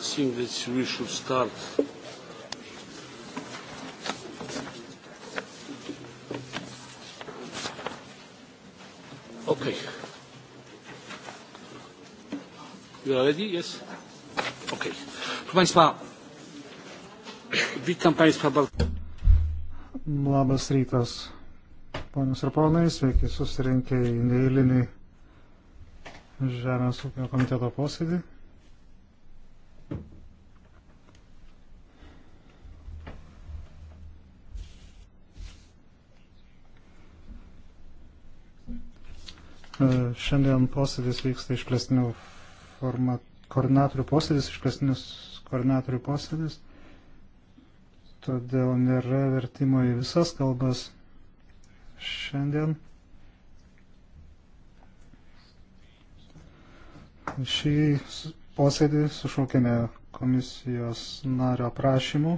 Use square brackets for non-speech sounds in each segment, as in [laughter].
seems that we should start. Okay. You are ready? Yes? Okay. Proszę Państwa, witam Państwa bardzo. Labas rytas, ponios ir ponai, sveiki susirinkę į neįlinį Žemės ūkio komiteto posėdį. Šiandien posėdis vyksta išplėstinių format, koordinatorių posėdis, išplėstinius koordinatorių posėdis. Todėl nėra vertimo į visas kalbas šiandien. Šį posėdį sušaukėme komisijos nario prašymų.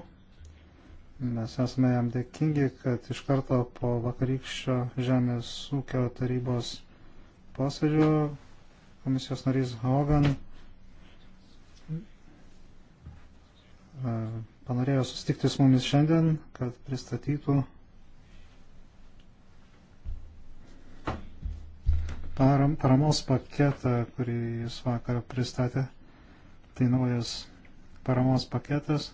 Mes esame jam dėkingi, kad iš karto po vakarykščio Žemės ūkio tarybos posėdžio komisijos narys Hogan e, panorėjo susitikti su mumis šiandien, kad pristatytų paramos paketą, kurį jis vakar pristatė. Tai naujas paramos paketas.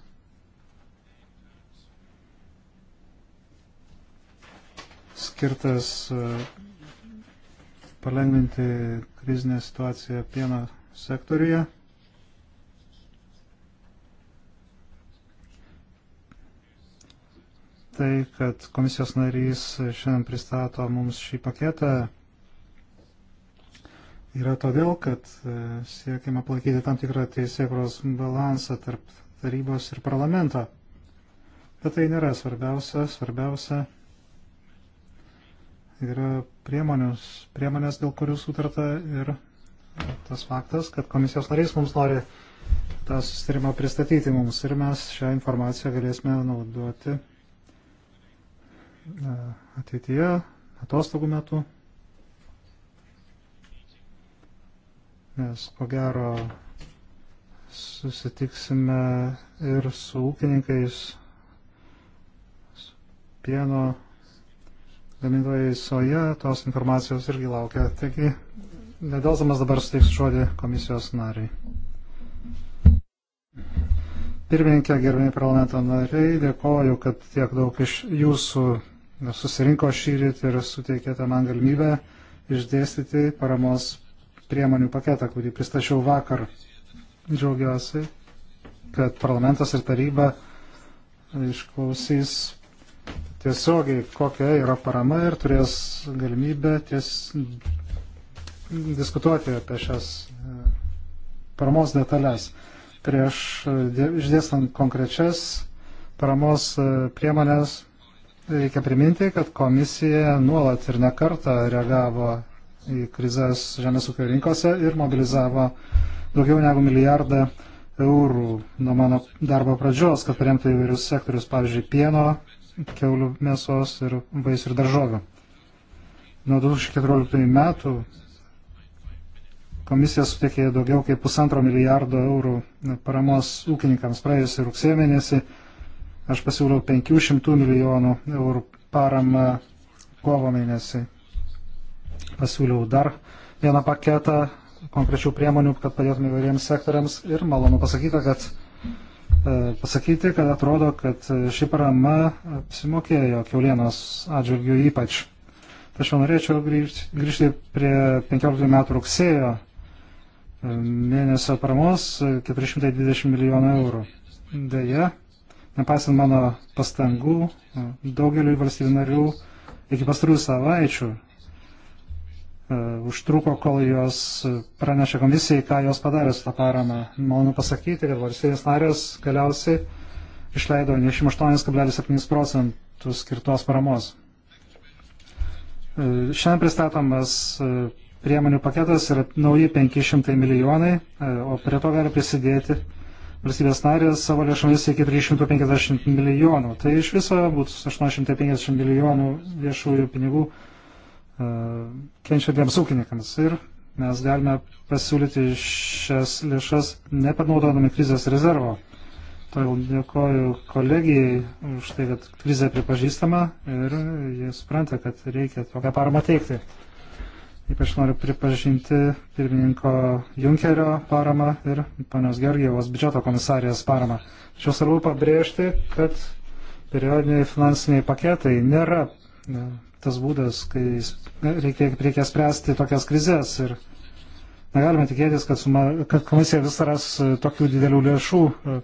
skirtas e, palengvinti krizinę situaciją pieno sektoriuje. Tai, kad komisijos narys šiandien pristato mums šį paketą, yra todėl, kad e, siekime aplankyti tam tikrą teisėkros balansą tarp tarybos ir parlamento. Bet tai nėra svarbiausia. Svarbiausia yra priemonės, priemonės dėl kurių sutarta ir tas faktas, kad komisijos narys mums nori tą susitarimą pristatyti mums ir mes šią informaciją galėsime naudoti e, ateityje, atostogų metu. Nes ko gero susitiksime ir su ūkininkais, su pieno gamintojai soja tos informacijos irgi laukia. Taigi, nedelsamas dabar suteiksiu žodį komisijos nariai. Pirmininkė, gerbėjai parlamento nariai, dėkoju, kad tiek daug iš jūsų susirinko šį rytį ir suteikėte man galimybę išdėstyti paramos priemonių paketą, kurį pristačiau vakar. Džiaugiuosi, kad parlamentas ir taryba išklausys tiesiogiai, kokia yra parama ir turės galimybę ties diskutuoti apie šias e, paramos detalės. Prieš e, išdėstant konkrečias paramos e, priemonės reikia priminti, kad komisija nuolat ir nekarta reagavo į krizės žemės ūkio rinkose ir mobilizavo daugiau negu milijardą eurų eurų nuo mano darbo pradžios, kad paremtų įvairius sektorius, pavyzdžiui, pieno, keulių mėsos ir vaisių ir daržovių. Nuo 2014 metų komisija suteikė daugiau kaip pusantro milijardo eurų paramos ūkininkams praėjusį rugsėjo mėnesį. Aš pasiūliau 500 milijonų eurų paramą kovo mėnesį. Pasiūliau dar vieną paketą konkrečių priemonių, kad padėtume įvairiems sektoriams ir malonu pasakyti, kad e, pasakyti, kad atrodo, kad ši parama apsimokėjo kiaulienos atžvilgių ypač. Tačiau norėčiau grįžti, grįžti prie 15 metų rugsėjo e, mėnesio paramos 420 e, milijonų eurų. Deja, nepaisant mano pastangų, daugeliu valstybių narių iki pastarųjų savaičių E, užtruko, kol jos pranešė komisijai, ką jos padarė su tą paramą. Malonu pasakyti, kad valstybės narės galiausiai išleido 98,7 procentų skirtos paramos. E, šiandien pristatomas e, priemonių paketas yra nauji 500 milijonai, o prie to gali prisidėti valstybės narės savo lėšomis iki 350 milijonų. Tai iš viso būtų 850 milijonų viešųjų pinigų E, kenčiantiems ūkininkams. Ir mes galime pasiūlyti šias lėšas nepanaudodami krizės rezervo. Todėl dėkoju kolegijai už tai, kad krizė pripažįstama ir jie supranta, kad reikia tokią paramą teikti. Ypač noriu pripažinti pirmininko Junkerio paramą ir panios Gergievos biudžeto komisarijos paramą. Tačiau svarbu pabrėžti, kad periodiniai finansiniai paketai nėra e, tas būdas, kai reikia, reikia spręsti tokias krizės ir negalime tikėtis, kad, suma, kad komisija vis ras e, tokių didelių lėšų. E,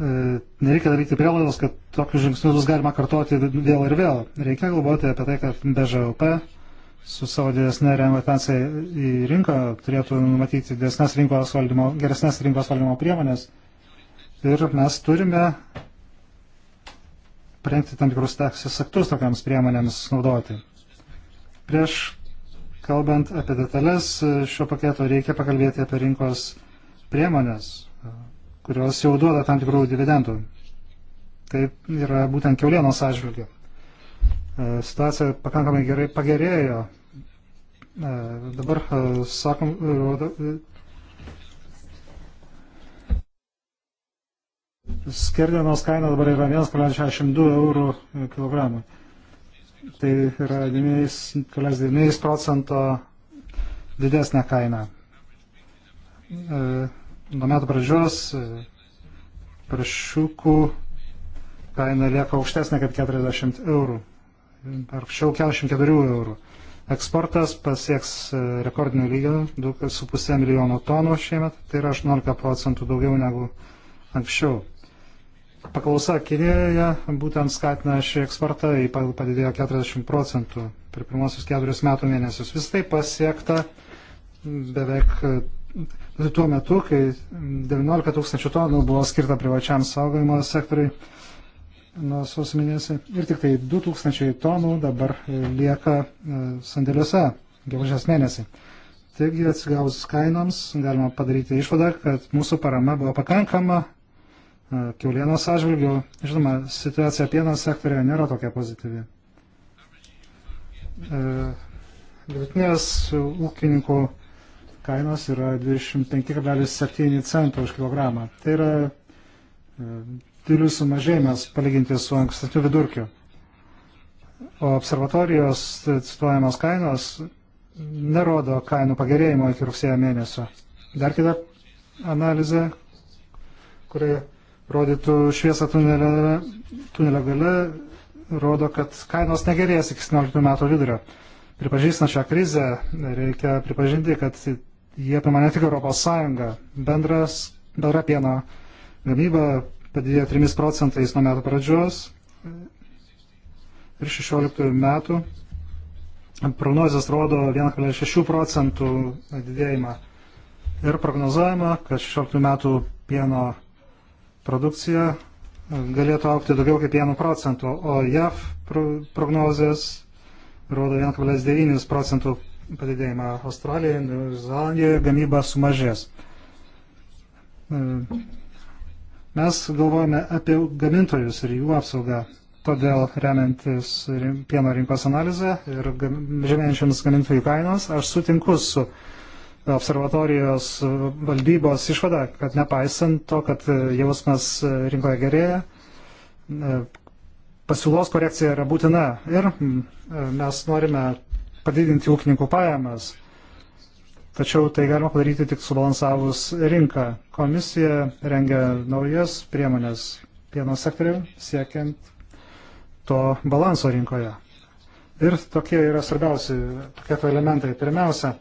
nereikia daryti prielaidos, kad tokius žingsnius bus galima kartoti vėl ir vėl. Reikia galvoti apie tai, kad BŽLP su savo didesnė renovacija į rinką turėtų numatyti didesnės rinkos valdymo, geresnės rinkos valdymo priemonės. Ir mes turime parengti tam tikrus teisės aktus tokiams priemonėms naudoti. Prieš kalbant apie detalės šio paketo, reikia pakalbėti apie rinkos priemonės, kurios jau duoda tam tikrų dividendų. Tai yra būtent keulienos atžvilgių. E, situacija pakankamai gerai pagerėjo. E, dabar e, sakom, skerdienos kaina dabar yra 1,62 eurų kilogramui. Tai yra 9,9 procento didesnė kaina. E, nuo metų pradžios e, paršiukų kaina lieka aukštesnė kaip 40 eurų, arčiau 44 eurų. Eksportas pasieks e, rekordinio lygio 2,5 milijono tonų šiemet, tai yra 18 procentų daugiau negu anksčiau. Paklausa Kinijoje būtent skatina šį eksportą, jį padidėjo 40 procentų per pirmosius keturis metų mėnesius. Vis tai pasiekta beveik e, tuo metu, kai 19 tūkstančių tonų buvo skirta privačiam saugojimo sektoriui nuo sausio mėnesį ir tik tai 2 tūkstančiai tonų dabar e, lieka e, sandėliuose gegužės mėnesį. Taigi atsigavus kainoms galima padaryti išvadą, kad mūsų parama buvo pakankama E, kiaulienos atžvilgių. Žinoma, situacija pieno sektorėje nėra tokia pozityvi. E, vidutinės ūkininkų kainos yra 25,7 centų už kilogramą. Tai yra e, didelių sumažėjimas palyginti su ankstesniu vidurkiu. O observatorijos cituojamos kainos nerodo kainų pagerėjimo iki rugsėjo mėnesio. Dar kita analizė, kuri rodytų šviesą tunelio, tunelio gale, rodo, kad kainos negerės iki 17 metų vidurio. Pripažįstant šią krizę, reikia pripažinti, kad jie apima ne tik Europos Sąjungą. Bendras, bendra pieno gamyba padidėjo 3 procentais nuo metų pradžios ir 16 metų. Prognozijas rodo 1,6 procentų didėjimą. Ir prognozuojama, kad 16 metų pieno produkcija e, galėtų aukti daugiau kaip 1 procentų, o JAV prognozijas rodo 1,9 procentų padidėjimą. Australijoje ir Zelandijoje gamyba sumažės. E, mes galvojame apie gamintojus ir jų apsaugą. Todėl remiantis pieno rinkos analizę ir žemėjančiams gamintojų kainos, aš sutinku su observatorijos valdybos išvada, kad nepaisant to, kad jausmas rinkoje gerėja, pasiūlos korekcija yra būtina ir e, mes norime padidinti ūkininkų pajamas. Tačiau tai galima padaryti tik subalansavus rinką. Komisija rengia naujas priemonės pieno sektoriu siekiant to balanso rinkoje. Ir tokie yra svarbiausi paketo elementai. Pirmiausia,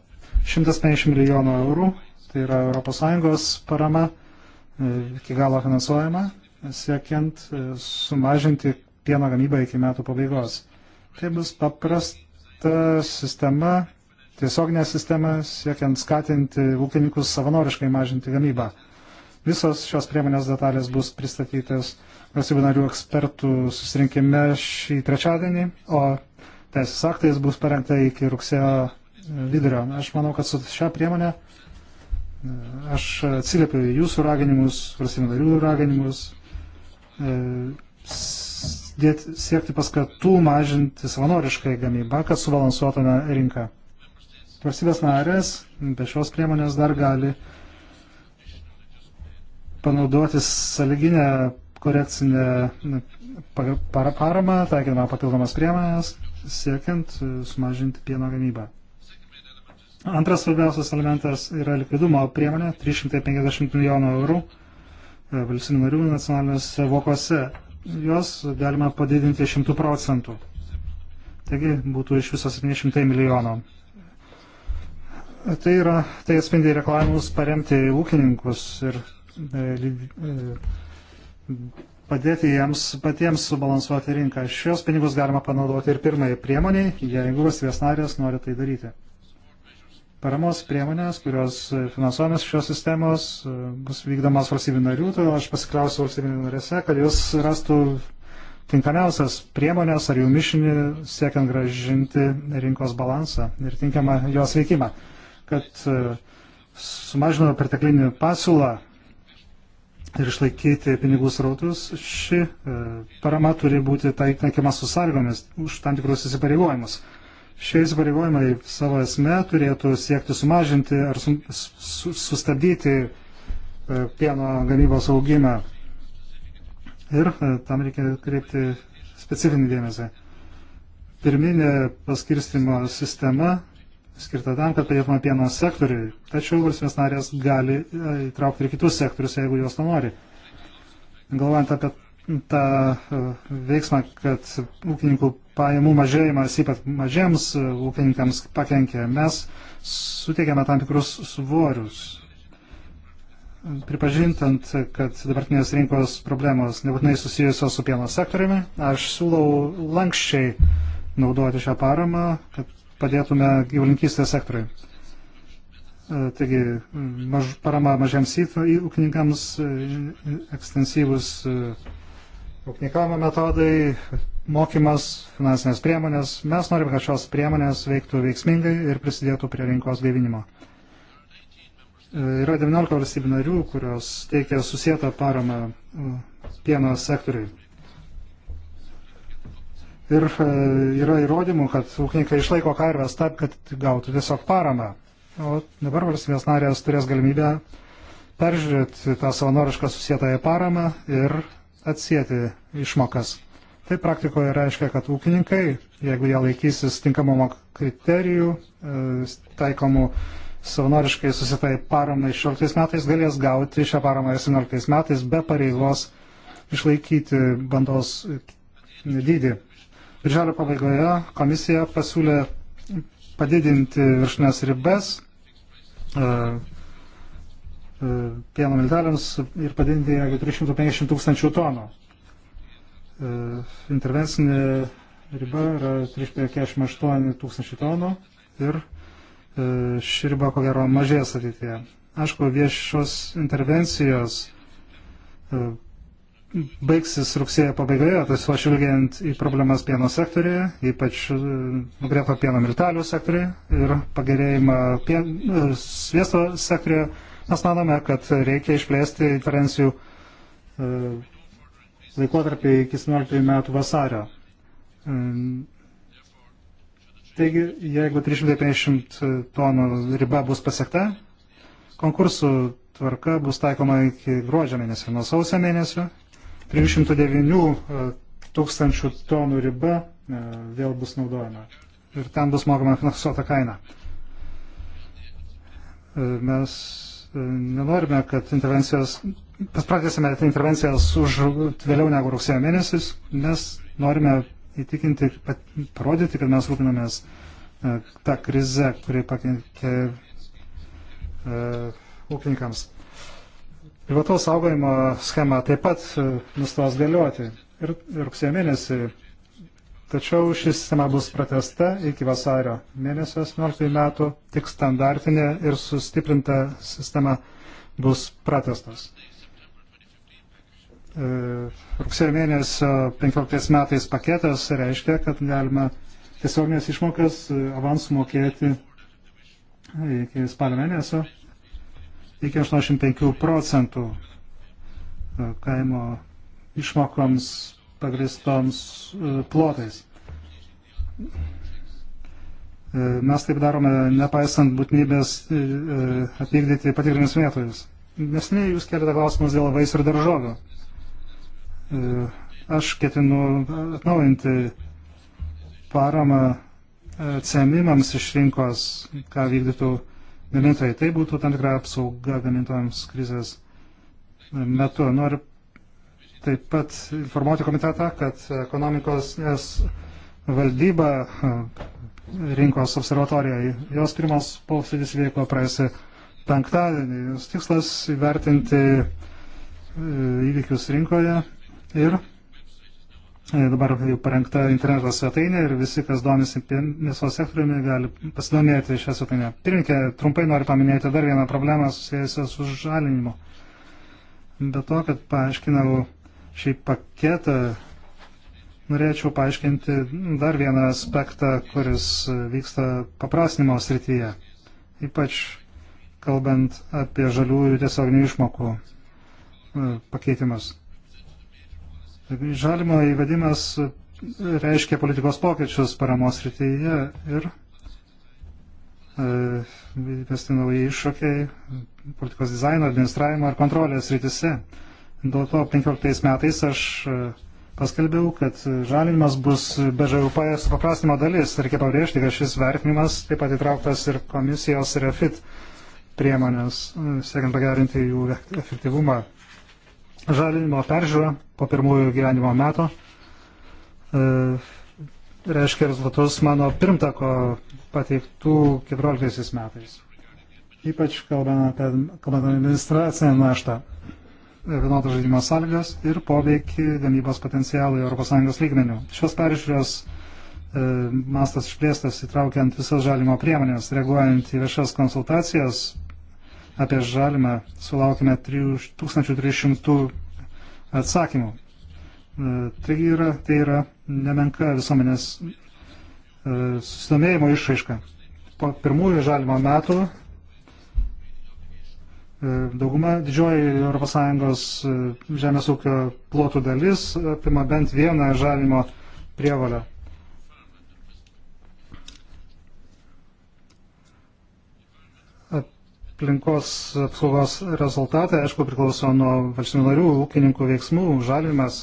150 milijonų eurų, tai yra ES parama, e, iki galo finansuojama, siekiant e, sumažinti pieno gamybą iki metų pabaigos. Tai bus paprasta sistema, tiesioginė sistema, siekiant skatinti ūkininkus savanoriškai mažinti gamybą. Visos šios priemonės detalės bus pristatytas valstybių narių ekspertų susirinkime šį trečiadienį, o teisės aktais bus parengta iki rugsėjo lyderio. Aš manau, kad su šią priemonę e, aš atsiliepiu jūsų raginimus, prasimdarių raginimus, e, siekti paskatų mažinti savanoriškai gamybą, kad subalansuotume rinką. Valstybės narės be šios priemonės dar gali panaudoti saliginę korekcinę paramą, taikinamą papildomas priemonės, siekiant e, sumažinti pieno gamybą. Antras svarbiausias elementas yra likvidumo priemonė 350 milijonų eurų e, valstybių narių nacionaliniuose vokose. Jos galima padidinti 100 procentų. Taigi būtų iš viso 700 milijonų. Tai, yra, tai atspindi reklamimus paremti ūkininkus ir e, e, padėti jiems patiems subalansuoti rinką. Šios pinigus galima panaudoti ir pirmai priemoniai, jeigu valstybės narės nori tai daryti paramos priemonės, kurios finansuojamas šios sistemos, e, bus vykdomas valstybių narių, todėl aš pasikliausiu valstybių narėse, kad jūs rastų tinkamiausias priemonės ar jų mišinį siekiant gražinti rinkos balansą ir tinkamą jos veikimą. Kad e, sumažino perteklinį pasiūlą ir išlaikyti pinigų srautus, ši e, parama turi būti taikinama su sąlygomis už tam tikrus įsipareigojimus. Šie įsipareigojimai savo esme turėtų siekti sumažinti ar su, su, sustabdyti e, pieno gamybos augimą. Ir e, tam reikia kreipti specifinį dėmesį. Pirminė paskirstimo sistema skirta tam, kad padėtume pieno sektoriui, tačiau valstybės narės gali e, įtraukti ir kitus sektorius, jeigu jos to nori. Galvojant apie tą e, veiksmą, kad ūkininkų pajamų mažėjimas, ypat mažiems e, ūkininkams pakenkė, mes suteikėme tam tikrus svorius. Pripažintant, kad dabartinės rinkos problemos nebūtinai susijusios su pieno sektoriumi, aš siūlau lankščiai naudoti šią paramą, kad padėtume gyvulinkystės sektoriui. E, taigi maž, parama mažiems ūkininkams, ekstensyvus uh, Ūkininkavimo metodai, mokymas, finansinės priemonės. Mes norime, kad šios priemonės veiktų veiksmingai ir prisidėtų prie rinkos gaivinimo. E, yra 19 valstybių narių, kurios teikia susijęta paramą e, pieno sektoriui. Ir e, yra įrodymų, kad ūkininkai išlaiko karves taip, kad gautų tiesiog paramą. O dabar valstybės narės turės galimybę peržiūrėti tą savanorišką susietąją paramą ir atsijėti išmokas. Tai praktikoje reiškia, kad ūkininkai, jeigu jie laikysis tinkamumo kriterijų, e, taikomų savanoriškai susitai paramai 16 metais, galės gauti šią paramą 17 metais be pareigos išlaikyti bandos dydį. Birželio pabaigoje komisija pasiūlė padidinti viršinės ribas e, E, pieno milteliams ir padidinti iki 350 tūkstančių tonų. E, intervencinė riba yra 348 e, tūkstančių tonų ir ši riba ko gero mažės ateityje. Aišku, viešos intervencijos baigsis rugsėjo pabaigoje, tiesiog žvelgiant į problemas pieno sektorėje, ypač nugreto pieno miltelių sektorėje ir pagerėjimą pien, sviesto sektorėje Mes manome, kad reikia išplėsti diferencijų e, laikotarpį iki 17 metų vasario. E, taigi, jeigu 350 tonų riba bus pasiekta, konkursų tvarka bus taikoma iki gruodžio mėnesio, nuo sausio mėnesio. 309 e, tūkstančių tonų riba vėl bus naudojama ir ten bus mokama finansuota kaina. Mes nenorime, kad intervencijos, pradėsime intervencijas už vėliau negu rugsėjo mėnesis, mes norime įtikinti, pat, parodyti, kad mes rūpinamės e, tą krizę, kuri pakenkė uh, ūkininkams. Privataus saugojimo schema taip pat e, nustos galioti. Ir rugsėjo mėnesį Tačiau ši sistema bus pratesta iki vasario mėnesio 18 metų, tik standartinė ir sustiprinta sistema bus pratestas. E, rugsėjo mėnesio 15 metais paketas reiškia, kad galima tiesioginės išmokas avansų mokėti iki spalio mėnesio iki 85 procentų e, kaimo išmokoms pagristoms e, plotais. E, mes taip darome, nepaisant būtinybės e, atvykdyti patikrinimus mėtojus. Nesiniai jūs keliate klausimus dėl vaisių ir daržovių. Aš ketinu atnaujinti paramą atsiemimams iš rinkos, ką vykdytų gamintojai. Tai būtų tam tikra apsauga gamintojams krizės metu. Noriu taip pat informuoti komitetą, kad ekonomikos es valdyba e, rinkos observatorijai, jos pirmas posėdis vyko praėjusią penktadienį. Jos tikslas įvertinti e, įvykius rinkoje ir e, dabar jau parengta interneto svetainė ir visi, kas domisi mėsos sektoriumi, gali pasidomėti šią svetainę. Pirminkė, trumpai noriu paminėti dar vieną problemą susijusią su žalinimu. Be to, kad paaiškinau šį paketą, norėčiau paaiškinti dar vieną aspektą, kuris vyksta paprasnimo srityje, ypač kalbant apie žaliųjų tiesioginių išmokų e, pakeitimus. Žalimo įvedimas reiškia politikos pokyčius paramos srityje ir e, įvesti nauji iššūkiai politikos dizaino, administravimo ir kontrolės rytise. Dėl to 15 metais aš e, paskelbiau, kad žalinimas bus BŽUP supaprastinimo dalis. Reikia pabrėžti, kad šis vertinimas taip pat įtrauktas ir komisijos refit priemonės, e, siekiant pagerinti jų e, efektyvumą. Žalinimo peržiūra po pirmųjų gyvenimo metų e, reiškia rezultatus mano pirmtako pateiktų 14 metais. Ypač kalbant apie, kalbant apie administracinę naštą vienodas žaidimo sąlygas ir poveikį gamybos potencialui ES lygmenių. Šios peržiūros e, mastas išplėstas įtraukiant visas žalimo priemonės, reaguojant į viešas konsultacijas apie žalimą sulaukime 1300 atsakymų. E, tai yra, tai yra nemenka visuomenės e, susidomėjimo išraiška. Po pirmųjų žalimo metų Dauguma didžioji ES e, žemės ūkio plotų dalis apima bent vieną žalimo prievalę. Aplinkos apsaugos rezultatai, aišku, priklauso nuo valstybių narių ūkininkų veiksmų. Žalimas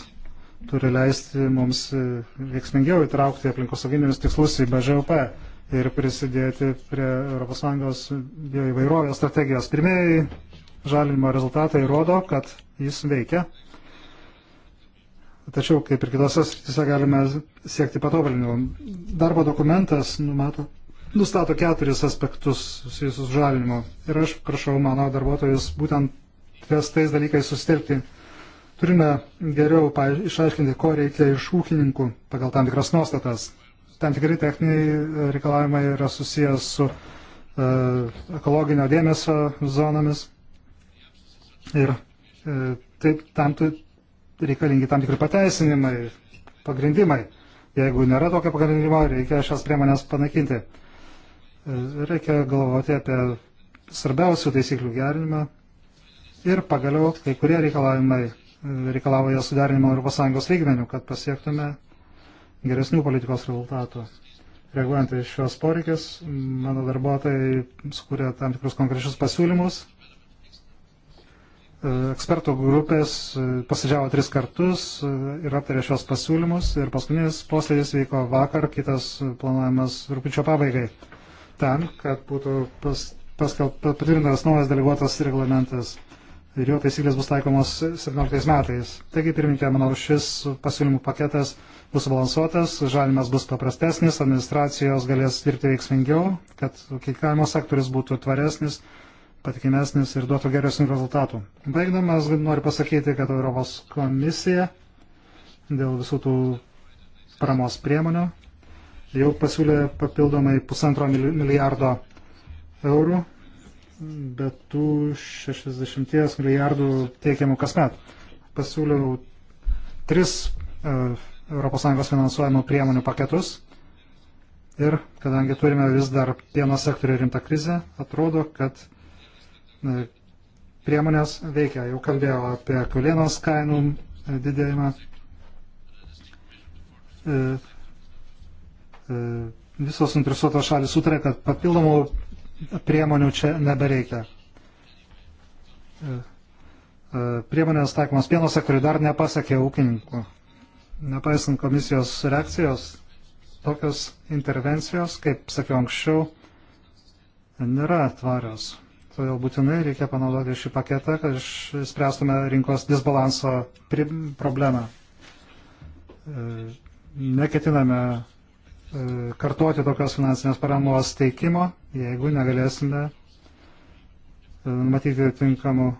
turi leisti mums e, veiksmingiau įtraukti aplinkosauginius tikslus į BŽUP ir prisidėti prie ES bioįvairovės strategijos. Pirmieji žalinimo rezultatai rodo, kad jis veikia. Tačiau, kaip ir kitose srityse, galime siekti patobulinimų. Darbo dokumentas numato, nustato keturis aspektus susijusius žalinimu. Ir aš prašau mano darbuotojus būtent ties tais dalykais sustelkti. Turime geriau išaiškinti, ko reikia iš ūkininkų pagal tam tikras nuostatas. Tam tikri techniniai e, reikalavimai yra susijęs su e, ekologinio dėmesio zonomis. Ir e, taip tam reikalingi tam tikri pateisinimai, pagrindimai. Jeigu nėra tokio pagrindimo, reikia šias priemonės panaikinti. E, reikia galvoti apie svarbiausių taisyklių gerinimą ir pagaliau kai kurie reikalavimai e, reikalauja sudarinimo ES lygmenių, kad pasiektume geresnių politikos rezultatų. Reaguojant į šios poreikis, mano darbuotojai sukūrė tam tikrus konkrečius pasiūlymus E, ekspertų grupės e, pasidžiavo tris kartus e, ir aptarė šios pasiūlymus ir paskutinis posėdis vyko vakar, kitas planuojamas rūpiučio pabaigai. Ten, kad būtų pas, paskel, patvirtintas naujas deleguotas reglamentas ir jo taisyklės bus taikomos 17 metais. Taigi, pirmininkė, manau, šis pasiūlymų paketas bus subalansuotas, žalimas bus paprastesnis, administracijos galės dirbti veiksmingiau, kad kiekvieno sektorius būtų tvaresnis patikimesnis ir duotų geresnių rezultatų. Baigdamas noriu pasakyti, kad Europos komisija dėl visų tų paramos priemonių jau pasiūlė papildomai pusantro milijardo eurų, bet tų 60 milijardų teikiamų kasmet. Pasiūliau tris ES finansuojamų priemonių paketus ir kadangi turime vis dar pieno sektorių rimtą krizę, atrodo, kad priemonės veikia. Jau kalbėjau apie kiaulienos kainų e, didėjimą. E, e, visos interesuotos šalis sutarė, kad papildomų priemonių čia nebereikia. Priemonės taikomas pieno sektoriui dar nepasiekė ūkininkų. Nepaisant komisijos reakcijos, tokios intervencijos, kaip sakiau anksčiau, nėra tvarios todėl būtinai reikia panaudoti šį paketą, kad spręstume rinkos disbalanso problemą. E, neketiname e, kartuoti tokios finansinės paramos teikimo, jeigu negalėsime e, matyti tinkamų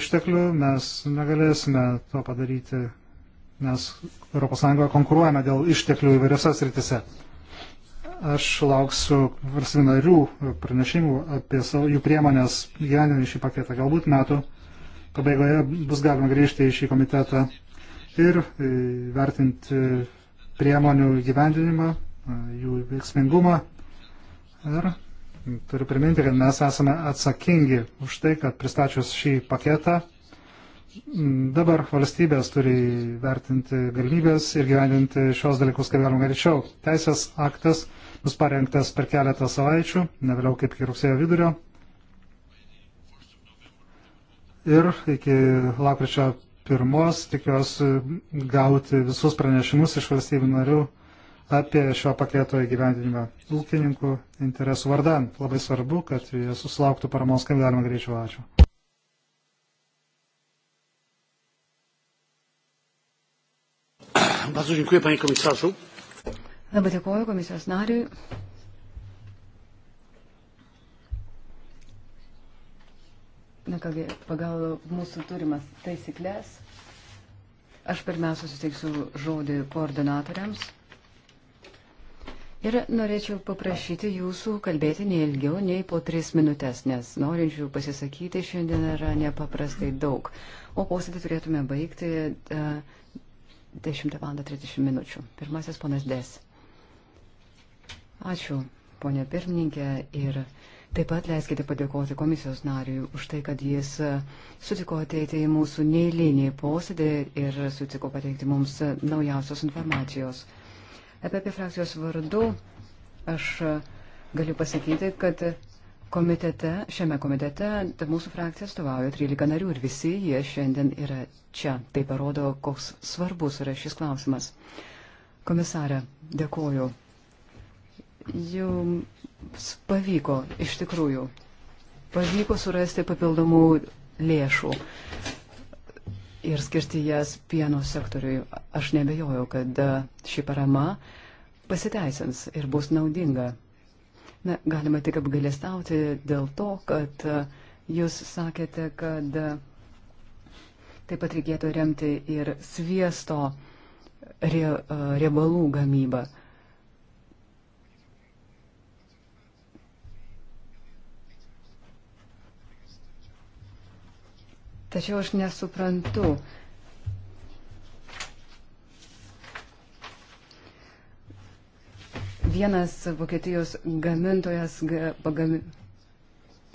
išteklių, mes negalėsime to padaryti, nes ES konkuruojame dėl išteklių įvairiose sritise. Aš lauksiu valstybių narių pranešimų apie savo, jų priemonės gyveninį šį paketą. Galbūt metų pabaigoje bus galima grįžti į šį komitetą ir e, vertinti priemonių gyvendinimą, e, jų veiksmingumą. Ir turiu priminti, kad mes esame atsakingi už tai, kad pristačius šį paketą dabar valstybės turi vertinti galimybės ir gyvendinti šios dalykus, kaip galima greičiau. Teisės aktas bus parengtas per keletą savaičių, ne vėliau kaip iki rugsėjo vidurio. Ir iki lakryčio pirmos tikiuosi gauti visus pranešimus iš valstybių narių apie šio paketo įgyvendinimą ūkininkų interesų vardan. Labai svarbu, kad jie susilauktų paramos, kaip galima greičiau. Ačiū. Bardzo dziękuję panie komisarzu. Labai dėkuoju komisijos nariui. Na kągi, pagal mūsų turimas taisyklės, aš pirmiausia suteiksiu žodį koordinatoriams. Ir norėčiau paprašyti jūsų kalbėti ne ilgiau nei po tris minutės, nes norinčių pasisakyti šiandien yra nepaprastai daug. O posėdį turėtume baigti 10.30 e, minučių. Pirmasis ponas Des. Ačiū, ponė pirmininkė, ir taip pat leiskite padėkoti komisijos nariui už tai, kad jis sutiko ateiti į mūsų neįlinį posėdį ir sutiko pateikti mums naujausios informacijos. EPP frakcijos vardu aš galiu pasakyti, kad komitete, šiame komitete mūsų frakcija atstovauja 13 narių ir visi jie šiandien yra čia. Tai parodo, koks svarbus yra šis klausimas. Komisarė, dėkoju jums pavyko iš tikrųjų. Pavyko surasti papildomų lėšų ir skirti jas pieno sektoriui. Aš nebejoju, kad e, ši parama pasiteisins ir bus naudinga. Na, galima tik apgailestauti dėl to, kad e, jūs sakėte, kad e, taip pat reikėtų remti ir sviesto riebalų gamybą. Tačiau aš nesuprantu. Vienas Vokietijos gamintojas, pagami,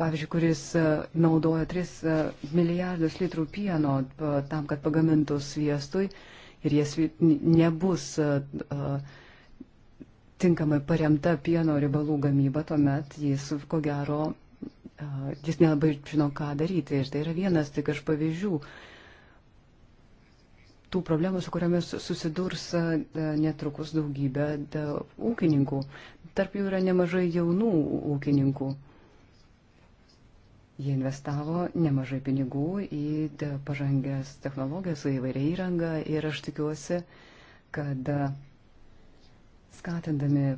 pavyzdžiui, kuris e, naudoja 3 e, milijardus litrų pieno e, tam, kad pagamintų sviestui ir jis nebus tinkamai paremta pieno ribalų gamyba, tuomet jis ko gero jis nelabai žino, ką daryti. Ir tai yra vienas tik iš pavyzdžių tų problemų, su kuriomis susidurs netrukus daugybė ūkininkų. Tarp jų yra nemažai jaunų ūkininkų. Jie investavo nemažai pinigų į pažangęs technologijas, į įvairią įrangą ir aš tikiuosi, kad skatindami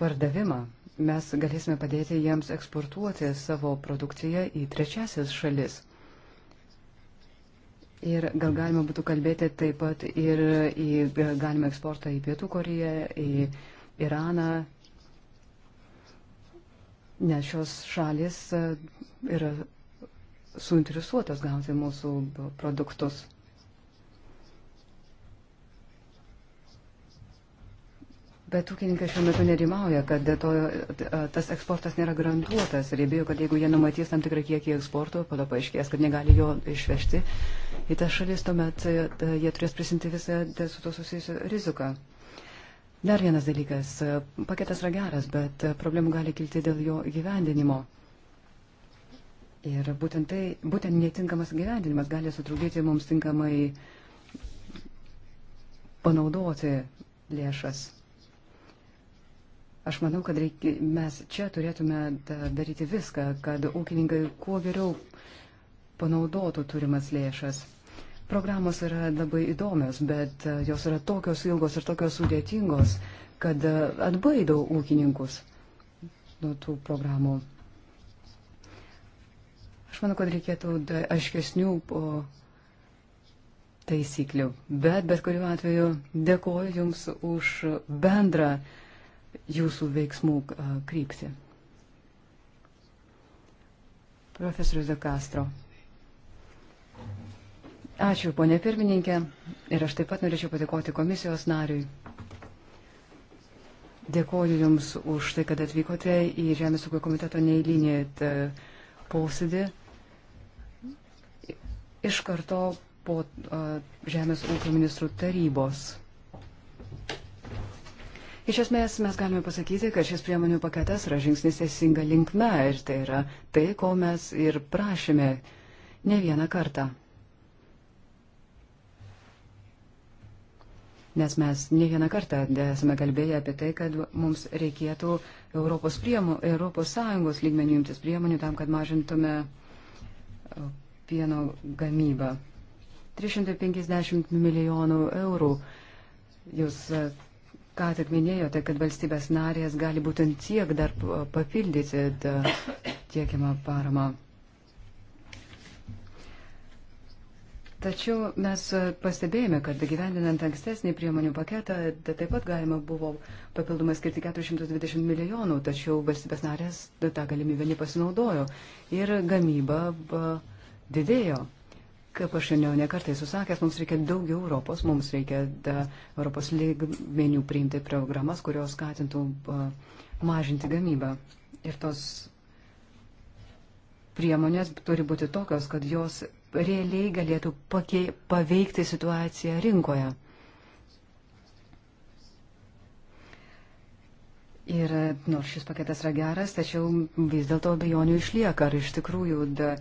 pardavimą mes galėsime padėti jiems eksportuoti savo produkciją į trečiasis šalis. Ir gal galima būtų kalbėti taip pat ir į galimą eksportą į Pietų Koreją, į Iraną, nes šios šalis e, yra suinteresuotos gauti mūsų produktus. Bet ūkininkai šiuo metu nerimauja, kad to, e, tas eksportas nėra garantuotas ir jie bijo, kad jeigu jie numatys tam tikrą kiekį eksporto, po to paaiškės, kad negali jo išvežti į tas šalis, tuomet e, jie turės prisimti visą su to susijusią riziką. Dar vienas dalykas. E, paketas yra geras, bet problemų gali kilti dėl jo gyvendinimo. Ir būtent, tai, būtent netinkamas gyvendinimas gali sutrukdyti mums tinkamai panaudoti lėšas. Aš manau, kad reikia, mes čia turėtume daryti viską, kad ūkininkai kuo geriau panaudotų turimas lėšas. Programos yra labai įdomios, bet e, jos yra tokios ilgos ir tokios sudėtingos, kad e, atbaido ūkininkus nuo tų programų. Aš manau, kad reikėtų aiškesnių taisyklių. Bet bet kuriuo atveju dėkoju Jums už bendrą uh, jūsų veiksmų krypti. Profesorius De Castro. Ačiū, ponė pirmininkė. Ir aš taip pat norėčiau padėkoti komisijos nariui. Dėkoju Jums už tai, kad atvykote į Žemės ūkio komiteto neįlinį posėdį. Iš karto po Žemės ūkio ministrų tarybos. Iš esmės mes galime pasakyti, kad šis priemonių paketas yra žingsnis teisinga linkme ir tai yra tai, ko mes ir prašėme ne vieną kartą. Nes mes ne vieną kartą esame kalbėję apie tai, kad mums reikėtų Europos, priemo, Europos Sąjungos lygmenių imtis priemonių tam, kad mažintume e, pieno gamybą. 350 milijonų eurų jūs e, ką tik minėjote, kad valstybės narės gali būtent tiek dar papildyti tiekiamą paramą. Tačiau mes pastebėjome, kad gyvendinant ankstesnį priemonių paketą taip pat galima buvo papildomai skirti 420 milijonų, tačiau valstybės narės tą galimybę nepasinaudojo ir gamyba didėjo. Kaip aš jau nekartai susakęs, mums reikia daugiau Europos, mums reikia da, Europos lygmenių priimti programas, kurios skatintų uh, mažinti gamybą. Ir tos priemonės turi būti tokios, kad jos realiai galėtų pakei, paveikti situaciją rinkoje. Ir nors šis paketas yra geras, tačiau vis dėlto abejonių išlieka, ar iš tikrųjų da,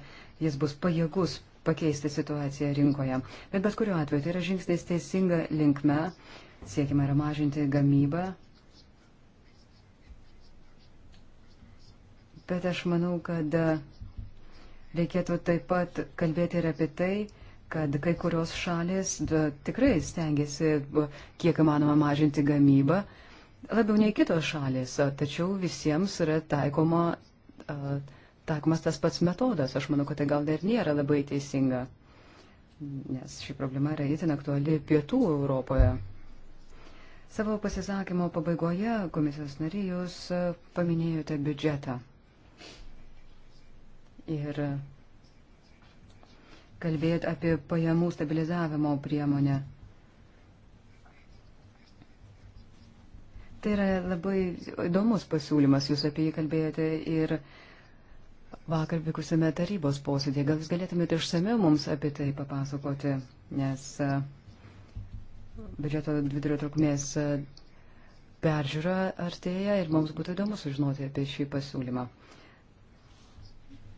jis bus pajėgus pakeisti situaciją rinkoje. Bet bet kuriuo atveju tai yra žingsnis teisinga linkme, siekime yra mažinti gamybą. Bet aš manau, kad reikėtų taip pat kalbėti ir apie tai, kad kai kurios šalis da, tikrai stengiasi kiek įmanoma mažinti gamybą, labiau nei kitos šalis, tačiau visiems yra taikoma uh, takmas tas pats metodas. Aš manau, kad tai gal dar nėra labai teisinga, nes ši problema yra itin aktuali pietų Europoje. Savo pasisakymo pabaigoje komisijos nariai jūs e, paminėjote biudžetą. Ir kalbėjot apie pajamų stabilizavimo priemonę. Tai yra labai įdomus pasiūlymas, jūs apie jį kalbėjote ir uh, vakar vykusiame tarybos posėdėje. Gal jūs galėtumėte išsame mums apie tai papasakoti, nes e, biudžeto vidurio trukmės e, peržiūra artėja ir mums būtų įdomu sužinoti apie šį pasiūlymą.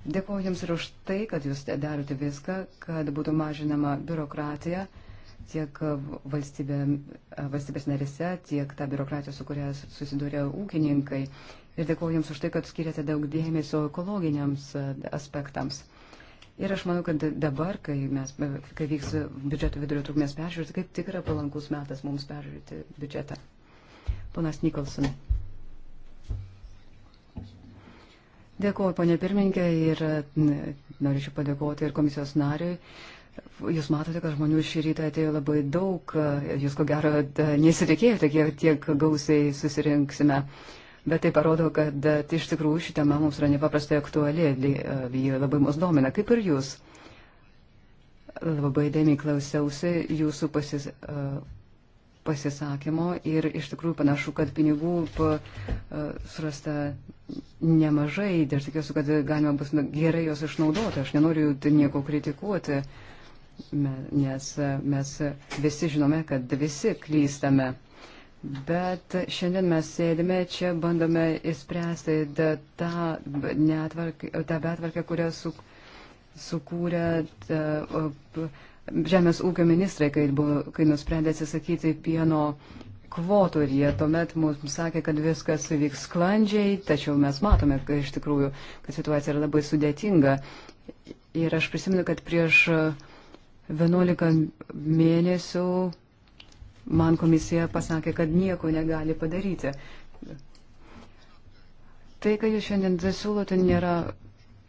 Dėkuoju Jums ir už tai, kad Jūs darote viską, kad būtų mažinama biurokratija tiek valstybė, valstybės narise, tiek ta biurokratija, su kuria susidūrė ūkininkai ir dėkuoju Jums už tai, kad skiriate daug dėmesio ekologiniams e, aspektams. Ir aš manau, kad dabar, kai, mes, e, kai vyks biudžeto vidurio trukmės peržiūrėti, kaip tik yra palankus metas mums peržiūrėti biudžetą. Ponas Nikolson. Dėkuoju, ponė pirmininkė, ir norėčiau padėkoti ir komisijos nariui. Jūs matote, kad žmonių šį rytą atėjo labai daug. E, jūs ko gero nesitikėjote, kiek tiek gausiai susirinksime. Uh, Bet tai parodo, kad e, iš tikrųjų ši tema mums yra nepaprastai aktuali, e, ji labai mus domina, kaip ir jūs. Labai dėmiai klausiausi jūsų pasis, e, pasisakymo ir iš tikrųjų panašu, kad pinigų surasta nemažai ir aš tikiuosi, kad galima bus gerai juos išnaudoti. Aš nenoriu nieko kritikuoti, nes mes visi žinome, kad visi klystame. Bet šiandien mes sėdime čia, bandome įspręsti tą, netvark, tą betvarkę, kurią su, sukūrė ta, žemės ūkio ministrai, kai, buvo, kai nusprendė atsisakyti pieno kvotų ir jie tuomet mums sakė, kad viskas vyks sklandžiai, tačiau mes matome kad, iš tikrųjų, kad situacija yra labai sudėtinga. Ir aš prisimenu, kad prieš 11 e, mėnesių man komisija pasakė, kad nieko negali padaryti. Tai, ką jūs šiandien siūlote, nėra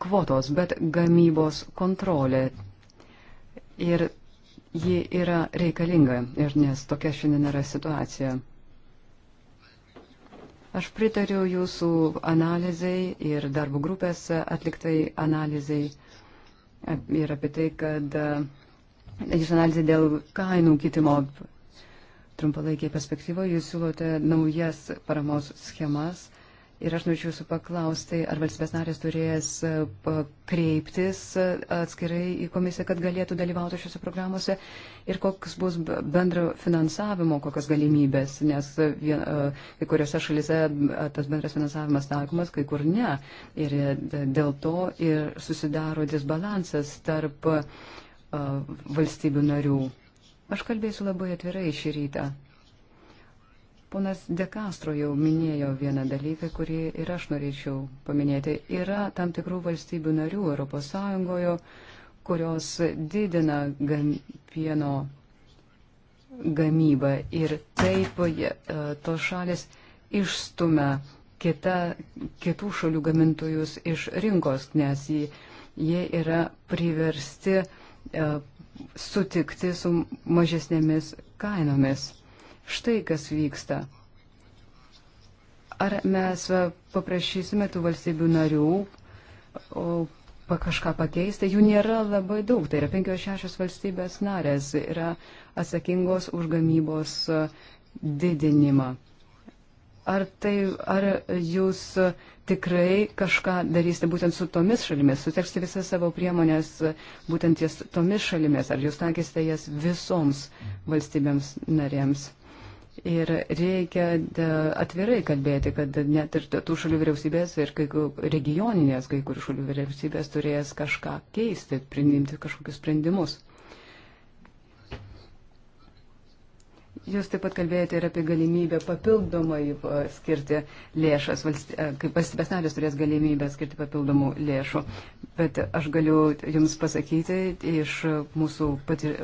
kvotos, bet gamybos kontrolė. Ir ji yra reikalinga, ir nes tokia šiandien yra situacija. Aš pritariu jūsų analizai ir darbo grupės atliktai analizai ir apie tai, kad e, jūsų analizai dėl kainų kitimo trumpalaikėje perspektyvoje jūs siūlote naujas paramos schemas. Ir aš norėčiau jūsų paklausti, ar valstybės narės turės e, kreiptis e, atskirai į komisiją, kad galėtų dalyvauti šiuose programuose ir koks bus bendro finansavimo, kokios galimybės, nes e, vien, kai kuriuose šalise tas bendras finansavimas taikomas, kai kur ne. Ir dėl to ir susidaro disbalansas tarp valstybių narių. Aš kalbėsiu labai atvirai šį rytą. Ponas Dekastro jau minėjo vieną dalyką, kurį ir aš norėčiau paminėti. Yra tam tikrų valstybių narių ES, kurios didina gam, pieno gamybą ir taip e, tos šalis išstumia kita, kitų šalių gamintojus iš rinkos, nes jie, jie yra priversti e, sutikti su mažesnėmis kainomis. Štai kas vyksta. Ar mes paprašysime tų valstybių narių pa kažką pakeisti? Jų nėra labai daug, tai yra 5-6 valstybės narės yra atsakingos už gamybos didinimą. Ar, tai, ar jūs tikrai kažką darysite būtent su tomis šalimis, suteksite visas savo priemonės e, būtent ties tomis šalimis, ar jūs taikysite jas visoms valstybėms narėms. Ir reikia e, atvirai kalbėti, kad net ir tų šalių vyriausybės ir kai regioninės kai kurių šalių vyriausybės turės kažką keisti, priimti kažkokius sprendimus. Jūs taip pat kalbėjote ir apie galimybę papildomai e, skirti lėšas, e, kaip valstybės narės turės galimybę skirti papildomų lėšų. Bet aš galiu Jums pasakyti iš mūsų patir,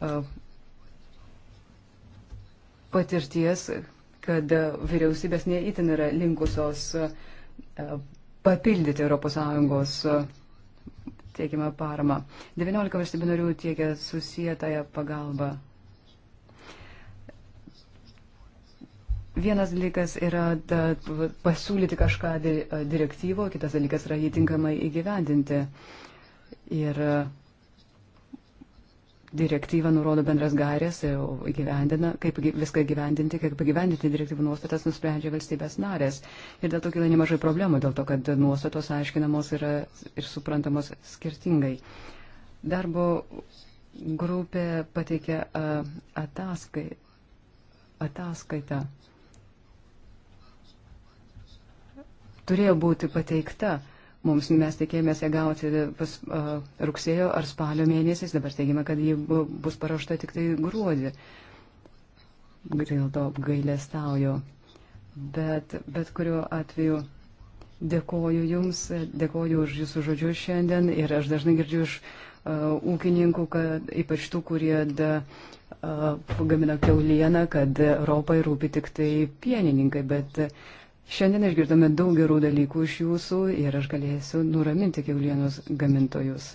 e, patirties, kad vyriausybės neįtin yra linkusios papildyti ES teikiamą paramą. 19 valstybių narių tiekia susijętąją pagalbą Vienas dalykas yra da, pasiūlyti kažką di, direktyvo, kitas dalykas yra jį tinkamai įgyvendinti. Ir direktyva nurodo bendras gairės, kaip viską gyvendinti, kaip gyvendinti direktyvų nuostatas nusprendžia valstybės narės. Ir dėl to kyla nemažai problemų, dėl to, kad nuostatos aiškinamos yra ir suprantamos skirtingai. Darbo grupė pateikė ataskaitą. turėjo būti pateikta. Mums mes tikėjomės ją gauti pas, uh, rugsėjo ar spalio mėnesiais, dabar teigiame, kad ji bu, bus paruošta tik tai gruodį. Dėl to gailestauju. Bet, bet kuriuo atveju dėkoju Jums, dėkoju už Jūsų žodžius šiandien ir aš dažnai girdžiu iš uh, ūkininkų, kad ypač tų, kurie da, uh, gamina keulieną, kad Europai rūpi tik tai pienininkai, bet uh, Šiandien išgirdome daug gerų dalykų iš jūsų ir aš galėsiu nuraminti kiaulienos gamintojus.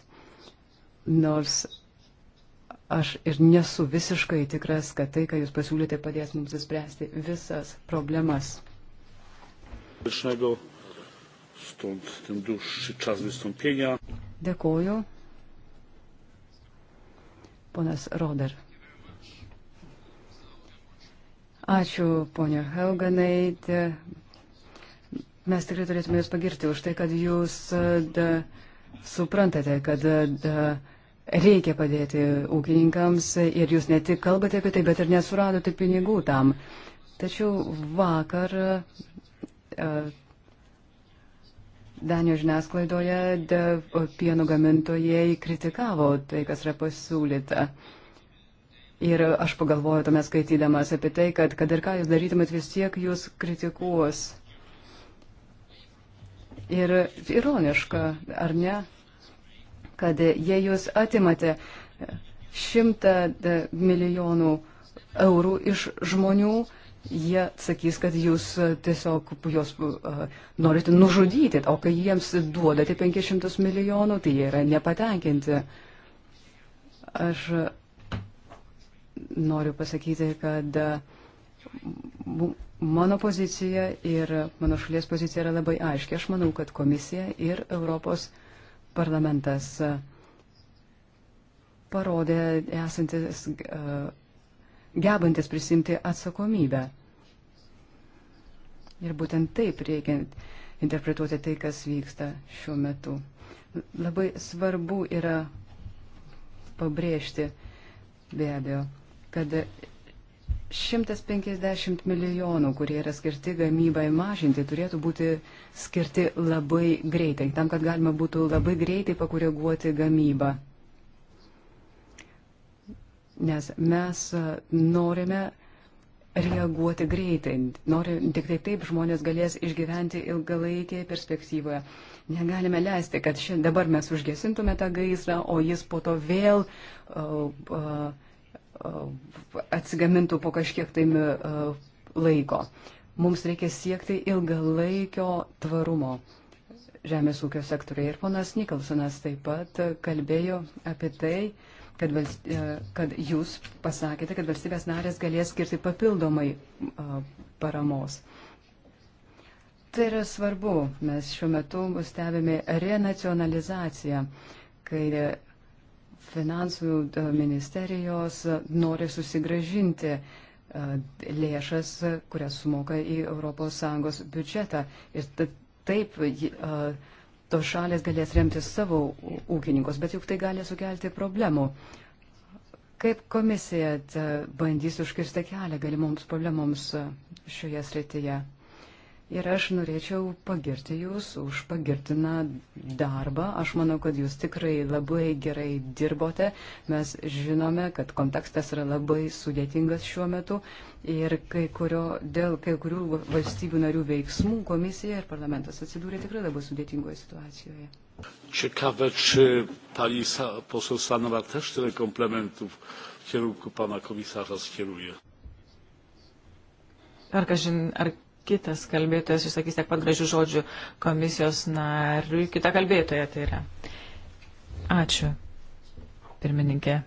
Nors aš ir nesu visiškai tikras, kad tai, ką jūs pasiūlėte, padės mums įspręsti visas problemas. Dėkoju. Ponas Roder. Ačiū, ponio Helganai. Mes tikrai turėtume Jūs pagirti už tai, kad Jūs e, da, suprantate, kad e, da, reikia padėti ūkininkams ir Jūs ne tik kalbate apie tai, bet ir nesuradote pinigų tam. Tačiau vakar e, Danijos žiniasklaidoje pieno gamintojai kritikavo tai, kas yra pasiūlyta. Ir aš pagalvoju tuomet skaitydamas apie tai, kad kad ir ką jūs darytumėt, vis tiek jūs kritikuos ir ironiška, ar ne, kad jei jūs atimate šimtą milijonų eurų iš žmonių, jie sakys, kad jūs tiesiog juos uh, norite nužudyti, o kai jiems duodate 500 milijonų, tai jie yra nepatenkinti. Aš noriu pasakyti, kad uh, Mano pozicija ir mano šalies pozicija yra labai aiški. Aš manau, kad komisija ir Europos parlamentas e, parodė esantis uh, gebantis prisimti atsakomybę. Ir būtent taip reikia interpretuoti tai, kas vyksta šiuo metu. Labai svarbu yra pabrėžti be abejo, kad 150 milijonų, kurie yra skirti gamybai mažinti, turėtų būti skirti labai greitai, tam, kad galima būtų labai greitai pakoreguoti gamybą. Nes mes e, norime reaguoti greitai. Nori, tik tai taip žmonės galės išgyventi ilgalaikėje perspektyvoje. Negalime leisti, kad šiandien dabar mes užgesintume tą gaisrą, o jis po to vėl. Uh, uh, atsigamintų po kažkiek tai e, laiko. Mums reikia siekti ilgalaikio tvarumo žemės ūkio sektoriai. Ir ponas Nikolsonas taip pat kalbėjo apie tai, kad, valst, e, kad jūs pasakėte, kad valstybės narės galės skirti papildomai e, paramos. Tai yra svarbu. Mes šiuo metu stebime renacionalizaciją, kai finansų e, ministerijos nori susigražinti e, lėšas, kurias sumoka į ES biudžetą. Ir taip e, tos šalės galės remti savo ūkininkus, bet juk tai gali sukelti problemų. Kaip komisija bandys užkirsti kelią galimoms problemoms šioje srityje? Ir aš norėčiau pagirti Jūs už pagirtiną darbą. Aš manau, kad Jūs tikrai labai gerai dirbote. Mes žinome, kad kontekstas yra labai sudėtingas šiuo metu ir kai kurio, dėl kai kurių valstybių narių veiksmų komisija ir parlamentas atsidūrė tikrai labai sudėtingoje situacijoje. Ciekawe, czy pani poseł Stanowa też tyle komplementów w kierunku pana komisarza skieruje. Ar, kažin, ar kitas kalbėtojas išsakys tiek pat gražių žodžių komisijos nariui, kita kalbėtoja tai yra. Ačiū, pirmininkė.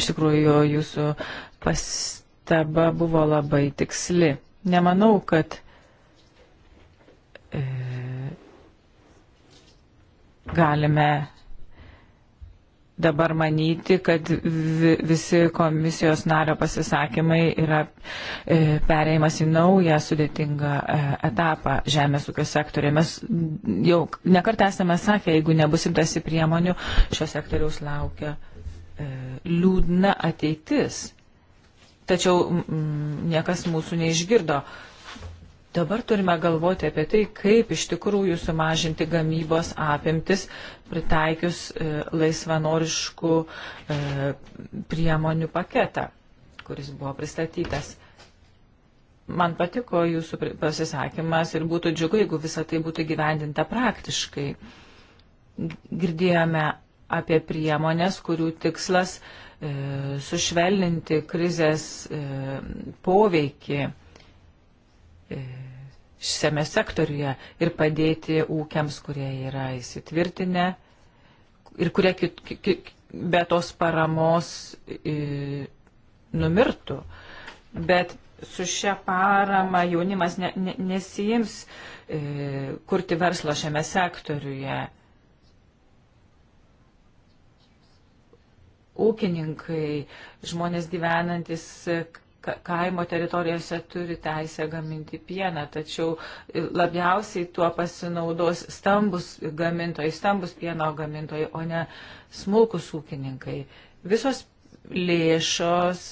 Iš tikrųjų, jūsų pastaba buvo labai tiksli. Nemanau, kad e, galime dabar manyti, kad visi komisijos nario pasisakymai yra e, pereimas į naują sudėtingą e, etapą žemės ūkio sektorė. Mes jau nekart esame sakę, jeigu nebus imtasi priemonių, šio sektoriaus laukia e, liūdna ateitis. Tačiau niekas mūsų neišgirdo. Dabar turime galvoti apie tai, kaip iš tikrųjų sumažinti gamybos apimtis, pritaikius e, laisvanoriškų e, priemonių paketą, kuris buvo pristatytas. Man patiko jūsų pasisakymas ir būtų džiugu, jeigu visa tai būtų gyvendinta praktiškai. Girdėjome apie priemonės, kurių tikslas e, sušvelninti krizės e, poveikį. E, šiame sektoriuje ir padėti ūkiams, kurie yra įsitvirtinę ir kurie kit, kit, be tos paramos i, numirtų. Bet su šia parama jaunimas ne, ne, nesijims i, kurti verslo šiame sektoriuje. Ūkininkai, žmonės gyvenantis kaimo teritorijose turi teisę gaminti pieną, tačiau e, labiausiai tuo pasinaudos stambus gamintojai, stambus pieno gamintojai, o ne smulkus ūkininkai. Visos lėšos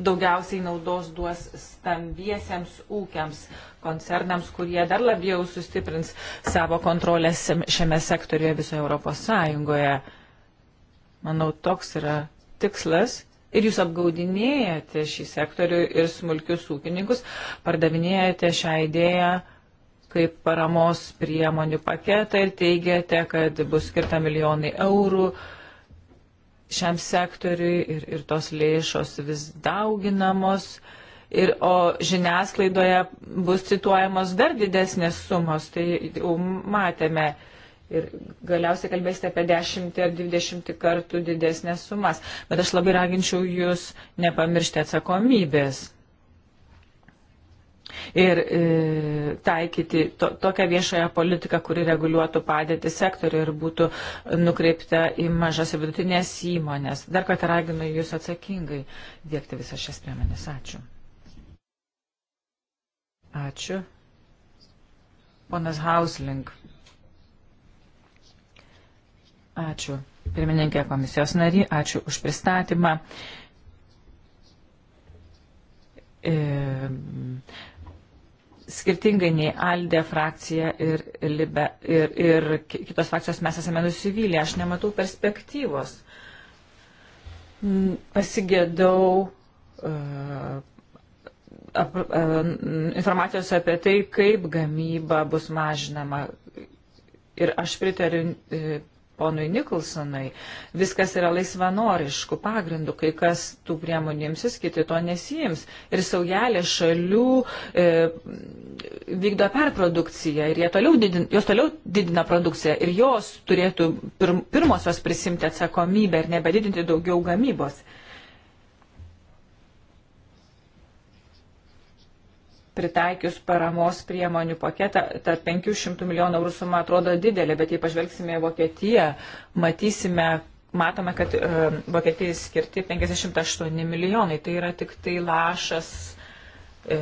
daugiausiai naudos duos stambiesiems ūkiams, koncernams, kurie dar labiau sustiprins savo kontrolės šiame sektoriuje visoje Europos Sąjungoje. Manau, toks yra tikslas. Ir jūs apgaudinėjate šį sektorių ir smulkius ūkininkus, pardavinėjate šią idėją kaip paramos priemonių paketą ir teigiate, kad bus skirta milijonai eurų šiam sektoriui ir, ir tos lėšos vis dauginamos. Ir, o žiniasklaidoje bus cituojamos dar didesnės sumos, tai jau matėme. Ir galiausiai kalbėsite apie 10 ar 20 kartų didesnės sumas. Bet aš labai raginčiau jūs nepamiršti atsakomybės ir e, taikyti to, tokią viešąją politiką, kuri reguliuotų padėtį sektorių ir būtų nukreipta į mažas ir vidutinės įmonės. Dar kartą raginu Jūs atsakingai dėkti visas šias priemonės. Ačiū. Ačiū. Ponas Hausling. Ačiū. Pirmininkė komisijos nary, ačiū už pristatymą. E, skirtingai nei Aldė frakcija ir, Libe, ir, ir kitos frakcijos mes esame nusivylę. Aš nematau perspektyvos. Mm, pasigėdau uh, ap, uh, informacijos apie tai, kaip gamyba bus mažinama. Ir aš pritariu uh, ponui Nikolsonui, viskas yra laisvanoriškų pagrindų, kai kas tų priemonių imsis, kiti to nesijims. Ir saujelė šalių e, vykdo perprodukciją ir toliau didin, jos toliau didina produkciją ir jos turėtų pir, pirmosios prisimti atsakomybę ir nebedidinti daugiau gamybos. pritaikius paramos priemonių paketą, ta 500 milijonų eurų suma atrodo didelė, bet jei pažvelgsime į Vokietiją, matysime, matome, kad e, Vokietijai skirti 58 milijonai. Tai yra tik tai lašas, e,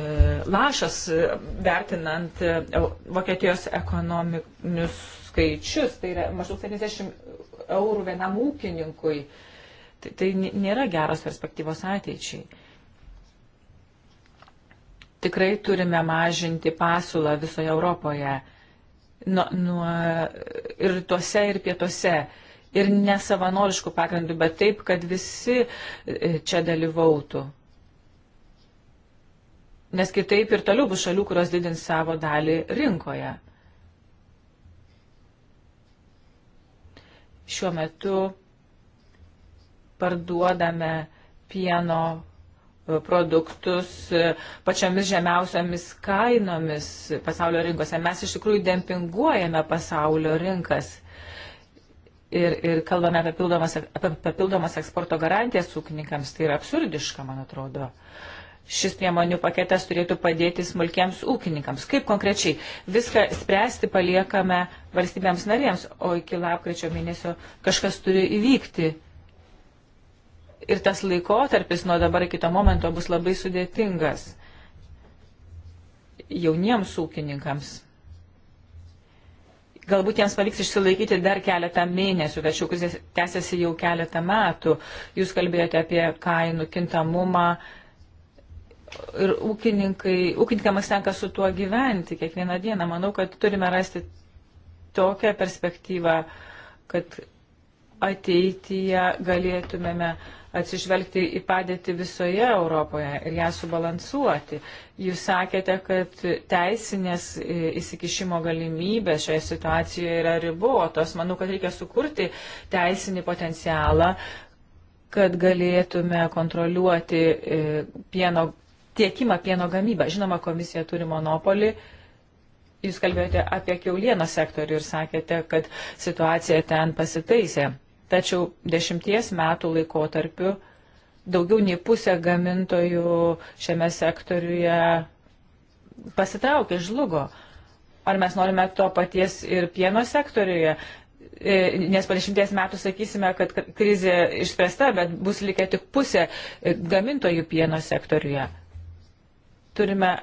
lašas e, vertinant e, Vokietijos ekonominius skaičius. Tai yra maždaug 70 eurų vienam ūkininkui. Tai, tai nėra geros perspektyvos ateičiai tikrai turime mažinti pasiūlą visoje Europoje. Nuo, nuo, ir tuose, ir pietuose. Ir nesavanoriškų pagrindų, bet taip, kad visi e, čia dalyvautų. Nes kitaip ir toliau bus šalių, kurios didins savo dalį rinkoje. Šiuo metu parduodame pieno produktus pačiamis žemiausiamis kainomis pasaulio rinkose. Mes iš tikrųjų dempinguojame pasaulio rinkas ir, ir kalbame apie papildomas, apie papildomas eksporto garantijas ūkininkams. Tai yra absurdiška, man atrodo. Šis priemonių paketas turėtų padėti smulkiems ūkininkams. Kaip konkrečiai viską spręsti paliekame valstybėms narėms, o iki lapkričio mėnesio kažkas turi įvykti ir tas laikotarpis nuo dabar iki to momento bus labai sudėtingas jauniems ūkininkams. Galbūt jiems pavyks išsilaikyti dar keletą mėnesių, tačiau krizė tęsiasi jau keletą metų. Jūs kalbėjote apie kainų kintamumą ir ūkininkai, ūkininkams tenka su tuo gyventi kiekvieną dieną. Manau, kad turime rasti tokią perspektyvą, kad ateityje galėtumėme atsižvelgti į padėtį visoje Europoje ir ją subalansuoti. Jūs sakėte, kad teisinės e, įsikišimo galimybės šioje situacijoje yra ribotos. Manau, kad reikia sukurti teisinį potencialą, kad galėtume kontroliuoti e, pieno, tiekimą pieno gamybą. Žinoma, komisija turi monopolį. Jūs kalbėjote apie kiaulieną sektorių ir sakėte, kad situacija ten pasitaisė. Tačiau dešimties metų laikotarpiu daugiau nei pusė gamintojų šiame sektoriuje pasitraukė, žlugo. Ar mes norime to paties ir pieno sektoriuje? E, nes po dešimties metų sakysime, kad krizė išspręsta, bet bus likę tik pusė gamintojų pieno sektoriuje. Turime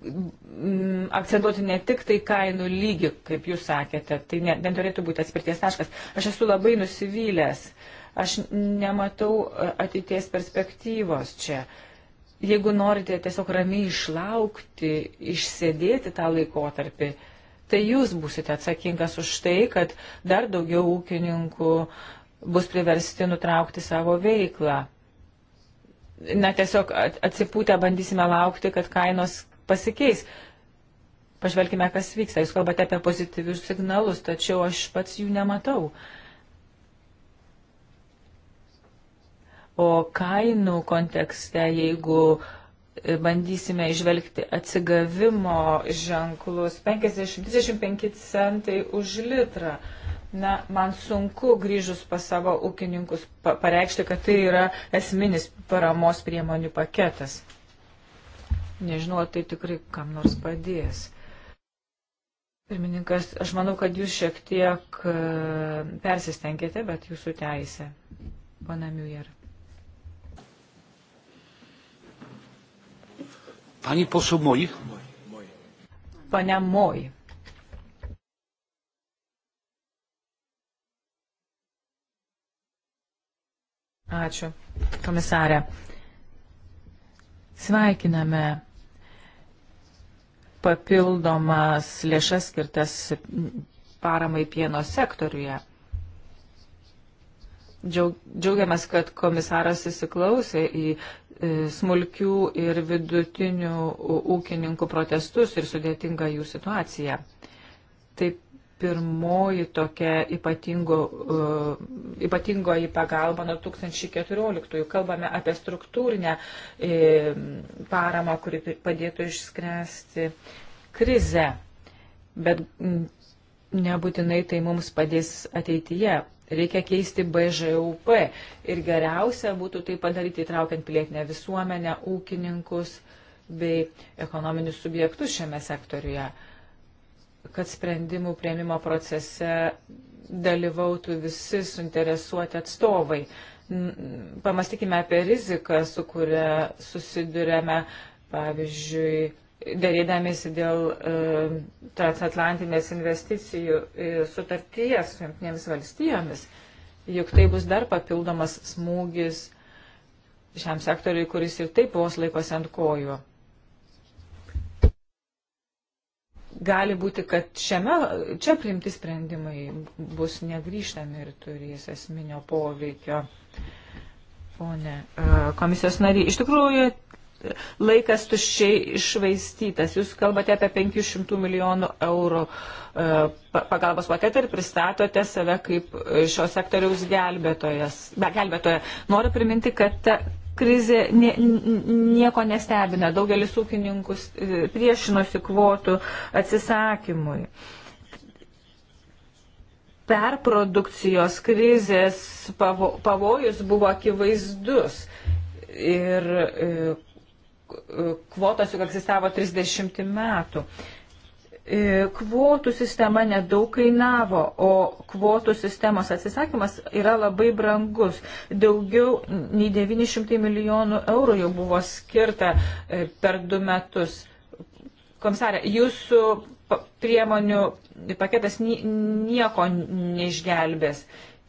Mm, akcentuoti ne tik tai kainų lygį, kaip jūs sakėte, tai neturėtų būti atspirties taškas. Aš esu labai nusivylęs, aš nematau e, ateities perspektyvos čia. Jeigu norite tiesiog ramiai išlaukti, išsėdėti tą laikotarpį, tai jūs būsite atsakingas už tai, kad dar daugiau ūkininkų bus priversti nutraukti savo veiklą. Na, tiesiog atsipūtę bandysime laukti, kad kainos pasikeis. Pažvelkime, kas vyksta. Jūs kalbate apie pozityvius signalus, tačiau aš pats jų nematau. O kainų kontekste, jeigu bandysime išvelgti atsigavimo ženklus, 50-25 centai už litrą. Na, man sunku grįžus pas savo ūkininkus pareikšti, kad tai yra esminis paramos priemonių paketas. Nežinau, tai tikrai kam nors padės. Pirmininkas, aš manau, kad jūs šiek tiek e, persistengėte, bet jūsų teisė. Pana Miujer. Pani poseł Moj. Pania Moj. Ačiū, komisarė. Sveikiname papildomas lėšas skirtas paramai pieno sektoriuje. Džiaugiamės, kad komisaras įsiklausė į e, smulkių ir vidutinių ūkininkų protestus ir sudėtingą jų situaciją. Taip pirmoji tokia ypatingo, e, ypatingoji pagalba nuo 2014. Kalbame apie struktūrinę e, paramą, kuri padėtų išspręsti krizę. Bet nebūtinai tai mums padės ateityje. Reikia keisti BŽUP ir geriausia būtų tai padaryti įtraukiant pilietinę visuomenę, ūkininkus bei ekonominius subjektus šiame sektoriuje kad sprendimų prieimimo procese dalyvautų visi suinteresuoti atstovai. Pamastykime apie riziką, su kuria susidurėme, pavyzdžiui, dėrėdamėsi dėl e, transatlantinės investicijų e, sutarties su jungtinėmis valstijomis. Juk tai bus dar papildomas smūgis šiam sektoriui, kuris ir taip vos laikosi ant kojų. gali būti, kad šiame, čia priimti sprendimai bus negryžtami ir turės esminio poveikio. Pone e, komisijos nariai, iš tikrųjų laikas tuščiai išvaistytas. Jūs kalbate apie 500 milijonų eurų e, pagalbos paketą ir pristatote save kaip e, šio sektoriaus gelbėtojas. Be gelbėtoja. Noriu priminti, kad ta krizė nie, nieko nestebina. Daugelis ūkininkus e, priešinosi kvotų atsisakymui. Perprodukcijos krizės pavo, pavojus buvo akivaizdus ir e, e, kvotos juk egzistavo 30 metų. E, kvotų sistema nedaug kainavo, o kvotų sistemos atsisakymas yra labai brangus. Daugiau nei 900 milijonų eurų jau buvo skirta e, per du metus. Komisarė, jūsų priemonių paketas nieko neišgelbės.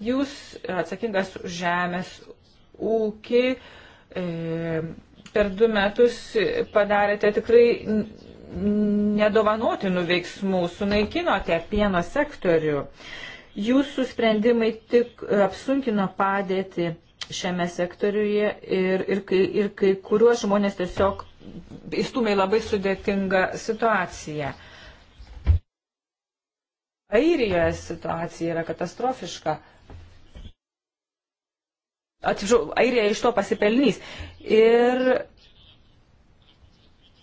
Jūs atsakingas už žemės ūkį. E, per du metus padarėte tikrai nedovanotinų veiksmų, sunaikinote pieno sektorių. Jūsų sprendimai tik apsunkino padėtį šiame sektoriuje ir, ir, kai, ir kai kuriuos žmonės tiesiog įstumė labai sudėtingą situaciją. Airijoje situacija yra katastrofiška. Atsiprašau, Airija iš to pasipelnys. Ir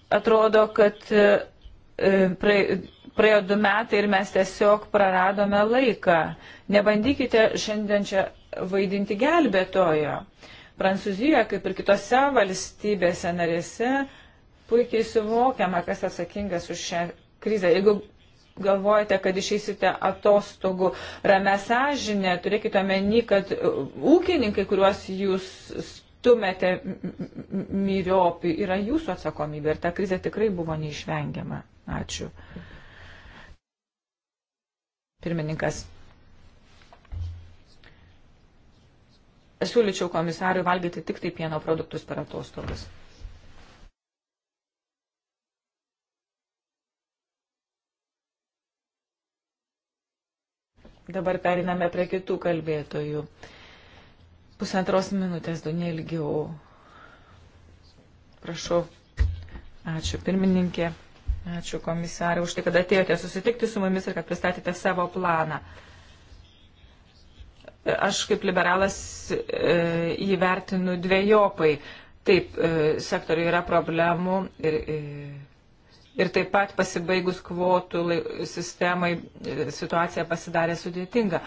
atrodo, kad e, e, praėjo du metai ir mes tiesiog praradome laiką. Nebandykite šiandien čia vaidinti gelbėtojo. Prancūzijoje, kaip ir kitose valstybėse narėse, puikiai suvokiama, kas atsakingas už šią krizę. Jeigu galvojate, kad išeisite atostogų ramę sąžinę, turėkite omeny, kad e, ūkininkai, kuriuos jūs stumėte myriopį, yra jūsų atsakomybė ir ta krizė tikrai buvo neišvengiama. Ačiū. Pirmininkas. Siūlyčiau komisarui valgyti tik tai pieno produktus per atostogas. Dabar periname prie kitų kalbėtojų. Pusantros minutės, du neilgiau. Prašau. Ačiū pirmininkė, ačiū komisarė už tai, kad atėjote susitikti su mumis ir kad pristatėte savo planą. Aš kaip liberalas e, įvertinu dviejopai. Taip, e, sektoriui yra problemų ir, e, ir taip pat pasibaigus kvotų sistemai e, situacija pasidarė sudėtinga.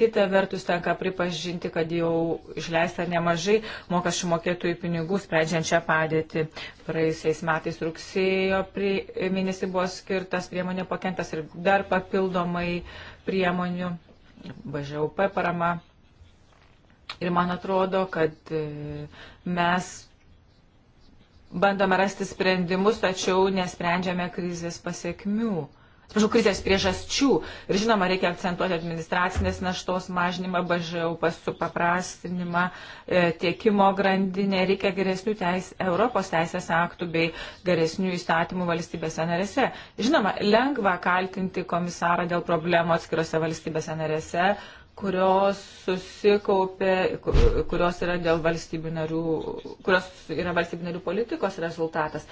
Kita vertus tenka pripažinti, kad jau išleista nemažai mokesčių mokėtojų pinigų sprendžiančią padėtį. Praėjusiais metais rugsėjo prie, mėnesį buvo skirtas priemonė pakentas ir dar papildomai priemonių, BŽUP parama. Ir man atrodo, kad e, mes bandome rasti sprendimus, tačiau nesprendžiame krizės pasiekmių Žinau, krizės priežasčių ir žinoma, reikia akcentuoti administracinės naštos mažinimą, BŽUP supaprastinimą, e, tiekimo grandinę, reikia geresnių teis, Europos teisės aktų bei geresnių įstatymų valstybėse narėse. Žinoma, lengva kaltinti komisarą dėl problemų atskirose valstybėse narėse, kurios susikaupė, kurios yra dėl valstybių narių, kurios yra valstybių narių politikos rezultatas.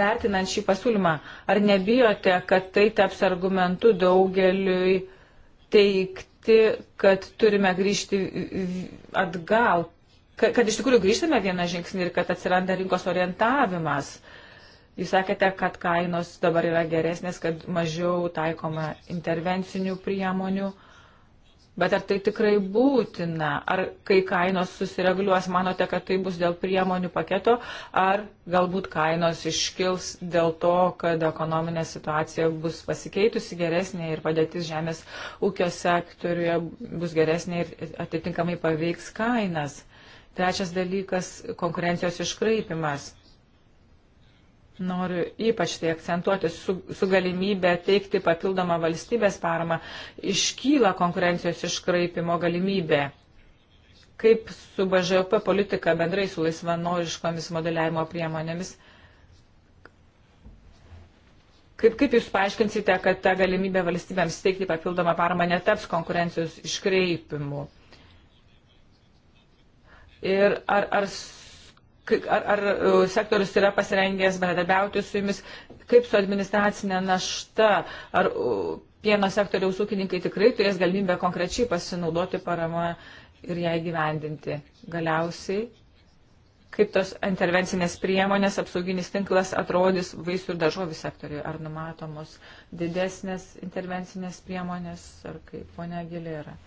Vertinant šį pasiūlymą, ar nebijote, kad tai taps argumentu daugeliui teikti, kad turime grįžti atgal, kad, kad iš tikrųjų grįžtame vieną žingsnį ir kad atsiranda rinkos orientavimas? Jūs sakėte, kad kainos dabar yra geresnės, kad mažiau taikoma intervencinių priemonių. Uh, Bet ar tai tikrai būtina? Ar kai kainos susireguliuos, manote, kad tai bus dėl priemonių paketo, ar galbūt kainos iškils dėl to, kad ekonominė situacija bus pasikeitusi geresnė ir padėtis žemės ūkio sektoriuje bus geresnė ir atitinkamai paveiks kainas? Trečias dalykas - konkurencijos iškraipimas Noriu ypač tai akcentuoti su, su galimybė teikti papildomą valstybės paramą. Iškyla konkurencijos iškraipimo galimybė. Kaip su BŽP politika bendrai su laisvanoriškomis modeliavimo priemonėmis? Kaip, kaip Jūs paaiškinsite, kad ta galimybė valstybėms teikti papildomą paramą netaps konkurencijos iškreipimu? Ir ar, ar ar, ar e, sektorius yra pasirengęs bendradarbiauti su jumis, kaip su administracinė našta, ar e, pieno sektoriaus ūkininkai tikrai turės galimybę konkrečiai pasinaudoti paramą ir ją įgyvendinti. Galiausiai, kaip tos intervencinės priemonės, apsauginis tinklas atrodys vaisių ir daržovių sektoriui, ar numatomos didesnės intervencinės priemonės, ar kaip ponia Gilė yra.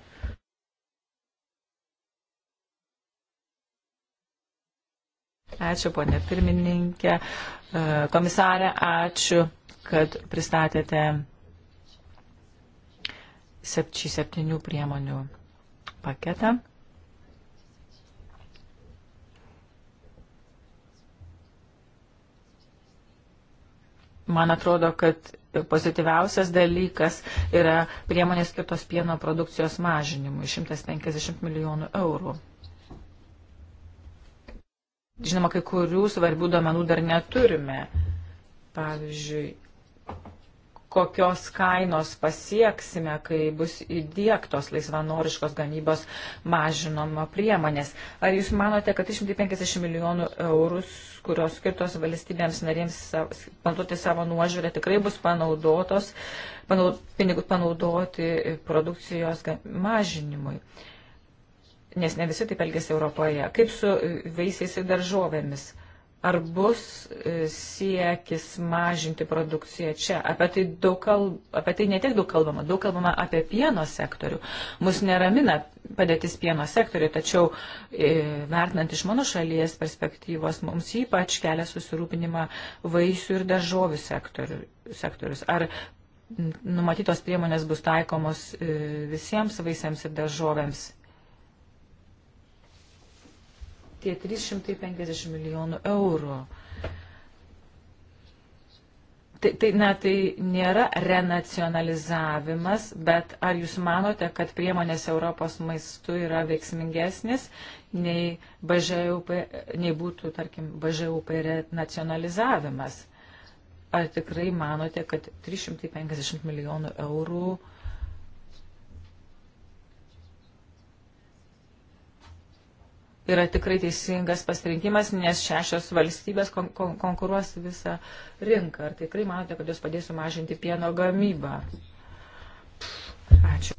Ačiū, ponė pirmininkė. E, komisarė, ačiū, kad pristatėte šį septynių priemonių paketą. Man atrodo, kad pozityviausias dalykas yra priemonės skirtos pieno produkcijos mažinimui 150 milijonų eurų. Žinoma, kai kurių svarbių duomenų dar neturime. Pavyzdžiui, kokios kainos pasieksime, kai bus įdėktos laisvanoriškos gamybos mažinoma priemonės. Ar jūs manote, kad 350 milijonų eurų, kurios skirtos valstybėms narėms panaudoti savo nuožiūrę, tikrai bus panaudotos, panaud, pinigus panaudoti produkcijos mažinimui? Uh, nes ne visi taip elgesi Europoje. Kaip su e, vaisiais ir daržovėmis? Ar bus e, siekis mažinti produkciją čia? Apie tai, daug kalb... apie tai netiek daug kalbama. Daug kalbama apie pieno sektorių. Mus neramina padėtis pieno sektoriui, tačiau e, vertinant iš mano šalies perspektyvos, mums ypač kelia susirūpinimą vaisių ir daržovių sektorius. Ar numatytos priemonės bus taikomos visiems vaisiams ir daržovėms? tie 350 milijonų eurų. Tai, tai, na, tai nėra renacionalizavimas, bet ar jūs manote, kad priemonės Europos maistu yra veiksmingesnis nei, BŽUP, nei būtų, tarkim, BŽUP renacionalizavimas? Ar tikrai manote, kad 350 milijonų eurų uh, yra tikrai teisingas pasirinkimas, nes šešios valstybės kon kon konkuruos visą rinką. Ar tikrai manote, kad jūs padėsų mažinti pieno gamybą? Ačiū.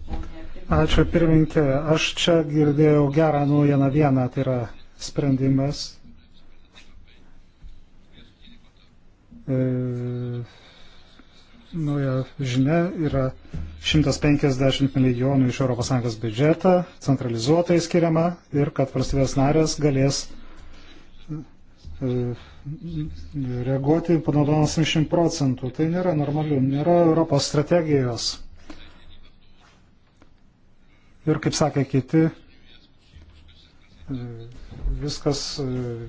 Ačiū pirmininkė. Aš čia girdėjau gerą naujieną vieną, tai yra sprendimas. E nauja žinia yra 150 milijonų iš ES biudžetą centralizuotai skiriama ir kad valstybės narės galės e, reaguoti panaudodamas 70 procentų. Tai nėra normalių, nėra Europos strategijos. Ir kaip sakė kiti, e, viskas e,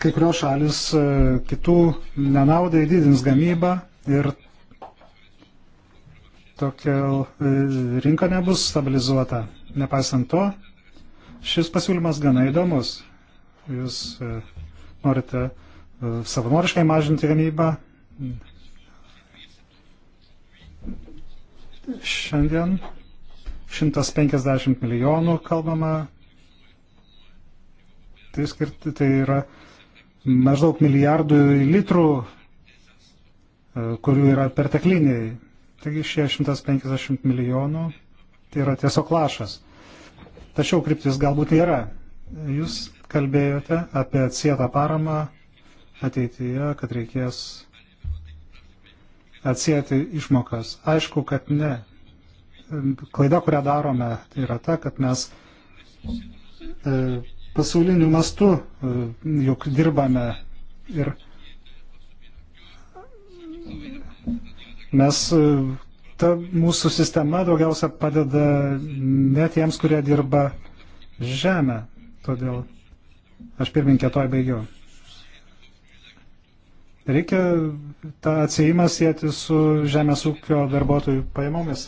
kai kurios šalis kitų nenaudai didins gamybą ir tokia e, rinka nebus stabilizuota. Nepaisant to, šis pasiūlymas gana įdomus. Jūs e, norite e, savanoriškai mažinti gamybą. Šiandien 150 milijonų kalbama. Tai, skirti, tai yra maždaug milijardų litrų kurių yra pertekliniai. Taigi šie 150 milijonų tai yra tiesiog lašas. Tačiau kryptis galbūt yra. Jūs kalbėjote apie atsietą paramą ateityje, kad reikės atsijėti išmokas. Aišku, kad ne. Klaida, kurią darome, tai yra ta, kad mes e, pasauliniu mastu e, juk dirbame ir e, Mes, e, ta mūsų sistema daugiausia padeda ne tiems, kurie dirba žemę. Todėl aš pirminkė toj baigiau. Reikia tą atsėjimą sėti su žemės ūkio darbuotojų pajamomis.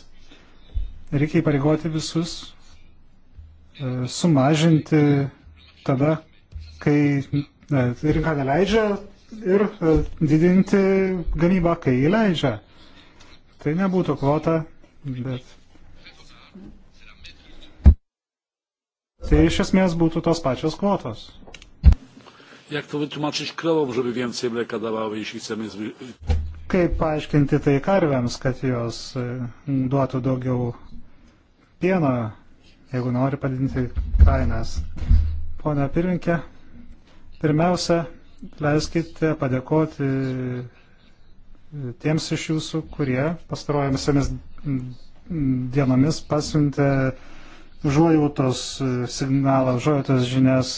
Reikia įpareigoti visus e, sumažinti tada, kai ne, rinka neleidžia ir e, didinti gamybą, kai įleidžia. Tai nebūtų kvota, bet. Tai iš esmės būtų tos pačios kvotos. Jak to wytłumaczyć krowom, żeby więcej mleka dawały, jeśli chcemy... Kaip paaiškinti tai karviams, kad jos e, duotų daugiau pieno, jeigu nori padidinti kainas? Pone pirminkė, pirmiausia, leiskite padėkoti tiems iš jūsų, kurie pastarojomis dienomis pasiuntė žuojautos signalą, žuojautos žinias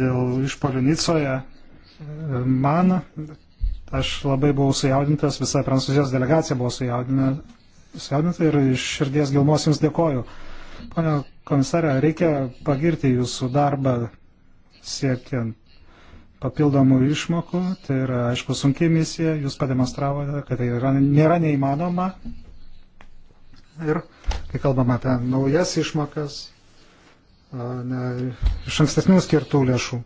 dėl išpolių Nicoje. Man, aš labai buvau sujaudintas, visa prancūzijos delegacija buvo sujaudinta, sujaudinta ir iš širdies gilmos jums dėkoju. Pone komisarė, reikia pagirti jūsų darbą siekiant papildomų išmokų. Tai yra, aišku, sunki misija. Jūs pademonstravote, kad tai yra, nėra neįmanoma. Ir kai kalbam apie naujas išmokas, ne, iš ankstesnių skirtų lėšų,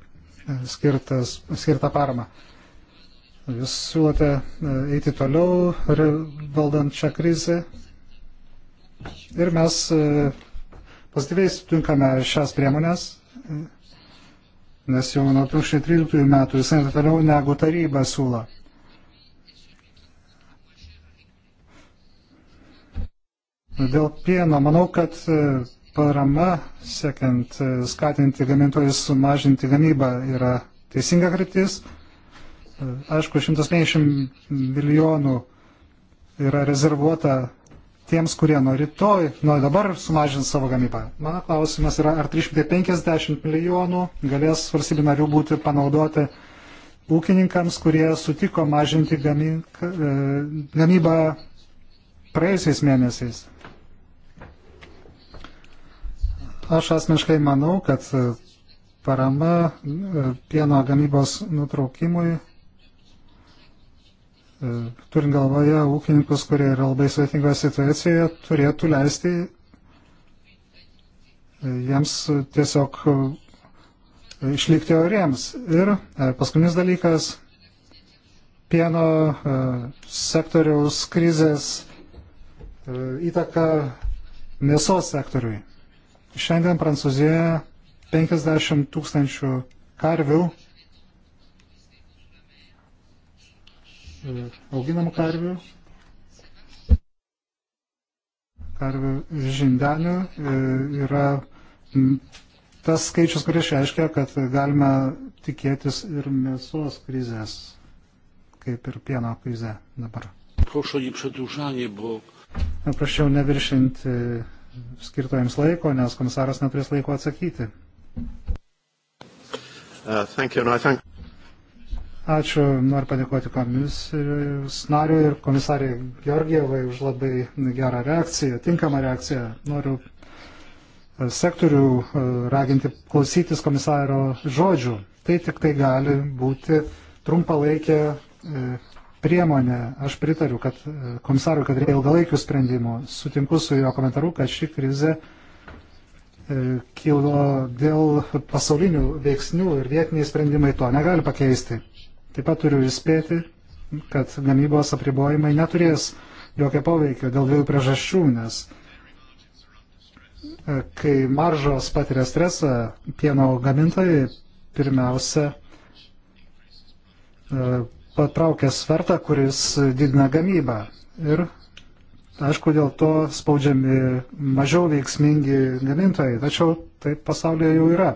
e, skirtas, skirtą paramą. Jūs siūlote e, eiti toliau, valdant šią krizę. Ir mes e, pozityviai sutinkame šias priemonės nes jau nuo 2013 metų jis yra toliau negu taryba siūlo. Dėl pieno, manau, kad e, parama siekiant e, skatinti gamintojus sumažinti gamybą yra teisinga kryptis. E, aišku, 150 milijonų yra rezervuota tiems, kurie nuo rytoj, nuo dabar sumažins savo gamybą. Mano klausimas yra, ar 350 milijonų galės valstybių narių būti panaudoti ūkininkams, kurie sutiko mažinti gamink, e, gamybą praėjusiais mėnesiais. Aš asmeniškai manau, kad parama e, pieno gamybos nutraukimui E, turint galvoje ūkininkus, kurie yra labai svetingoje situacijoje, turėtų leisti e, jiems tiesiog e, išlikti oriems. Ir paskutinis dalykas - pieno sektoriaus krizės įtaka mėsos sektoriui. Šiandien Prancūzijoje 50 tūkstančių karvių auginamų karvių, karvių žindelių e, yra tas skaičius, kuris reiškia, kad galime tikėtis ir mėsos krizės, kaip ir pieno krizė dabar. Prašau neviršinti skirto jums laiko, nes komisaras neturės laiko atsakyti. Uh, thank you, no, thank... Ačiū, noriu padėkoti komisijos nariui ir komisariai Georgievai už labai gerą reakciją, tinkamą reakciją. Noriu e, sektorių e, raginti klausytis komisaro žodžių. Tai tik tai gali būti trumpalaikė e, priemonė. Aš pritariu kad, komisarui, kad reikia ilgalaikių sprendimų. Sutinku su jo komentaru, kad ši krizė kilo dėl pasaulinių veiksnių ir vietiniai sprendimai to negali pakeisti. Taip pat turiu įspėti, kad gamybos apribojimai neturės jokio poveikio dėl dviejų priežasčių, nes e, kai maržos patiria stresą, pieno gamintojai pirmiausia e, patraukia svertą, kuris didina gamybą. Ir aišku, dėl to spaudžiami mažiau veiksmingi gamintojai, tačiau taip pasaulyje jau yra.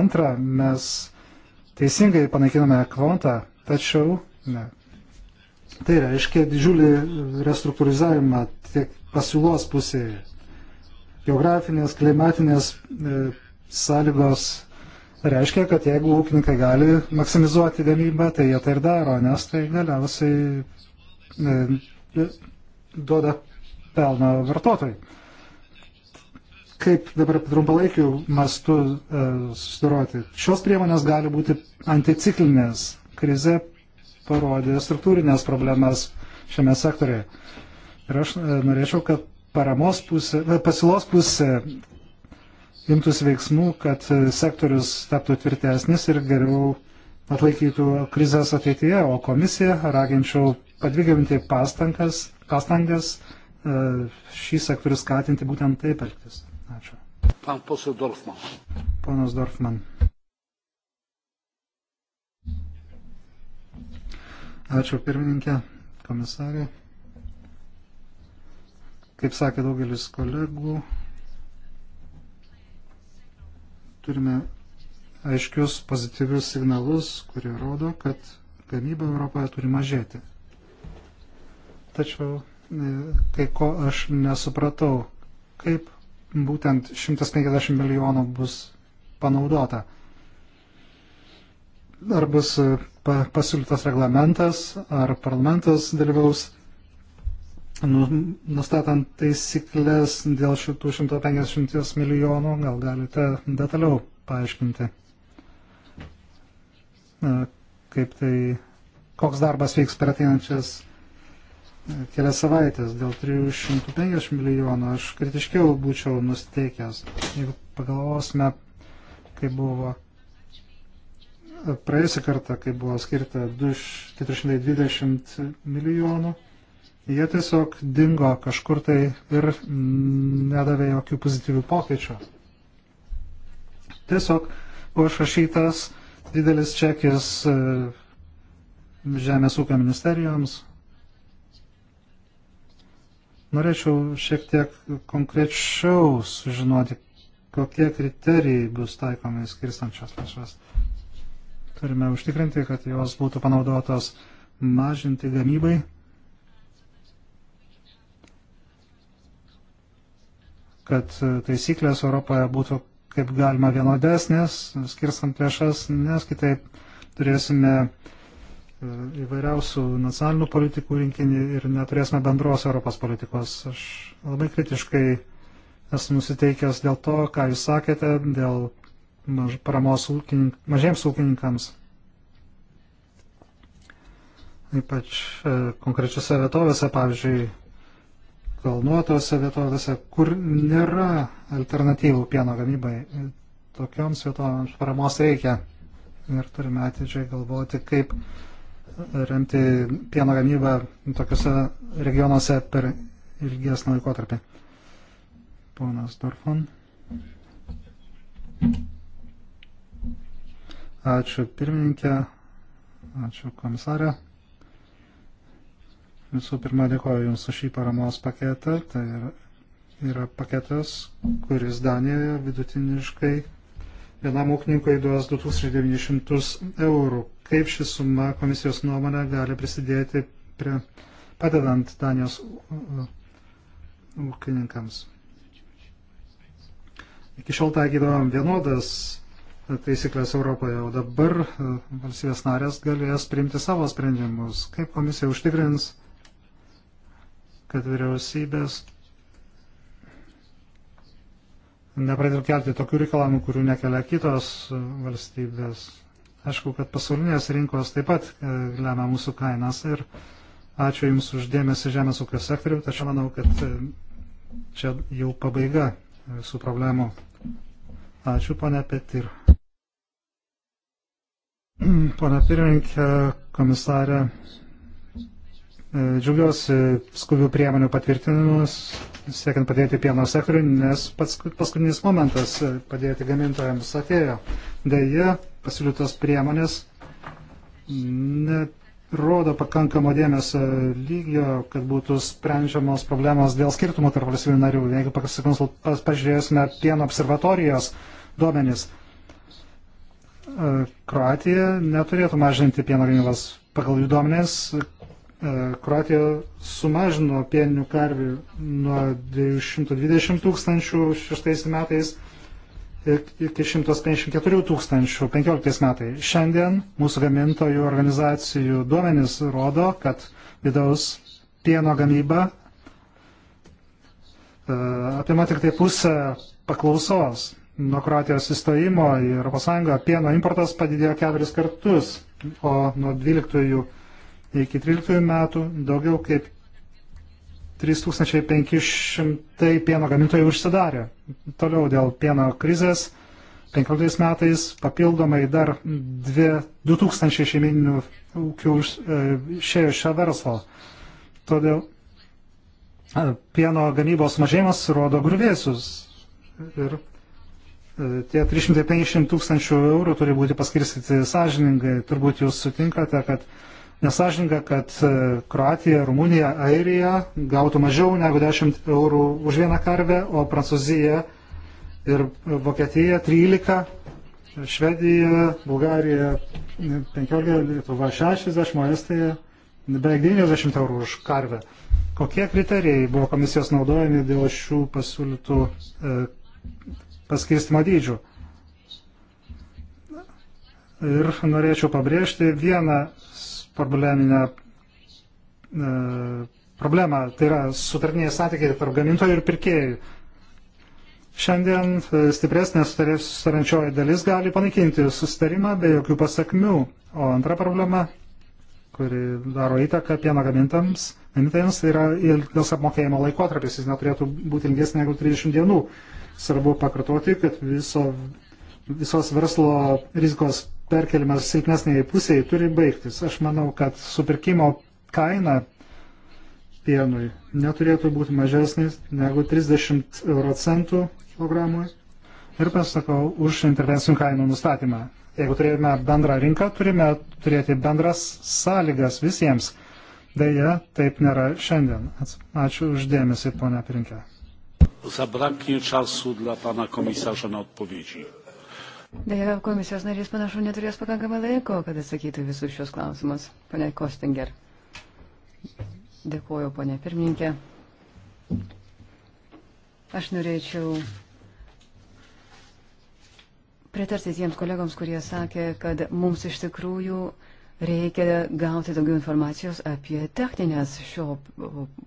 Antra, mes teisingai panaikinome kvotą, tačiau ne. Tai reiškia didžiulį restruktūrizavimą tiek pasiūlos pusėje. Geografinės, klimatinės e, sąlygos reiškia, kad jeigu ūkininkai gali maksimizuoti gamybą, tai jie tai ir daro, nes tai galiausiai e, e, duoda pelną vartotojai kaip dabar trumpalaikių mastų e, susidoroti. Šios priemonės gali būti anticiklinės. Krize parodė struktūrinės problemas šiame sektorėje. Ir aš e, norėčiau, kad paramos pusė, e, pasilos pusė imtus veiksmų, kad e, sektorius taptų tvirtesnis ir geriau atlaikytų krizės ateityje, o komisiją raginčiau padvigabinti pastangas, pastangas e, šį sektorių skatinti būtent taip elgtis. Ačiū. Pan posel Dorfman. Ponas Dorfman. Ačiū pirmininkė, komisarė. Kaip sakė daugelis kolegų, turime aiškius pozityvius signalus, kurie rodo, kad gamyba Europoje turi mažėti. Tačiau e, kai ko aš nesupratau, kaip būtent 150 milijonų bus panaudota. Ar bus e, pasiūlytas reglamentas, ar parlamentas dalyvaus nu, nustatant taisyklės dėl šitų 150 milijonų, gal galite detaliau paaiškinti, e, kaip tai, koks darbas vyks per ateinančias kelias savaitės dėl 350 milijonų, aš kritiškiau būčiau nusteikęs. Jeigu pagalvosime, kai buvo praėjusią kartą, kai buvo skirta 420 milijonų, jie tiesiog dingo kažkur tai ir nedavė jokių pozityvių pokyčių. Tiesiog buvo išrašytas didelis čekis e, Žemės ūkio ministerijoms, Norėčiau šiek tiek konkrečiau sužinoti, kokie kriterijai bus taikomi skirstančios lėšas. Turime užtikrinti, kad jos būtų panaudotos mažinti gamybai. kad taisyklės Europoje būtų kaip galima vienodesnės, skirstant lėšas, nes kitaip turėsime uh, įvairiausių nacionalinių politikų rinkinį ir neturėsime bendros Europos politikos. Aš labai kritiškai esu nusiteikęs dėl to, ką jūs sakėte, dėl maž, paramos ūkinink, mažiems ūkininkams. Ypač e, konkrečiose vietovėse, pavyzdžiui, kalnuotose vietovėse, kur nėra alternatyvų pieno gamybai. Tokioms vietovėms paramos reikia. Ir turime atidžiai galvoti, kaip remti pieno gamybą tokiuose regionuose per ilgesnį laikotarpį. Ponas Dorfon. Ačiū pirmininkė, ačiū komisarė. Visų pirma, dėkoju Jums už šį paramos paketą. Tai yra, yra paketas, kuris Danijoje vidutiniškai vienam ūkininkui duos 2900 eurų kaip ši suma komisijos nuomonė gali prisidėti prie padedant Danijos ūkininkams. Iki šiol taikydavom vienodas taisyklės Europoje, o dabar e, valstybės narės galės priimti savo sprendimus. Kaip komisija užtikrins, kad vyriausybės nepradėtų kelti tokių reikalavimų, kurių nekelia kitos e, valstybės Aišku, kad pasaulinės rinkos taip pat e, lemia mūsų kainas ir ačiū Jums uždėmesi žemės ūkio sektoriu, tačiau manau, kad e, čia jau pabaiga visų problemų. Ačiū, ponia Petir. [clears throat] Pone pirmininkė, komisarė, e, džiugiuosi skubių priemonių patvirtinimus siekiant padėti pieno sektoriui, nes pats paskutinis momentas e, padėti gamintojams atėjo. Deja, pasiūlytos priemonės nerodo pakankamo dėmesio lygio, kad būtų sprendžiamos problemos dėl skirtumų tarp valstybių narių. Jeigu pažiūrėsime pieno observatorijos duomenys, e, Kroatija neturėtų mažinti pieno gamybos. Pagal jų duomenės E, Kroatija sumažino pieninių karvių nuo 220 tūkstančių 6 metais iki 154 tūkstančių 15 metais. Šiandien mūsų gamintojų organizacijų duomenys rodo, kad vidaus pieno gamyba e, apima tik tai pusę paklausos. Nuo Kroatijos įstojimo į ES pieno importas padidėjo keturis kartus, o nuo 12 Iki 13 metų daugiau kaip 3500 pieno gamintojų užsidarė. Toliau dėl pieno krizės 15 metais papildomai dar 2000 šeimininių ūkių e, išėjo iš šio verslo. Todėl e, pieno gamybos mažėjimas rodo gruvėsius. Ir e, tie 350 tūkstančių eurų turi būti paskirstyti sąžiningai. Turbūt jūs sutinkate, kad nesažininga, kad e, Kroatija, Rumunija, Airija gautų mažiau negu 10 eurų už vieną karvę, o Prancūzija ir Vokietija 13, Švedija, Bulgarija 15, Lietuva 60, o Estija beveik 90 eurų už karvę. Kokie kriterijai buvo komisijos naudojami dėl šių pasiūlytų e, paskirstimo dydžių? Ir norėčiau pabrėžti vieną probleminę e, problemą, tai yra sutartiniai santykiai tarp gamintojų ir pirkėjų. Šiandien e, stipresnė sutarančioji dalis gali panaikinti sustarimą be jokių pasakmių. O antra problema, kuri daro įtaką pieno gamintams, gamintojams, tai yra ilgas apmokėjimo laikotarpis, jis neturėtų būti ilgesnė negu 30 dienų. Svarbu pakartoti, kad viso, visos verslo rizikos perkelimas silpnesnėje pusėje turi baigtis. Aš manau, kad supirkimo kaina pienui neturėtų būti mažesnis negu 30 euro centų kilogramui. Ir pasakau už intervencijų kainų nustatymą. Jeigu turėjome bendrą rinką, turime turėti bendras sąlygas visiems. Deja, taip nėra šiandien. Ačiū uždėmesį, ponia Pirinkė. Zabraknie czasu dla pana komisarza na odpowiedzi. Deja, komisijos narys panašu neturės pakankamai laiko, kad atsakytų visus šios klausimus. Pane Kostinger. Dėkuoju, ponė pirmininkė. Aš norėčiau pritarti tiems kolegoms, kurie sakė, kad mums iš tikrųjų reikia gauti daugiau informacijos apie techninės šio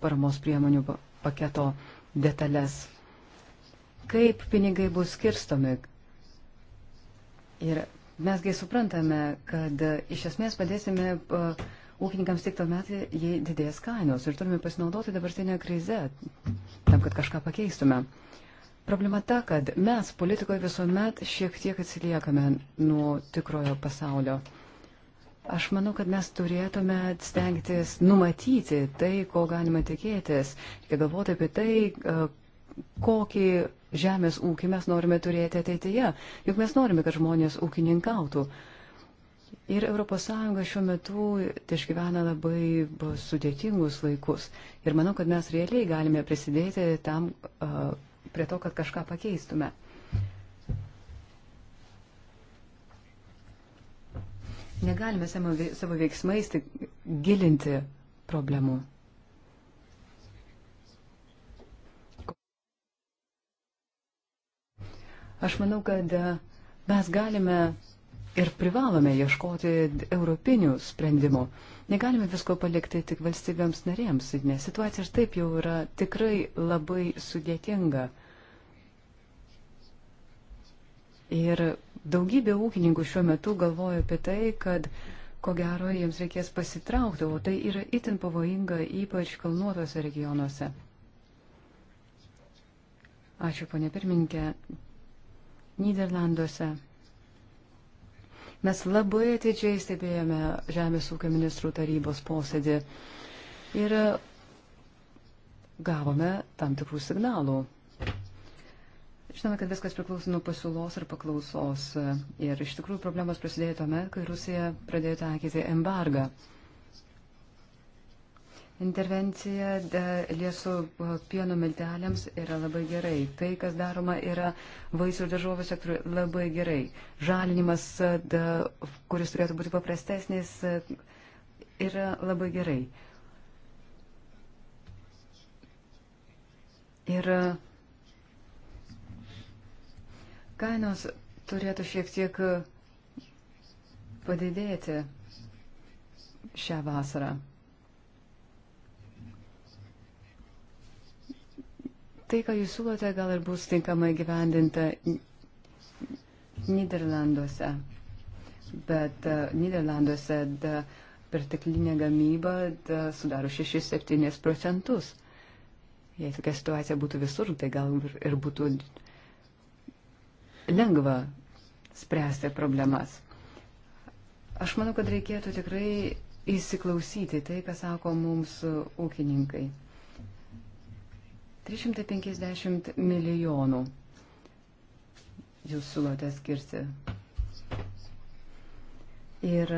paramos priemonių paketo detalės. Kaip pinigai bus skirstomi, Ir mesgi suprantame, kad iš esmės padėsime ūkininkams tik tuomet, jei didės kainos ir turime pasinaudoti dabartinę krizę tam, kad kažką pakeistume. Problema ta, kad mes politikoje visuomet šiek tiek atsiliekame nuo tikrojo pasaulio. Aš manau, kad mes turėtume stengtis numatyti tai, ko galima tikėtis. Reikia galvoti apie tai, kokį žemės ūkį mes norime turėti ateityje. Juk mes norime, kad žmonės ūkininkautų. Ir ES šiuo metu išgyvena labai sudėtingus laikus. Ir manau, kad mes realiai galime prisidėti tam, prie to, kad kažką pakeistume. Negalime savo veiksmais tik gilinti problemų. Aš manau, kad e, mes galime ir privalome ieškoti europinių sprendimų. Negalime visko palikti tik valstybėms narėms, nes situacija ir taip jau yra tikrai labai sudėtinga. Ir daugybė ūkininkų šiuo metu galvoja apie tai, kad ko gero jiems reikės pasitraukti, o tai yra itin pavojinga ypač kalnuotose regionuose. Ačiū, ponė pirmininkė. Niderlanduose. Mes labai atidžiai stebėjome Žemės ūkio ministrų tarybos posėdį ir gavome tam tikrų signalų. Žinome, kad viskas priklauso nuo pasiūlos ir paklausos. Ir iš tikrųjų problemas prasidėjo tuomet, kai Rusija pradėjo taikyti embargą. Intervencija liesų e, pieno milteliams yra labai gerai. Tai, kas daroma, yra vaisių ir daržovių sektoriui labai gerai. Žalinimas, e, da, kuris turėtų būti paprastesnis, e, yra labai gerai. Ir kainos turėtų šiek tiek padidėti šią vasarą. tai, ką jūs siūlote, gal ir bus tinkamai gyvendinta Niderlanduose. Bet e, Niderlanduose perteklinė gamyba da, sudaro 6-7 procentus. Jei tokia situacija būtų visur, tai gal ir būtų lengva spręsti problemas. Aš manau, kad reikėtų tikrai įsiklausyti tai, ką sako mums ūkininkai. 350 milijonų jūs sulote skirti. Ir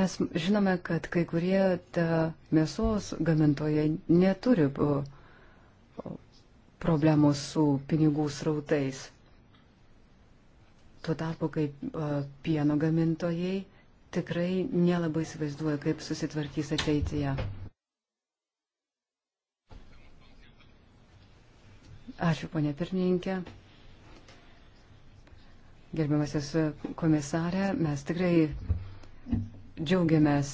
mes žinome, kad kai kurie mėsos gamintojai neturi problemų su pinigų srautais. Tuo tarpu, kaip pieno gamintojai tikrai nelabai įsivaizduoja, kaip susitvarkys ateityje. Ačiū, ponė pirmininkė. Gerbiamasis komisarė, mes tikrai džiaugiamės,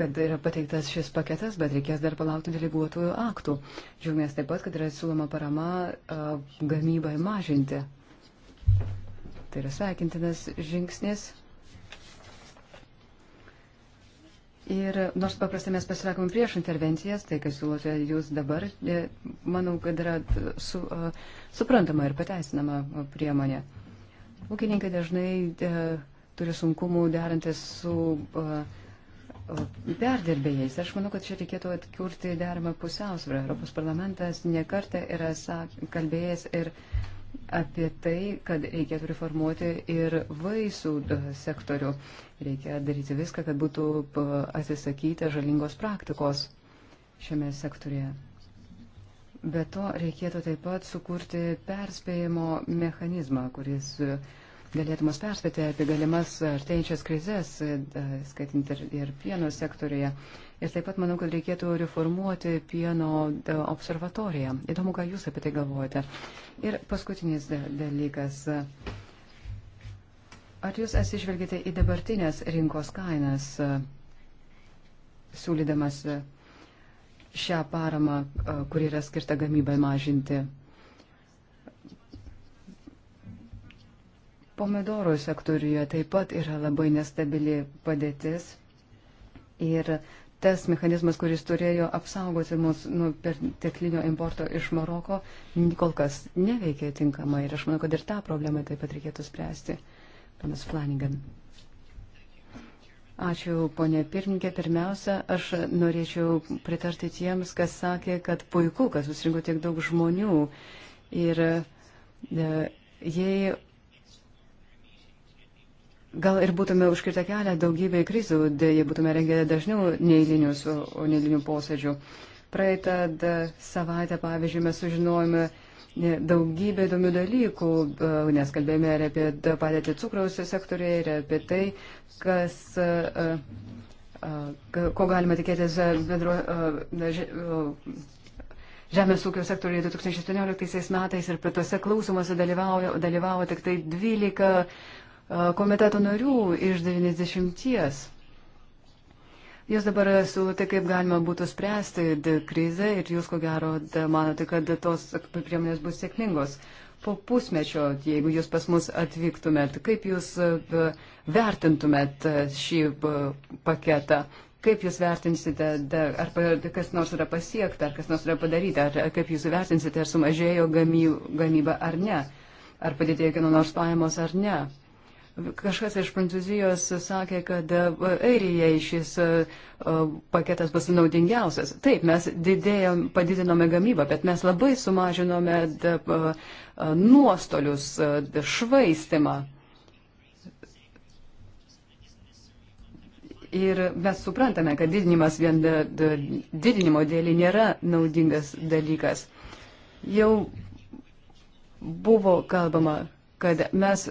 kad yra pateiktas šis paketas, bet reikės dar palaukti deleguotųjų aktų. Džiaugiamės taip pat, kad yra siūloma parama gamybai mažinti. Tai yra sveikintinas žingsnis. Ir nors paprastai mes pasisakom prieš intervencijas, tai, kas siūlote jūs dabar, e, manau, kad yra su, e, suprantama ir pateisinama priemonė. Ūkininkai dažnai de, turi sunkumų derantis su e, perdirbėjais. Aš manau, kad čia reikėtų atkurti deramą pusiausvyrą. Europos parlamentas nekartą yra sak, kalbėjęs ir. Uh, apie tai, kad reikėtų reformuoti ir vaisų e, sektorių. Reikia daryti viską, kad būtų e, atsisakyta žalingos praktikos šiame sektorėje. Be to reikėtų taip pat sukurti perspėjimo mechanizmą, kuris e, galėtumas perspėti apie galimas artėjančias krizės, skaitant ir, ir pieno sektorėje. Ir taip pat manau, kad reikėtų reformuoti pieno e, observatoriją. Įdomu, ką Jūs apie tai galvojate. Ir paskutinis dalykas. Ar Jūs atsižvelgite į dabartinės rinkos kainas, e, siūlydamas e, šią paramą, kuri yra skirta gamybai mažinti? Pomidorų sektoriuje taip pat yra labai nestabili padėtis ir tas mechanizmas, kuris turėjo apsaugoti mus nuo perteklinio importo iš Maroko, kol kas neveikia tinkamai. Ir aš manau, kad ir tą problemą taip pat reikėtų spręsti. Panas Flanagan. Ačiū, ponė pirmininkė. Pirmiausia, aš norėčiau pritarti tiems, kas sakė, kad puiku, kad susirinko tiek daug žmonių. Ir e, jei Gal ir būtume užkirtę kelią daugybę krizų, jei būtume rengę dažniau neįlinius, o neįlinių posėdžių. Praeitą savaitę, pavyzdžiui, mes sužinojome e, daugybę įdomių dalykų, nes kalbėjome ir apie padėtį cukraus sektoriai, ir apie tai, kas, e, e, ko galima tikėtis bendro, Žemės ūkio sektoriuje 2018 metais ir prie tose klausimuose dalyvavo, dalyvavo tik tai 12 komiteto narių iš 90. Jūs dabar siūlote, kaip galima būtų spręsti krizę ir jūs ko gero manote, kad tos priemonės bus sėkmingos. Po pusmečio, jeigu jūs pas mus atvyktumėt, kaip jūs vertintumėt šį paketą? Kaip jūs vertinsite, ar kas nors yra pasiekta, ar kas nors yra padaryta, ar kaip jūs vertinsite, ar sumažėjo gamyba ar ne, ar padidėjo kieno nors pajamos ar ne? Kažkas iš Prancūzijos sakė, kad e, Airijai šis e, e, paketas bus naudingiausias. Taip, mes didėjom, padidinome gamybą, bet mes labai sumažinome nuostolius, švaistimą. Ir mes suprantame, kad didinimas vien didinimo dėlį nėra naudingas dalykas. Jau buvo kalbama, kad mes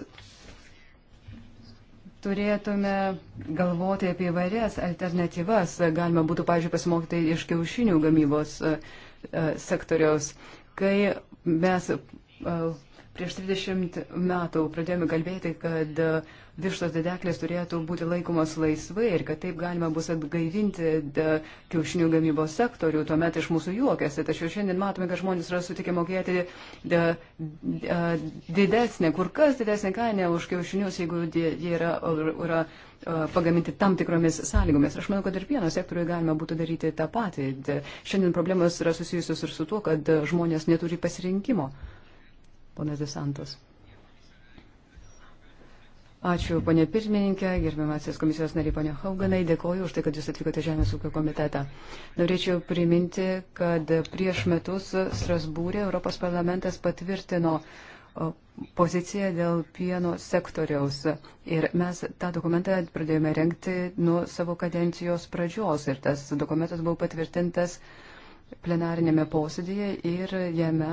turėtume galvoti apie įvairias alternatyvas. Galima būtų, pažiūrėjau, pasimokyti iš kiaušinių gamybos e, e, sektoriaus, kai mes e, Prieš 30 metų pradėjome kalbėti, kad vištos dedeklės turėtų būti laikomos laisvai ir kad taip galima bus atgaivinti kiaušinių gamybos sektorių. Tuomet iš mūsų juokėsi. Tačiau šiandien matome, kad žmonės yra sutikę mokėti didesnę, kur kas didesnę kainą už kiaušinius, jeigu jie yra, yra pagaminti tam tikromis sąlygomis. Aš manau, kad ir pieno sektoriuje galima būtų daryti tą patį. Šiandien problemos yra susijusios ir su tuo, kad žmonės neturi pasirinkimo ponas Desantos. Ačiū, ponė pirmininkė, gerbiamasis komisijos nariai, ponė Hauganai, dėkoju už tai, kad jūs atvykote Žemės ūkio komitetą. Norėčiau priminti, kad prieš metus Strasbūrė Europos parlamentas patvirtino poziciją dėl pieno sektoriaus. Ir mes tą dokumentą pradėjome renkti nuo savo kadencijos pradžios ir tas dokumentas buvo patvirtintas uh, plenarinėme posėdėje ir jame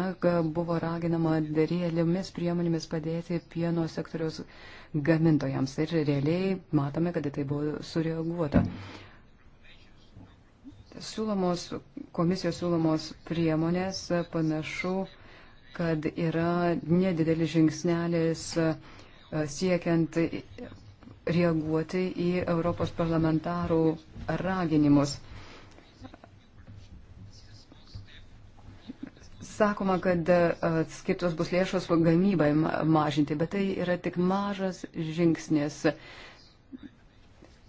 buvo raginama realiomis priemonėmis padėti pieno sektoriaus gamintojams. Ir realiai matome, kad tai buvo sureaguota. Siūlomos, komisijos siūlomos priemonės panašu, kad yra nedidelis žingsnelis e, siekiant reaguoti į Europos parlamentarų raginimus. sakoma, kad e, skirtos bus lėšos gamybai mažinti, bet tai yra tik mažas žingsnis.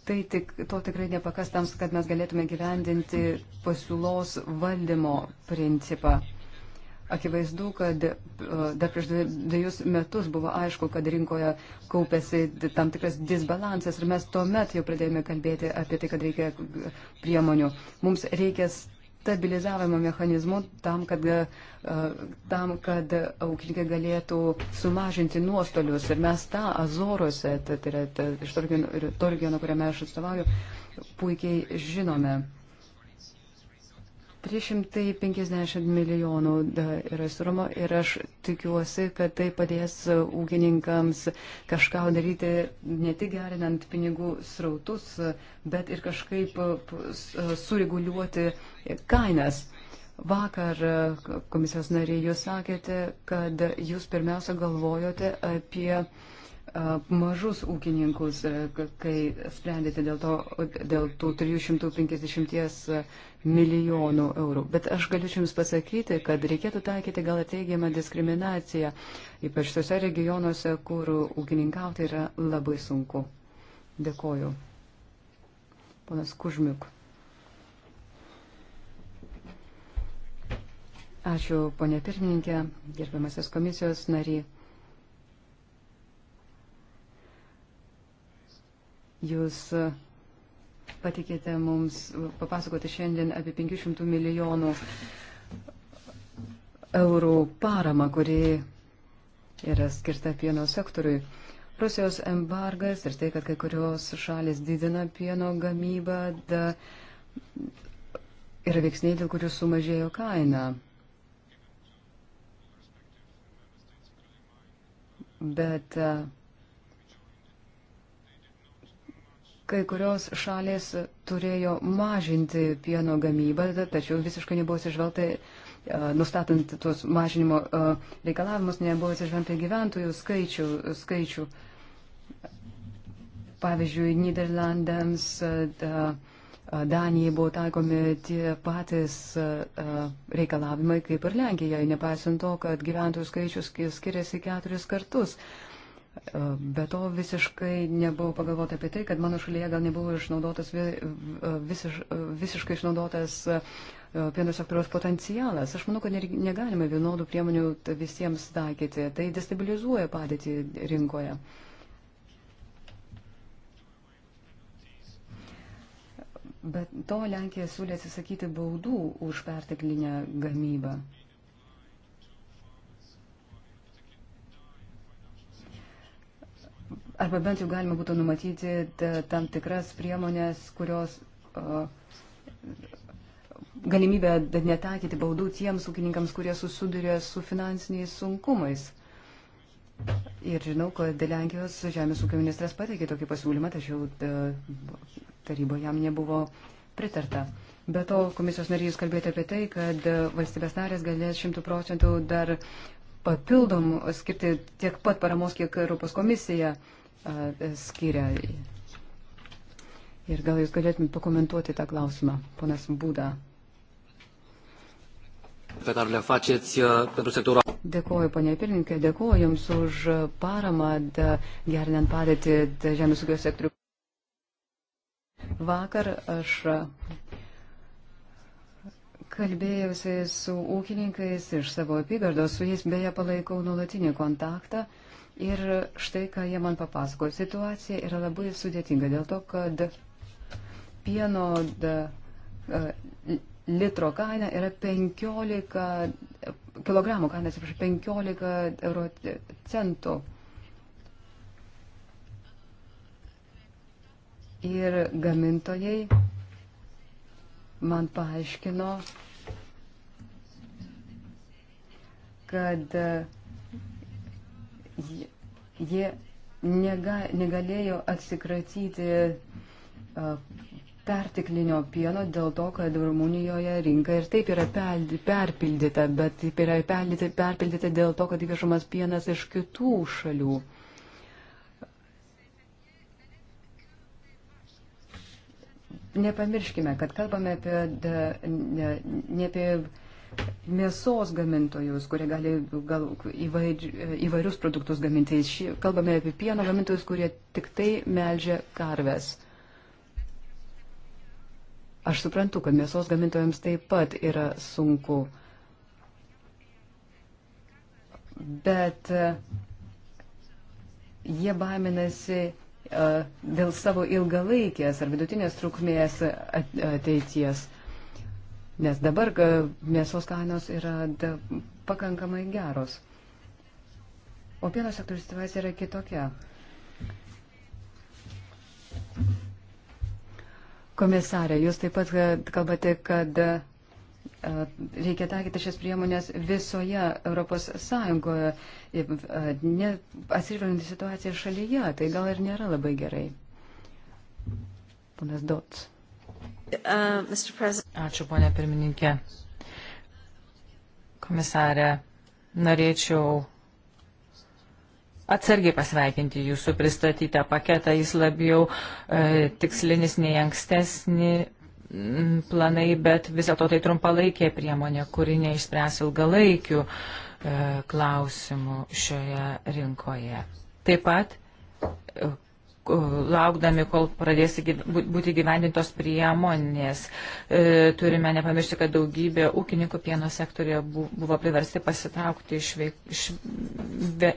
Tai tik, to tikrai nepakastams, kad mes galėtume gyvendinti pasiūlos valdymo principą. Akivaizdu, kad e, dar prieš dviejus metus buvo aišku, kad rinkoje kaupėsi tam tikras disbalansas ir mes tuomet jau pradėjome kalbėti apie tai, kad reikia priemonių. Mums reikės stabilizavimo mechanizmu tam, kad, tam, kad ūkininkai galėtų sumažinti nuostolius. Ir mes tą Azoruose, tai yra iš to regiono, kuriame aš atstovauju, puikiai žinome. 350 milijonų yra suroma ir aš tikiuosi, kad tai padės ūkininkams kažką daryti, ne tik gerinant pinigų srautus, bet ir kažkaip sureguliuoti kainas. Vakar komisijos nariai jūs sakėte, kad jūs pirmiausia galvojote apie mažus ūkininkus, kai sprendėte dėl, to, dėl tų 350 milijonų eurų. Bet aš galėčiau Jums pasakyti, kad reikėtų taikyti gal teigiamą diskriminaciją, ypač tose regionuose, kur ūkininkauti yra labai sunku. Dėkoju. Ponas Kužmiuk. Ačiū, ponė pirmininkė, gerbiamasis komisijos nariai. Jūs patikėte mums papasakoti šiandien apie 500 milijonų eurų paramą, kuri yra skirta pieno sektoriui. Rusijos embargas ir tai, kad kai kurios šalis didina pieno gamybą, da, yra veiksniai, dėl kurių sumažėjo kaina. Bet uh, Kai kurios šalės turėjo mažinti pieno gamybą, tačiau visiškai nebuvo atsižvelgta, e, nustatant tuos mažinimo e, reikalavimus, nebuvo atsižvelgta gyventojų skaičių. skaičių. Pavyzdžiui, Niderlandams. E, da, Danijai buvo taikomi tie patys reikalavimai kaip ir Lenkijai, nepaisant to, kad gyventojų skaičius skiriasi keturis kartus. E, be to visiškai nebuvo pagalvota apie tai, kad mano šalyje gal nebuvo išnaudotas e, visiš, e, visiškai išnaudotas pieno sektoriaus potencialas. Aš manau, kad negalime vienodų priemonių visiems taikyti. Tai destabilizuoja padėtį rinkoje. Bet to Lenkija siūlė atsisakyti baudų už perteklinę gamybą. arba bent jau galima būtų numatyti tam tikras priemonės, kurios uh, galimybę netakyti baudų tiems ūkininkams, kurie susiduria su finansiniais sunkumais. Ir žinau, kad Lenkijos žemės ūkio ministras pateikė tokį pasiūlymą, tačiau taryboje jam nebuvo pritarta. Be to, komisijos narys kalbėti apie tai, kad valstybės narės galės šimtų procentų dar papildomų skirti tiek pat paramos, kiek Europos komisija. Uh, skiria. Ir gal jūs galėtumėte pakomentuoti tą klausimą, ponas Būda. Dėkuoju, ponė pirmininkė, dėkuoju Jums už paramą gerinant padėtį žemės ūkio sektorių. Vakar aš kalbėjausi su ūkininkais iš savo apygardos, su jais beje palaikau nuolatinį kontaktą. Uh, Ir štai, ką jie man papasakojo, situacija yra labai sudėtinga dėl to, kad pieno da, litro kaina yra 15, kilogramų kaina, atsiprašau, 15 euro centų. Ir gamintojai man paaiškino, kad uh, jie nega, negalėjo atsikratyti pertiklinio pieno dėl to, kad Rumunijoje rinka ir taip yra perpildyta, bet taip yra perpildyta dėl to, kad įvežamas pienas iš kitų šalių. Nepamirškime, kad kalbame apie, ne, ne apie mėsos gamintojus, kurie gali gal, įvairius produktus gaminti. Ši, kalbame apie pieno gamintojus, kurie tik tai melžia karves. Aš suprantu, kad mėsos gamintojams taip pat yra sunku. Bet e, jie baiminasi e, dėl savo ilgalaikės ar vidutinės trukmės ateities. At, at, at, at, at, at, at, at, nes dabar mėsos kainos yra pakankamai geros. O pieno sektoriaus situacija yra kitokia. Komisarė, jūs taip pat kalbate, kad reikia taikyti šias priemonės visoje Europos Sąjungoje, atsižvelgiant į situaciją šalyje, tai gal ir nėra labai gerai. Ponas Dots. Uh, Ačiū, ponė pirmininkė. Komisarė, norėčiau atsargiai pasveikinti jūsų pristatytą paketą. Jis labiau e, tikslinis nei ankstesni planai, bet vis dėlto tai trumpalaikė priemonė, kuri neišspręs ilgalaikių e, klausimų šioje rinkoje. Taip pat e, laukdami, kol pradės būti gyvendintos priemonės. E, turime nepamiršti, kad daugybė ūkininkų pieno sektorija buvo priversti pasitraukti iš, veik, iš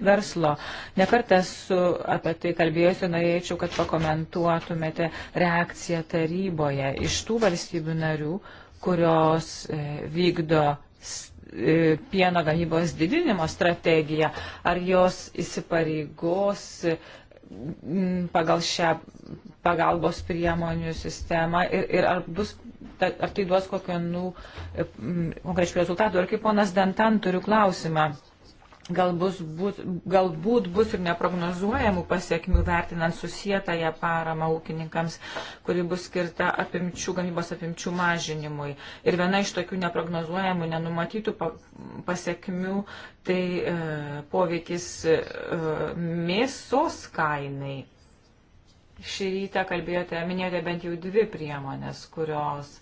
verslo. Nekartą su apie tai kalbėjusiu, norėčiau, kad pakomentuotumėte reakciją taryboje iš tų valstybių narių, kurios e, vykdo e, pieno gamybos didinimo strategiją, ar jos įsipareigos pagal šią pagalbos priemonių sistemą ir, ir ar, bus, ar tai duos kokių nu, konkrečių rezultatų. Ir kaip ponas Dantan turiu klausimą. Galbūt bus, galbūt bus ir neprognozuojamų pasiekmių vertinant susijętąją paramą ūkininkams, kuri bus skirta apimčių, gamybos apimčių mažinimui. Ir viena iš tokių neprognozuojamų, nenumatytų pasiekmių tai e, poveikis e, mėsos kainai. Šį rytą kalbėjote, minėjote bent jau dvi priemonės, kurios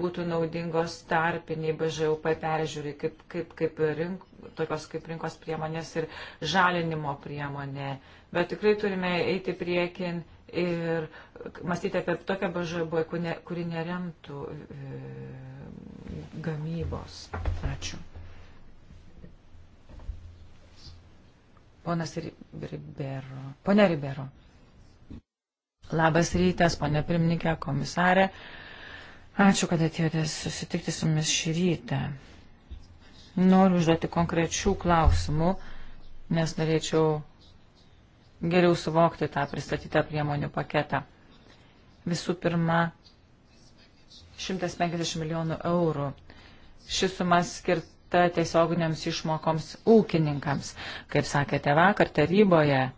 būtų naudingos tarpiniai BŽUP peržiūrai, kaip, kaip, kaip rink, tokios kaip rinkos priemonės ir žalinimo priemonė. Bet tikrai turime eiti priekin ir mąstyti apie tokią BŽUP, kuri neremtų e, gamybos. Ačiū. Ponas Ribero. Pone Ribero. Labas rytas, ponė pirmininkė, komisarė. E, Ačiū, kad atėjote susitikti su mumis šį rytą. Noriu užduoti konkrečių klausimų, nes norėčiau geriau suvokti tą pristatytą priemonių paketą. Visų pirma, 150 milijonų eurų. Ši suma skirta tiesioginiams išmokoms ūkininkams. Kaip sakėte vakar taryboje,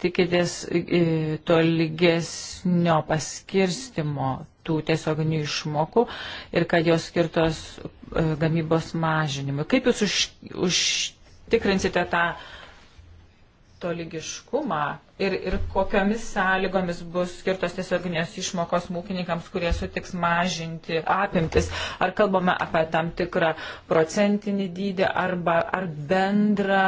tikitės e, tolygesnio paskirstimo tų tiesioginių išmokų ir kad jos skirtos e, gamybos mažinimui. Kaip jūs už, užtikrinsite tą tolygiškumą ir, ir kokiomis sąlygomis bus skirtos tiesioginės išmokos mūkininkams, kurie sutiks mažinti apimtis. Ar kalbame apie tam tikrą procentinį dydį arba ar bendrą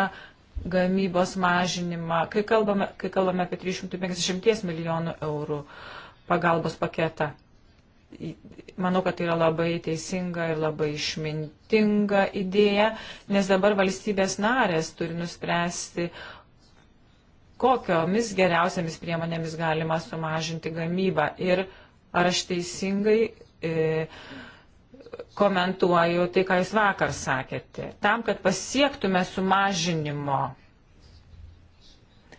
gamybos mažinimą, kai kalbame, kai kalbame apie 350 milijonų eurų pagalbos paketą. Manau, kad tai yra labai teisinga ir labai išmintinga idėja, nes dabar valstybės narės turi nuspręsti, kokiomis geriausiamis priemonėmis galima sumažinti gamybą. Ir ar aš teisingai. E, komentuoju tai, ką jūs vakar sakėte. Tam, kad pasiektume sumažinimo,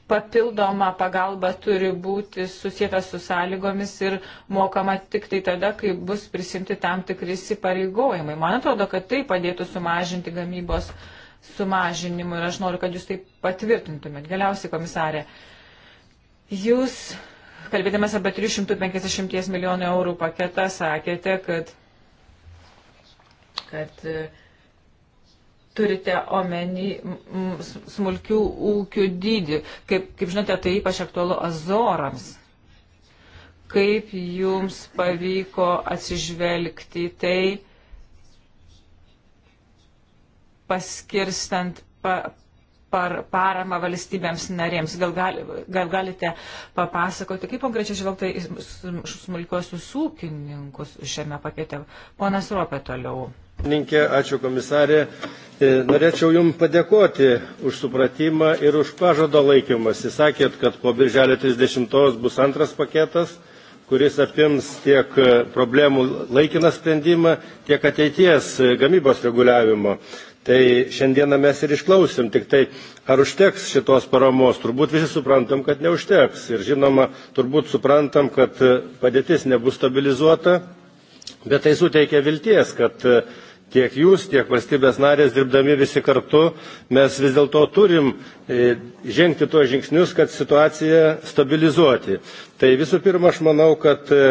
papildoma pagalba turi būti susijęta su sąlygomis ir mokama tik tai tada, kai bus prisimti tam tikri įsipareigojimai. Man atrodo, kad tai padėtų sumažinti gamybos sumažinimu ir aš noriu, kad jūs tai patvirtintumėt. Galiausiai, komisarė, jūs, kalbėdamas apie 350 milijonų eurų paketą, sakėte, kad kad e, turite omeny smulkių ūkių dydį. Kaip, kaip žinote, tai ypač aktualu Azorams. Kaip jums pavyko atsižvelgti tai, paskirstant pa, par, paramą valstybėms narėms? Gal, gal, gal galite papasakoti, kaip konkrečiai žvelgta į smulkiosius ūkininkus šiame pakete? Ponas Ropė toliau. Ninkė, ačiū komisarė. E, norėčiau Jums padėkoti už supratimą ir už pažado laikymas. Įsakėt, kad po birželio 30 bus antras paketas, kuris apims tiek e, problemų laikiną sprendimą, tiek ateities e, gamybos reguliavimo. Tai šiandieną mes ir išklausim, tik tai ar užteks šitos paramos, turbūt visi suprantam, kad neužteks. Ir žinoma, turbūt suprantam, kad padėtis nebus stabilizuota, bet tai suteikia vilties, kad uh, tiek jūs, tiek valstybės narės dirbdami visi kartu, mes vis dėlto turim e, žengti tuos žingsnius, kad situaciją stabilizuoti. Tai visų pirma, aš manau, kad e,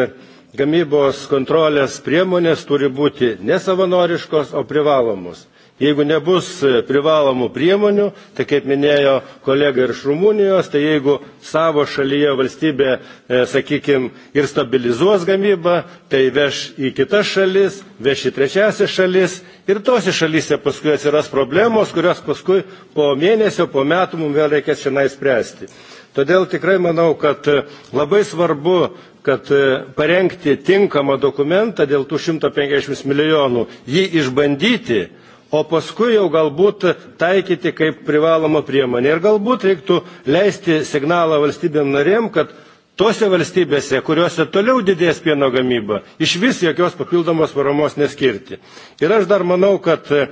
gamybos kontrolės priemonės turi būti nesavanoriškos, o privalomos. Jeigu nebus e, privalomų priemonių, tai kaip minėjo kolega ir iš Rumunijos, tai jeigu savo šalyje valstybė, e, sakykime, ir stabilizuos gamybą, tai veš į kitas šalis, veš į trečiasias šalis ir tose šalyse paskui atsiras problemos, kurios paskui po mėnesio, po metų mums vėl reikės šiandien spręsti. Todėl tikrai manau, kad e, labai svarbu, kad parengti tinkamą dokumentą dėl tų 150 milijonų, jį išbandyti o paskui jau galbūt taikyti kaip privalomą priemonę. Ir galbūt reiktų leisti signalą valstybėm narėm, kad tose valstybėse, kuriuose toliau didės pieno gamyba, iš vis jokios papildomos paramos neskirti. Ir aš dar manau, kad e,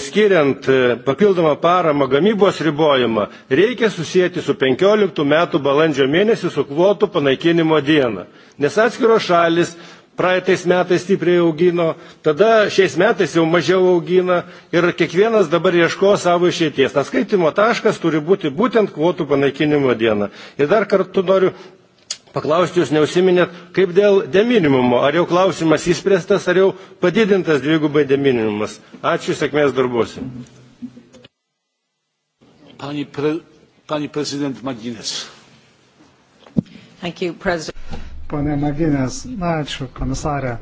skiriant e, papildomą paramą gamybos ribojimą, reikia susijęti su 15 metų balandžio mėnesį su kvotų panaikinimo diena. Nes atskiros šalis praeitais metais stipriai augino, tada šiais metais jau mažiau augina ir kiekvienas dabar ieško savo išeities. Tas skaitimo taškas turi būti būtent kvotų panaikinimo diena. Ir dar kartu noriu paklausti, jūs neusiminėt, kaip dėl deminimumo, ar jau klausimas įspręstas, ar jau padidintas dvigubai deminimumas. Ačiū, sėkmės darbuose. Pani, pre, pani prezident Maginės. Thank you, President. Pane Maginės, na ačiū, komisarė.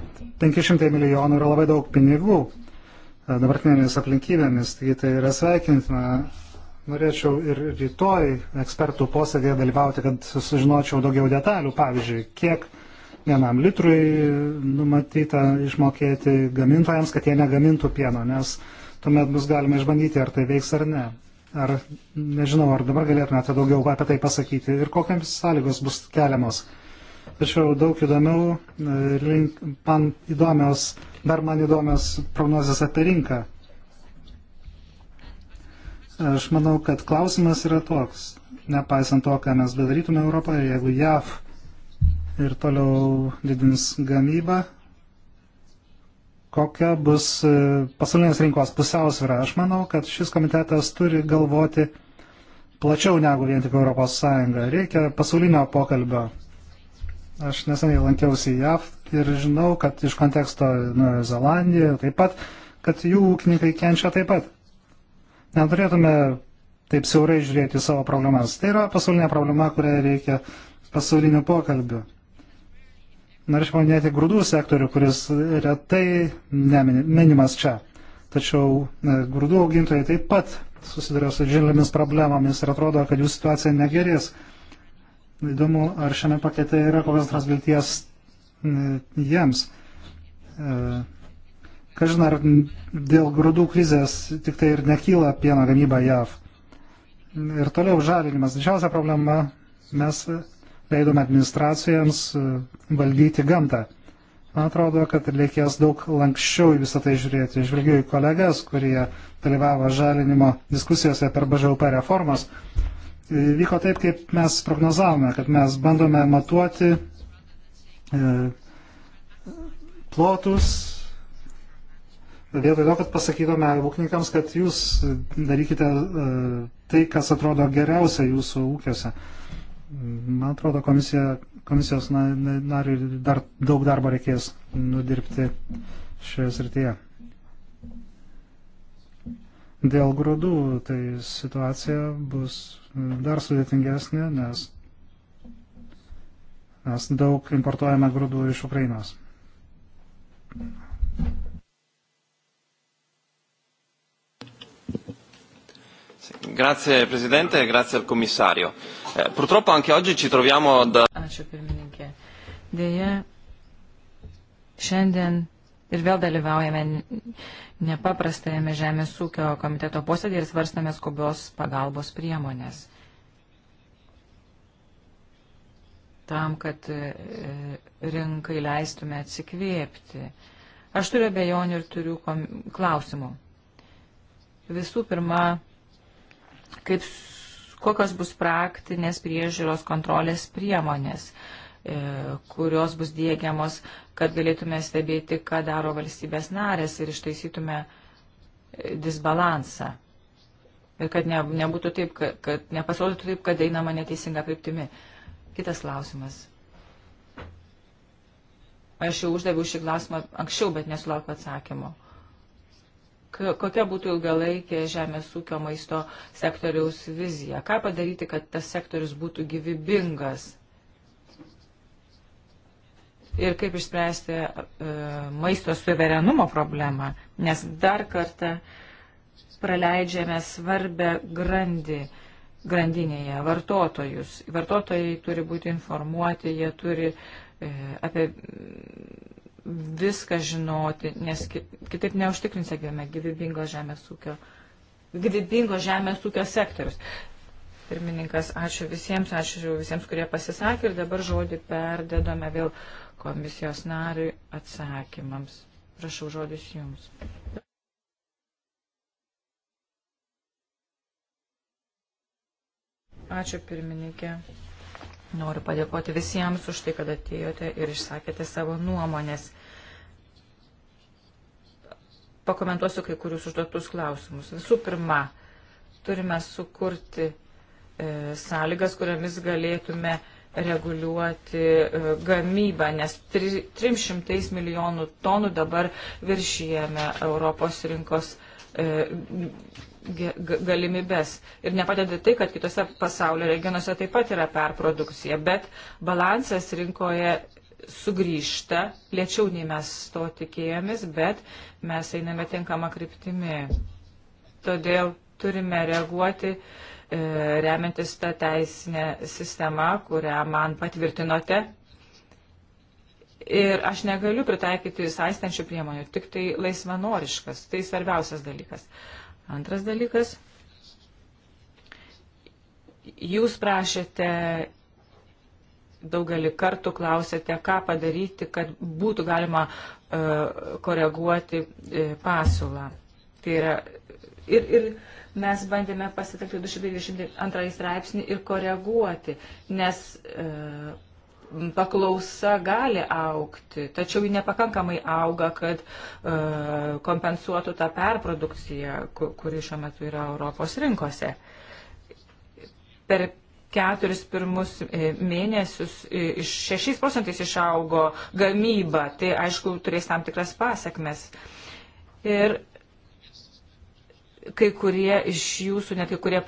500 milijonų yra labai daug pinigų e, dabartinėmis aplinkybėmis, taigi tai yra sveikintina. Norėčiau ir rytoj ekspertų posėdėje dalyvauti, kad sužinočiau daugiau detalių, pavyzdžiui, kiek vienam litrui numatyta išmokėti gamintojams, kad jie negamintų pieno, nes tuomet bus galima išbandyti, ar tai veiks ar ne. Ar nežinau, ar dabar galėtumėte daugiau apie tai pasakyti ir kokiams sąlygos bus keliamos Tačiau daug įdomiau, e, link, man įdomios, dar man įdomios prognozijas apie rinką. Aš manau, kad klausimas yra toks, nepaisant to, ką mes bedarytume Europoje, jeigu JAV ir toliau didins gamybą, kokia bus e, pasaulinės rinkos pusiausvėra. Aš manau, kad šis komitetas turi galvoti plačiau negu vien tik Europos Sąjunga. Reikia pasaulinio pokalbio. Aš neseniai lankiausi JAV ir žinau, kad iš konteksto Nuojo Zelandijoje taip pat, kad jų ūkininkai kenčia taip pat. Neturėtume taip siaurai žiūrėti savo problemas. Tai yra pasaulinė problema, kurią reikia pasaulinių pokalbių. Norėčiau paminėti grūdų sektorių, kuris retai neminimas čia. Tačiau e, grūdų augintojai taip pat susiduria su didžiulėmis problemomis ir atrodo, kad jų situacija negerės. Įdomu, ar šiame pakete yra kokios nors vilties jiems. E, Kažin ar dėl grūdų krizės tik tai ir nekyla pieno gamyba JAV. Ir toliau žalinimas. Didžiausia problema mes leidome administracijoms e, valdyti gamtą. Man atrodo, kad reikės daug lankščiau į visą tai žiūrėti. Žvelgiu į kolegas, kurie dalyvavo žalinimo diskusijose per BŽUP reformas vyko taip, kaip mes prognozavome, kad mes bandome matuoti e, plotus, vietoj to, kad pasakytume ūkininkams, kad jūs darykite e, tai, kas atrodo geriausia jūsų ūkiuose. Man atrodo, komisija, komisijos nariui dar daug darbo reikės nudirbti šioje srityje. Dėl grūdų tai situacija bus dar sudėtingesnė, nes mes daug importuojame grūdų iš Ukrainos. Grazie Presidente, grazie al Commissario. Eh, purtroppo anche oggi ci troviamo da... Ačiū pirmininkė. Dėja, šiandien ir vėl dalyvaujame nepaprastajame Žemės ūkio komiteto posėdėje ir svarstame skubios pagalbos priemonės. Tam, kad e, rinkai leistume atsikvėpti. Aš turiu abejonių ir turiu klausimų. Visų pirma, kaip, kokios bus praktinės priežiūros kontrolės priemonės? Uh, E, kurios bus dėgiamos, kad galėtume stebėti, ką daro valstybės narės ir ištaisytume e, disbalansą. Ir kad ne, nebūtų taip, kad, kad nepasirodytų taip, kad einama neteisinga kryptimi. Kitas klausimas. Aš jau uždaviau šį klausimą anksčiau, bet nesulaukiu atsakymo kokia būtų ilgalaikė žemės ūkio maisto sektoriaus vizija? Ką padaryti, kad tas sektorius būtų gyvybingas? ir kaip išspręsti e, maisto suverenumo problemą, nes dar kartą praleidžiame svarbę grandį grandinėje vartotojus. Vartotojai turi būti informuoti, jie turi e, apie viską žinoti, nes kitaip neužtikrinsime gyvybingo žemės ūkio, gyvybingo žemės ūkio sektorius. Pirmininkas, ačiū visiems, ačiū visiems, kurie pasisakė ir dabar žodį perdedame vėl komisijos nariui atsakymams. Prašau žodis jums. Ačiū pirmininkė. Noriu padėkoti visiems už tai, kad atėjote ir išsakėte savo nuomonės. Pakomentuosiu kai kurius užduotus klausimus. Visų pirma, turime sukurti e, sąlygas, kuriamis galėtume e, reguliuoti e, gamybą, nes 300 milijonų tonų dabar viršijame Europos rinkos e, galimybės. Ir nepadeda tai, kad kitose pasaulio regionuose taip pat yra perprodukcija, bet balansas rinkoje sugrįžta, lėčiau nei mes to tikėjomės, bet mes einame tinkamą kryptimį. Todėl turime reaguoti uh, E, remiantis tą teisinę sistemą, kurią man patvirtinote. Ir aš negaliu pritaikyti saistančių priemonių, tik tai laisvanoriškas, tai svarbiausias dalykas. Antras dalykas, jūs prašėte daugelį kartų klausėte, ką padaryti, kad būtų galima uh, koreguoti uh, pasiūlą. Tai yra, ir, ir mes bandėme pasitikti 222 straipsnį ir koreguoti, nes e, paklausa gali aukti, tačiau ji nepakankamai auga, kad e, kompensuotų tą perprodukciją, kuri šiuo metu yra Europos rinkose. Per keturis pirmus e, mėnesius e, iš 6 procentais išaugo gamyba, tai aišku turės tam tikras pasiekmes. Ir kai kurie iš jūsų, net kai kurie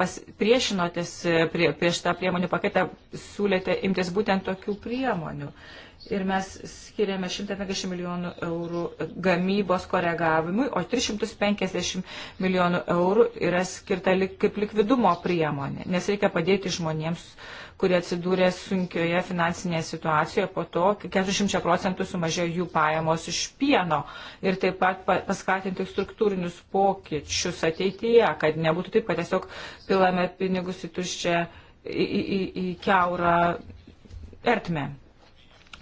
priešinotės e, prie, prieš tą priemonių paketą, siūlėte imtis būtent tokių priemonių. Uh, ir mes skiriame 150 milijonų eurų gamybos koregavimui, o 350 milijonų eurų yra skirta lik, kaip likvidumo priemonė, nes reikia padėti žmonėms, kurie atsidūrė sunkioje finansinėje situacijoje, po to 400 procentų sumažėjo jų pajamos iš pieno ir taip pat paskatinti struktūrinius pokyčius ateityje, kad nebūtų taip, kad tiesiog pilame pinigus į tuščią, į, į, į, į keurą ertmę.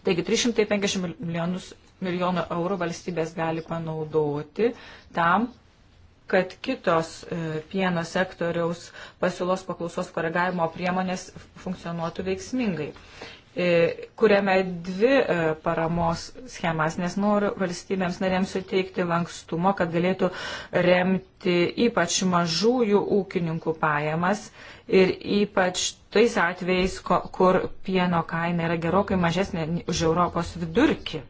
Taigi 350 milijonus, milijonų eurų valstybės gali panaudoti tam, kad kitos e, pieno sektoriaus pasiūlos paklausos koregavimo priemonės funkcionuotų veiksmingai. E, kuriame dvi e, paramos schemas, nes noriu valstybėms narėms suteikti lankstumo, kad galėtų remti ypač mažųjų ūkininkų pajamas ir ypač tais atvejais, kur pieno kaina yra gerokai mažesnė už Europos vidurkį.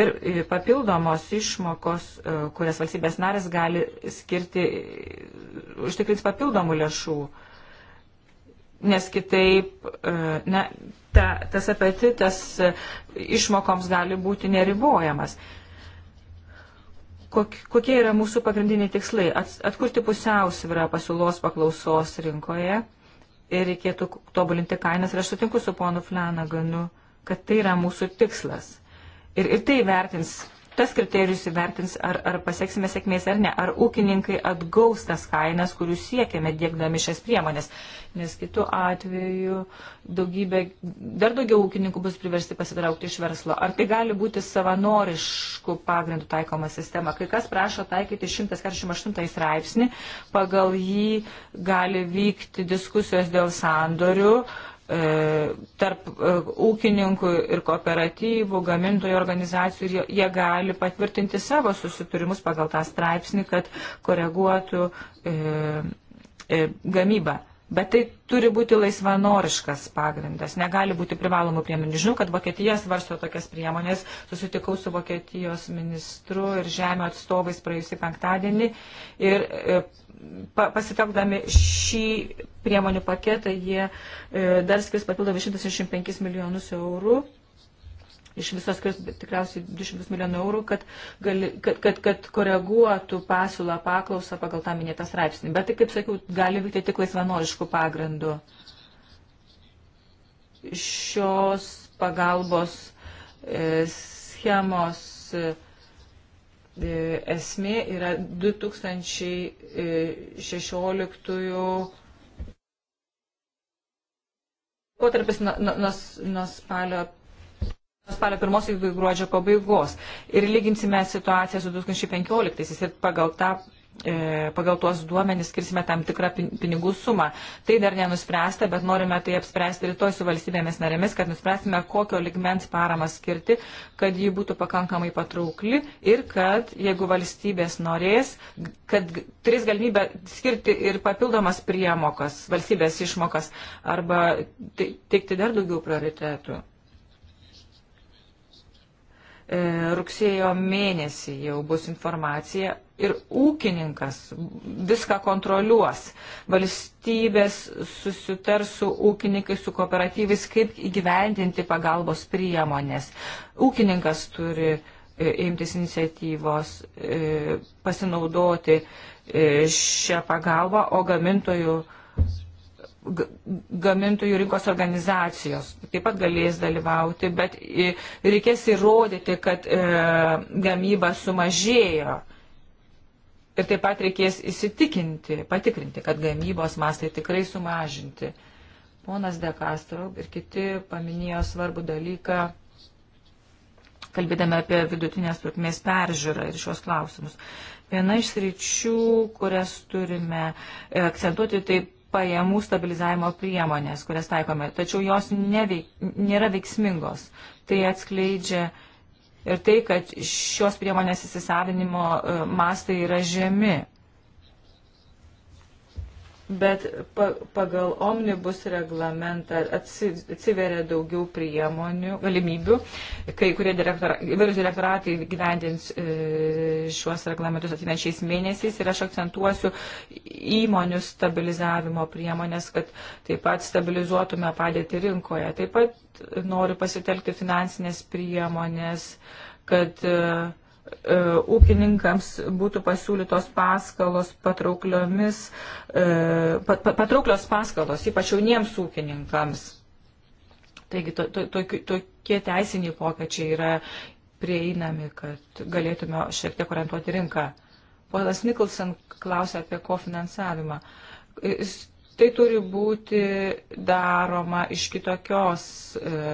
Ir e, papildomos išmokos, kurias valstybės narės gali skirti, užtikrins papildomų lėšų nes kitaip e, na, ta, tas apetitas e, išmokoms gali būti neribojamas. Kokie yra mūsų pagrindiniai tikslai? Atkurti pusiausvyrą pasiūlos paklausos rinkoje ir reikėtų tobulinti kainas. Ir aš sutinku su ponu Flanaganu, kad tai yra mūsų tikslas. Ir, ir tai vertins tas kriterijus įvertins, ar, ar pasieksime sėkmės ar ne, ar ūkininkai atgaus tas kainas, kurių siekiame dėkdami šias priemonės. Nes kitu atveju daugybė, dar daugiau ūkininkų bus priversti pasitraukti iš verslo. Ar tai gali būti savanoriškų pagrindų taikoma sistema? Kai kas prašo taikyti 148 straipsnį, pagal jį gali vykti diskusijos dėl sandorių E, tarp e, ūkininkų ir kooperatyvų, gamintojų organizacijų ir jie gali patvirtinti savo susiturimus pagal tą straipsnį, kad koreguotų e, e, gamybą. Bet tai turi būti laisvanoriškas pagrindas, negali būti privalomų priemonių. Žinau, kad Vokietija svarsto tokias priemonės, susitikau su Vokietijos ministru ir žemė atstovais praėjusį penktadienį ir e, pasitelkdami šį priemonių paketą jie e, dar skirs papildomai 165 milijonus eurų iš visos tikriausiai 200 milijonų eurų, kad, gali, kad, kad, kad koreguotų pasiūlą paklausą pagal tą minėtą straipsnį. Bet tai, kaip sakiau, gali vykti tik laisvanoriškų pagrindų. Šios pagalbos e, schemos e, e esmė yra 2016 e, laikotarpis nuo, nuo, nuo spalio spalio pirmos iki gruodžio pabaigos. Ir lyginsime situaciją su 2015-aisiais ir pagal tą e, pagal tuos duomenys skirsime tam tikrą pinigų sumą. Tai dar nenuspręsta, bet norime tai apspręsti rytoj su valstybėmis narėmis, kad nuspręsime, kokio ligmens paramą skirti, kad ji būtų pakankamai patraukli ir kad, jeigu valstybės norės, kad turės galimybę skirti ir papildomas priemokas, valstybės išmokas arba teikti dar daugiau prioritetų. E, rugsėjo mėnesį jau bus informacija ir ūkininkas viską kontroliuos. Valstybės susitars su ūkininkai, su kooperatyvais, kaip įgyvendinti pagalbos priemonės. Ūkininkas turi e, imtis iniciatyvos, e, pasinaudoti šią pagalbą, o gamintojų gamintojų rinkos organizacijos taip pat galės dalyvauti, bet reikės įrodyti, kad e, gamyba sumažėjo. Ir taip pat reikės įsitikinti, patikrinti, kad gamybos mastai tikrai sumažinti. Ponas De Castro ir kiti paminėjo svarbų dalyką, kalbėdami apie vidutinės trukmės peržiūrą ir šios klausimus. Viena iš sričių, kurias turime e, akcentuoti, taip pajamų stabilizavimo priemonės, kurias taikome, tačiau jos neveik, nėra veiksmingos. Tai atskleidžia ir tai, kad šios priemonės įsisavinimo e, mastai yra žemi bet pa, pagal omnibus reglamentą atsiveria daugiau priemonių, galimybių, kai kurie direktora, direktoratai gyvendins e, šiuos reglamentus ateinančiais mėnesiais ir aš akcentuosiu įmonių stabilizavimo priemonės, kad taip pat stabilizuotume padėti rinkoje. Taip pat noriu pasitelkti finansinės priemonės, kad uh, E, ūkininkams būtų pasiūlytos paskalos patraukliomis, e, patrauklios paskalos, ypač jauniems ūkininkams. Taigi to, to, to, tokie teisiniai pokyčiai yra prieinami, kad galėtume šiek tiek orientuoti rinką. Ponas Nikolson klausė apie kofinansavimą. E, tai turi būti daroma iš kitokios e,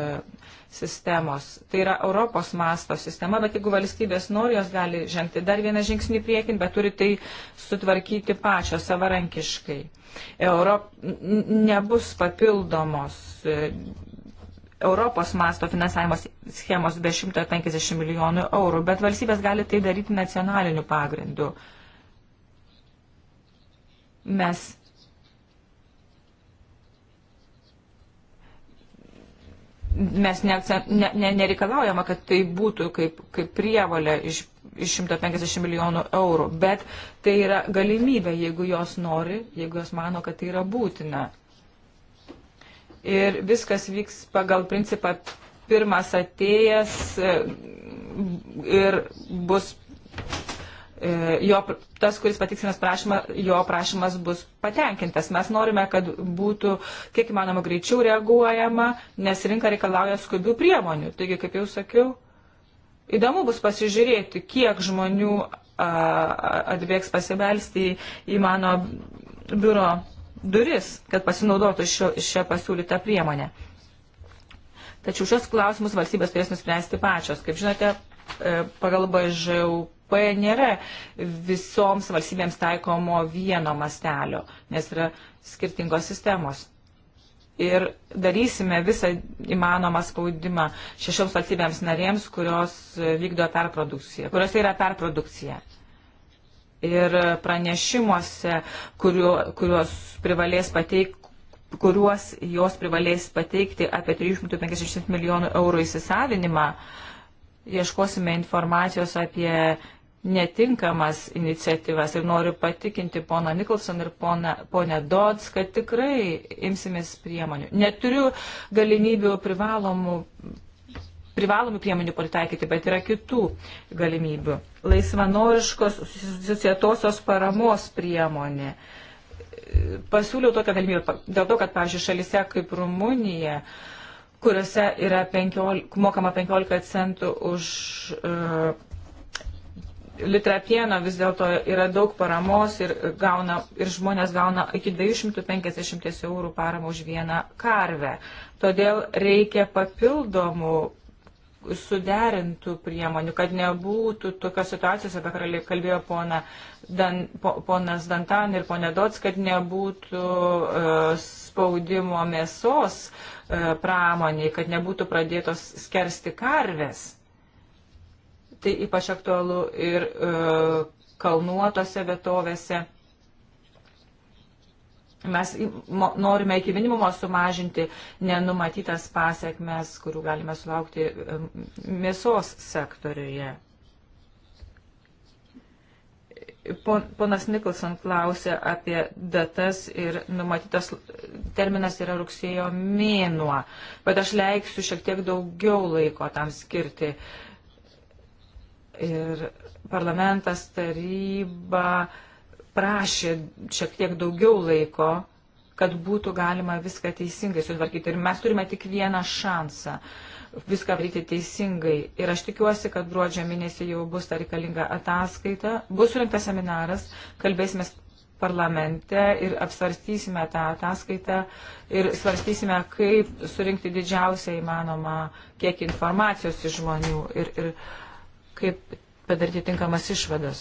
sistemos. Tai yra Europos masto sistema, bet jeigu valstybės nori, jos gali žengti dar vieną žingsnį priekin, bet turi tai sutvarkyti pačios savarankiškai. Europ... Nebus papildomos e, Europos masto finansavimo schemos be 150 milijonų eurų, bet valstybės gali tai daryti nacionaliniu pagrindu. Mes mes nereikalaujama, ne, ne, nereikalaujama, kad tai būtų kaip, kaip prievalė iš, iš 150 milijonų eurų, bet tai yra galimybė, jeigu jos nori, jeigu jos mano, kad tai yra būtina. Ir viskas vyks pagal principą pirmas atėjęs e, ir bus E, jo, tas, kuris patikslinas prašymą, jo prašymas bus patenkintas. Mes norime, kad būtų kiek įmanoma greičiau reaguojama, nes rinka reikalauja skubių priemonių. Taigi, kaip jau sakiau, įdomu bus pasižiūrėti, kiek žmonių a, atbėgs pasibelsti į mano biuro duris, kad pasinaudotų šio, šią pasiūlytą priemonę. Tačiau šios klausimus valstybės turės nuspręsti pačios. Kaip žinote, e, pagal BŽUP BŽUP nėra visoms valstybėms taikomo vieno mastelio, nes yra skirtingos sistemos. Ir darysime visą įmanomą spaudimą šešioms valstybėms narėms, kurios vykdo perprodukciją, kurios yra perprodukcija. Ir pranešimuose, kuriuo, kuriuos privalės pateikti kuriuos jos privalės pateikti apie 350 milijonų eurų įsisavinimą, ieškosime informacijos apie netinkamas iniciatyvas ir noriu patikinti poną Nikolson ir ponę Dodds, kad tikrai imsimės priemonių. Neturiu galimybių privalomų, privalomų priemonių pritaikyti, bet yra kitų galimybių. Laisvanoriškos susietosios paramos priemonė. Pasiūliau tokią galimybę dėl to, kad, pavyzdžiui, šalise kaip Rumunija, kuriuose yra penkiol, mokama 15 centų už uh, litrapieno vis dėlto yra daug paramos ir, gauna, ir žmonės gauna iki 250 eurų paramą už vieną karvę. Todėl reikia papildomų suderintų priemonių, kad nebūtų tokios situacijos, apie kurią kalbėjo pona Dan, po, ponas Dantan ir ponė Dots, kad nebūtų uh, spaudimo mėsos uh, pramoniai, kad nebūtų pradėtos skersti karvės. Tai ypač aktualu ir e, kalnuotose vietovėse. Mes norime iki minimumo sumažinti nenumatytas pasiekmes, kurių galime sulaukti e, mėsos sektoriuje. Ponas Nikolson klausė apie datas ir numatytas terminas yra rugsėjo mėnuo, bet aš leiksiu šiek tiek daugiau laiko tam skirti. Uh, Ir parlamentas taryba prašė šiek tiek daugiau laiko, kad būtų galima viską teisingai sutvarkyti. Ir mes turime tik vieną šansą viską daryti teisingai. Ir aš tikiuosi, kad gruodžio mėnesį jau bus ta reikalinga ataskaita, bus surinktas seminaras, kalbėsime parlamente ir apsvarstysime tą ataskaitą ir svarstysime, kaip surinkti didžiausią įmanomą kiekį informacijos iš žmonių. Ir, ir kaip padaryti tinkamas išvadas.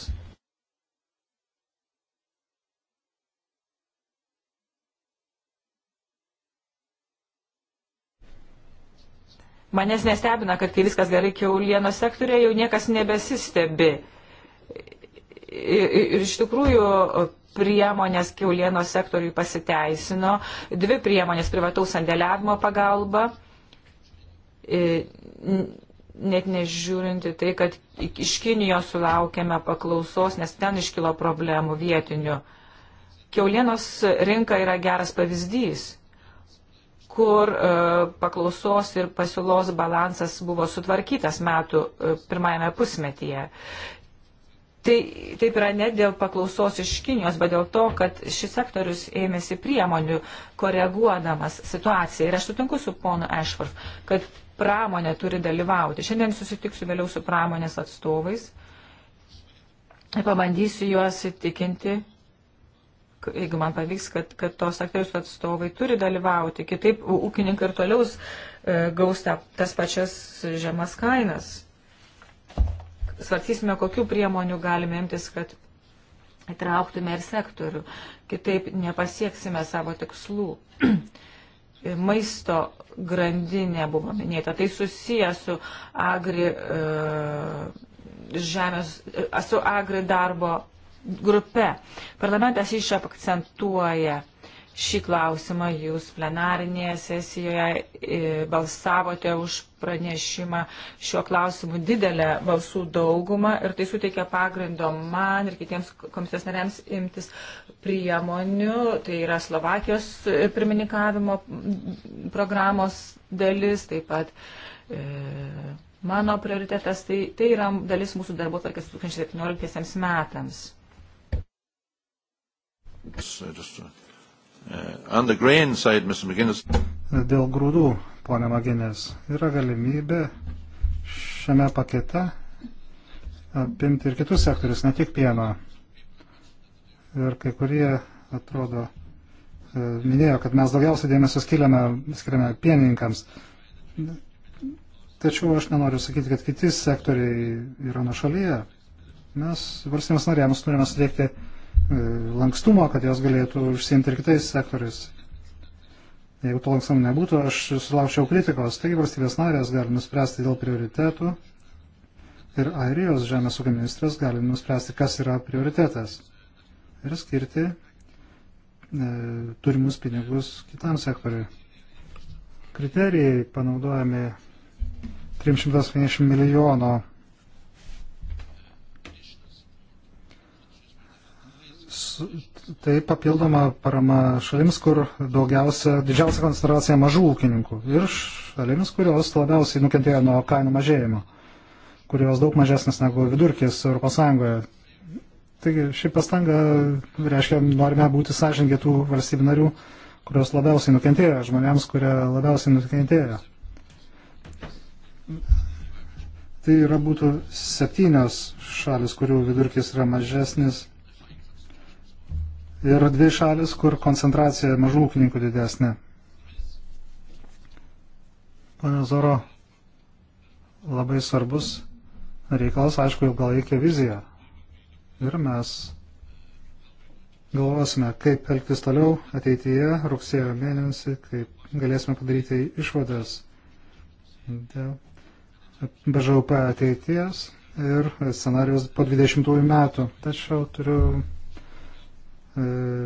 Manęs nestebina, kad kai viskas gerai keulieno sektorė, jau niekas nebesistebi. Ir iš tikrųjų priemonės keulieno sektoriui pasiteisino. Dvi priemonės - privataus sandėliavimo pagalba net nežiūrinti tai, kad iš Kinijos sulaukėme paklausos, nes ten iškilo problemų vietinių. Kiaulienos rinka yra geras pavyzdys, kur e, paklausos ir pasiūlos balansas buvo sutvarkytas metų e, pirmajame pusmetyje. Tai taip yra ne dėl paklausos iš Kinijos, bet dėl to, kad šis sektorius ėmėsi priemonių, koreguodamas situaciją. Ir aš sutinku su ponu Ashworth, kad pramonė turi dalyvauti. Šiandien susitiksiu vėliau su pramonės atstovais ir pabandysiu juos įtikinti, jeigu man pavyks, kad, kad tos sektorius atstovai turi dalyvauti. Kitaip ūkininkai ir toliau e, gaus tas pačias žemas kainas svarstysime, kokiu priemonių galime imtis, kad įtrauktume ir sektorių. Kitaip nepasieksime savo tikslų. [clears throat] Maisto grandinė buvo minėta. Tai susiję su agri, e, žemės, e, su agri darbo grupe. Parlamentas iš akcentuoja šį klausimą. Jūs plenarinėje sesijoje e, balsavote už pranešimą šiuo klausimu didelę balsų daugumą ir tai suteikia pagrindo man ir kitiems komisijos nariams imtis priemonių. Tai yra Slovakijos pirmininkavimo programos dalis, taip pat. E, Mano prioritetas tai, tai yra dalis mūsų darbo tvarkės 2017 metams. Just, just, uh... Uh, on the grain side, Mr. McGuinness. Dėl grūdų, ponė Maginės, yra galimybė šiame pakete apimti ir kitus sektorius, ne tik pieną. Ir kai kurie, atrodo, e, minėjo, kad mes daugiausiai dėmesio skiriame, skiriame pieninkams. Tačiau aš nenoriu sakyti, kad kiti sektoriai yra nuo šalyje. Mes valstybės narėms turime suteikti E, lankstumo, kad jos galėtų užsiimti ir kitais sektoriais. Jeigu to lankstumo nebūtų, aš sulaukčiau kritikos. Taigi valstybės narės gali nuspręsti dėl prioritetų ir Airijos žemės ūkio ministras gali nuspręsti, kas yra prioritetas ir skirti e, turimus pinigus kitam sektoriui. Kriterijai panaudojami 350 milijono tai papildoma parama šalims, kur daugiausia, didžiausia koncentracija mažų ūkininkų ir šalims, kurios labiausiai nukentėjo nuo kainų mažėjimo, kurios daug mažesnis negu vidurkis ES. Taigi ši pastanga reiškia, norime būti sąžininkai tų valstybių narių, kurios labiausiai nukentėjo, žmonėms, kurie labiausiai nukentėjo. Tai yra būtų septynios šalis, kurių vidurkis yra mažesnis ir dvi šalis, kur koncentracija mažų ūkininkų didesnė. Pane Zoro, labai svarbus reikalas, aišku, ilgalaikė vizija. Ir mes galvosime, kaip elgtis toliau ateityje, rugsėjo mėnesį, kaip galėsime padaryti išvadas dėl BŽUP ateities ir scenarius po 20 metų. Tačiau turiu E,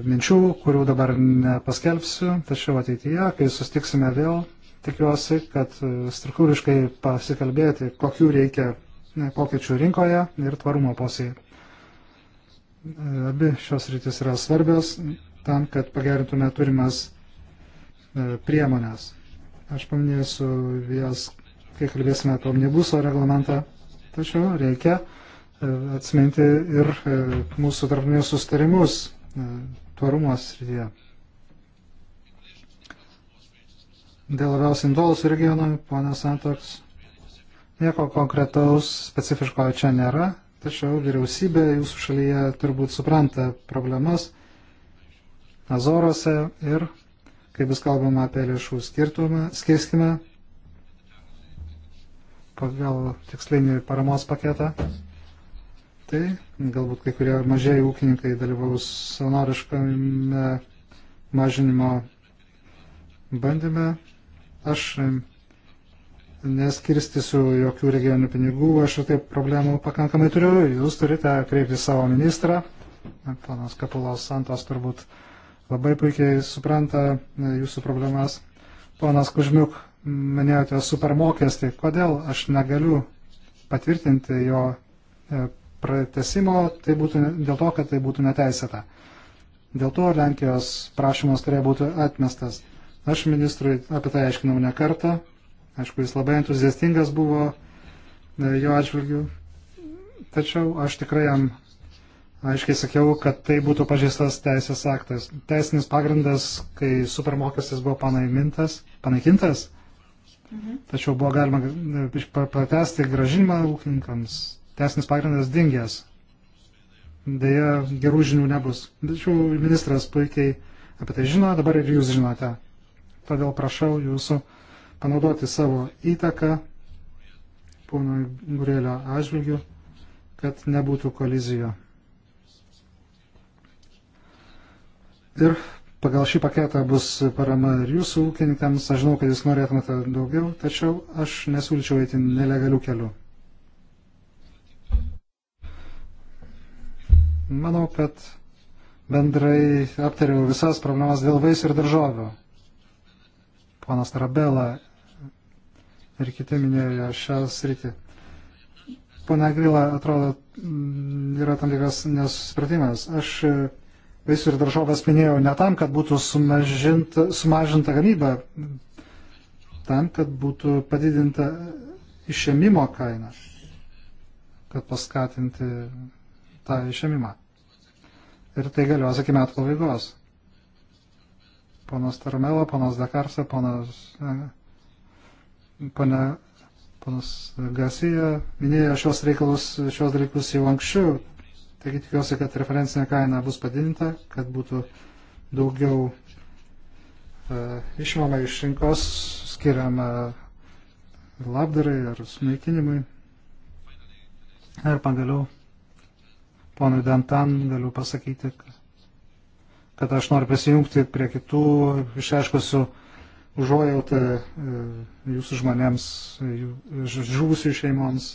minčių, kurių dabar nepaskelbsiu, tačiau ateityje, kai sustiksime vėl, tikiuosi, kad e, struktūriškai pasikalbėti, kokių reikia e, pokyčių rinkoje ir tvarumo posėje. Abi šios rytis yra svarbios tam, kad pagerintume turimas priemonės. Aš paminėsiu jas, kai kalbėsime apie omnibuso reglamentą, tačiau reikia atsiminti ir mūsų tarpinius sustarimus E, tvarumo srityje. Dėl labiausiai nutolusių regionų, ponas Santoks, nieko konkretaus specifiško čia nėra, tačiau vyriausybė jūsų šalyje turbūt supranta problemas Azorose ir, kai bus kalbama apie lėšų skirtumą, skirskime pagal tikslinį paramos paketą. Tai galbūt kai kurie mažieji ūkininkai dalyvaus savanoriškame mažinimo bandyme. Aš neskirstysiu jokių regionių pinigų, aš ir taip problemų pakankamai turiu, jūs turite kreipti savo ministrą, panas Kapulos Santos turbūt labai puikiai supranta jūsų problemas. Ponas Kužmiuk, minėjote supermokestį, kodėl aš negaliu patvirtinti jo e, pratesimo, tai būtų dėl to, kad tai būtų neteisėta. Dėl to Lenkijos prašymas turėjo būti atmestas. Aš ministrui apie tai aiškinau ne kartą. Aišku, jis labai entuziastingas buvo e, jo atžvilgių. Tačiau aš tikrai jam aiškiai sakiau, kad tai būtų pažeistas teisės aktas. Teisinis pagrindas, kai supermokestis buvo panaikintas, mhm. tačiau buvo galima e, pratesti gražinimą ūkininkams teisinis pagrindas dingęs. Deja, gerų žinių nebus. Tačiau ministras puikiai apie tai žino, dabar ir jūs žinote. Todėl prašau jūsų panaudoti savo įtaką pono Gurėlio atžvilgių, kad nebūtų kolizijų. Ir pagal šį paketą bus parama ir jūsų ūkininkams. Aš žinau, kad jūs norėtumėte daugiau, tačiau aš nesiūlyčiau eiti nelegalių kelių. Manau, kad bendrai aptariau visas problemas dėl vaisių ir daržovių. Ponas Tarabela ir kiti minėjo šią sritį. Pone Grila, atrodo, yra tam tikras nesusipratimas. Aš vaisių ir daržovės minėjau ne tam, kad būtų sumažinta, sumažinta gamyba, tam, kad būtų padidinta išėmimo kaina, kad paskatinti tą išėmimą ir tai galios iki metų pabaigos. Ponas Tarmelo, ponas Dakarsa, ponas, e, pana, ponas Gasija minėjo šios reikalus, šios dalykus jau anksčiau, taigi tikiuosi, kad referencinė kaina bus padidinta, kad būtų daugiau e, išmama iš rinkos skiriama labdarai ar sunaikinimui. Ir pagaliau Ponui Dantan galiu pasakyti, kad aš noriu prisijungti prie kitų išaiškusių užuojautą e, jūsų žmonėms, žuvusių šeimoms.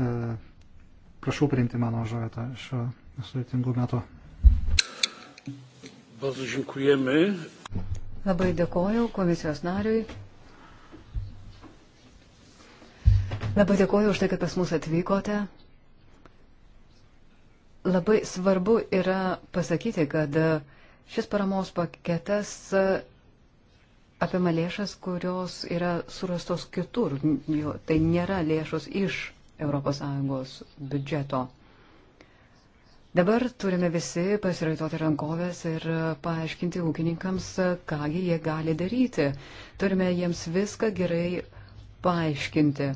E, prašau priimti mano užuojautą šio sudėtingų metų. Labai dėkoju komisijos nariui. Labai dėkoju už tai, kad pas mus atvykote. Labai svarbu yra pasakyti, kad šis paramos paketas apima lėšas, kurios yra surastos kitur. Tai nėra lėšos iš ES biudžeto. Dabar turime visi pasiraitoti rankovės ir paaiškinti ūkininkams, kągi jie gali daryti. Turime jiems viską gerai paaiškinti.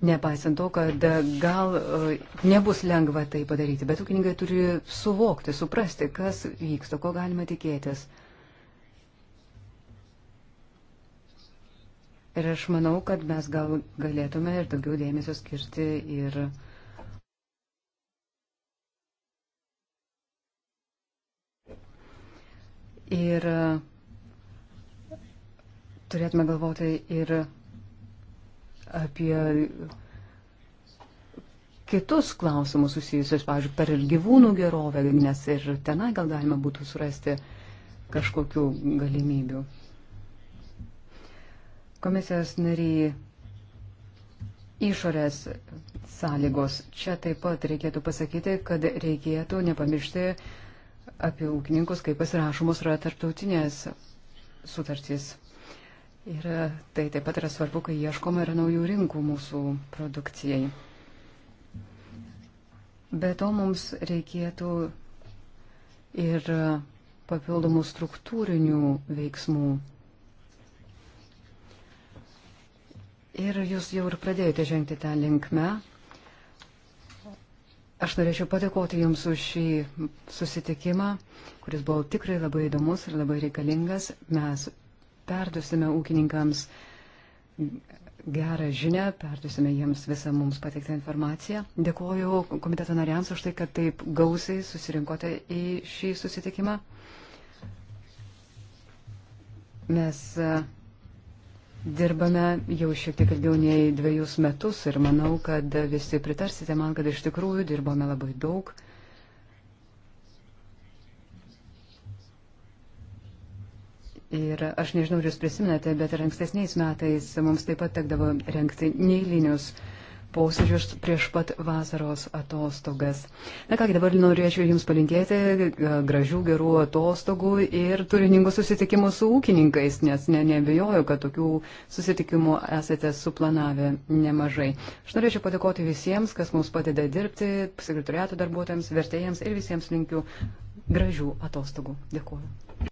Nepaisant to, kad gal e, nebus lengva tai padaryti, bet ūkininkai turi suvokti, suprasti, kas vyksta, ko galima tikėtis. Ir aš manau, kad mes gal galėtume ir daugiau dėmesio skirti ir. Ir e, turėtume galvoti ir apie kitus klausimus susijusius, pavyzdžiui, per gyvūnų gerovę, nes ir tenai gal galima būtų surasti kažkokių galimybių. Komisijos nariai išorės sąlygos. Čia taip pat reikėtų pasakyti, kad reikėtų nepamiršti apie ūkininkus, kaip pasirašomos yra tarptautinės sutartys. Ir tai taip pat yra svarbu, kai ieškoma ir naujų rinkų mūsų produkcijai. Be to mums reikėtų ir papildomų struktūrinių veiksmų. Ir jūs jau ir pradėjote žengti tą linkmę. Aš norėčiau padėkoti Jums už šį susitikimą, kuris buvo tikrai labai įdomus ir labai reikalingas. Mes perdusime ūkininkams gerą žinę, perdusime jiems visą mums pateiktą informaciją. Dėkuoju komiteto nariams už tai, kad taip gausiai susirinkote į šį susitikimą. Mes e, dirbame jau šiek tiek ilgiau nei dviejus metus ir manau, kad visi pritarsite man, kad iš tikrųjų dirbome labai daug. Ir aš nežinau, ar jūs prisimenate, bet ir ankstesniais metais mums taip pat tekdavo renkti neįlinius posėdžius prieš pat vasaros atostogas. Na kągi, dabar norėčiau Jums palinkėti e, gražių, gerų atostogų ir turiningų susitikimų su ūkininkais, nes ne, nebejoju, kad tokių susitikimų esate suplanavę nemažai. Aš norėčiau padėkoti visiems, kas mums padeda dirbti, sekretoriato darbuotojams, vertėjams ir visiems linkiu gražių atostogų. Dėkuoju.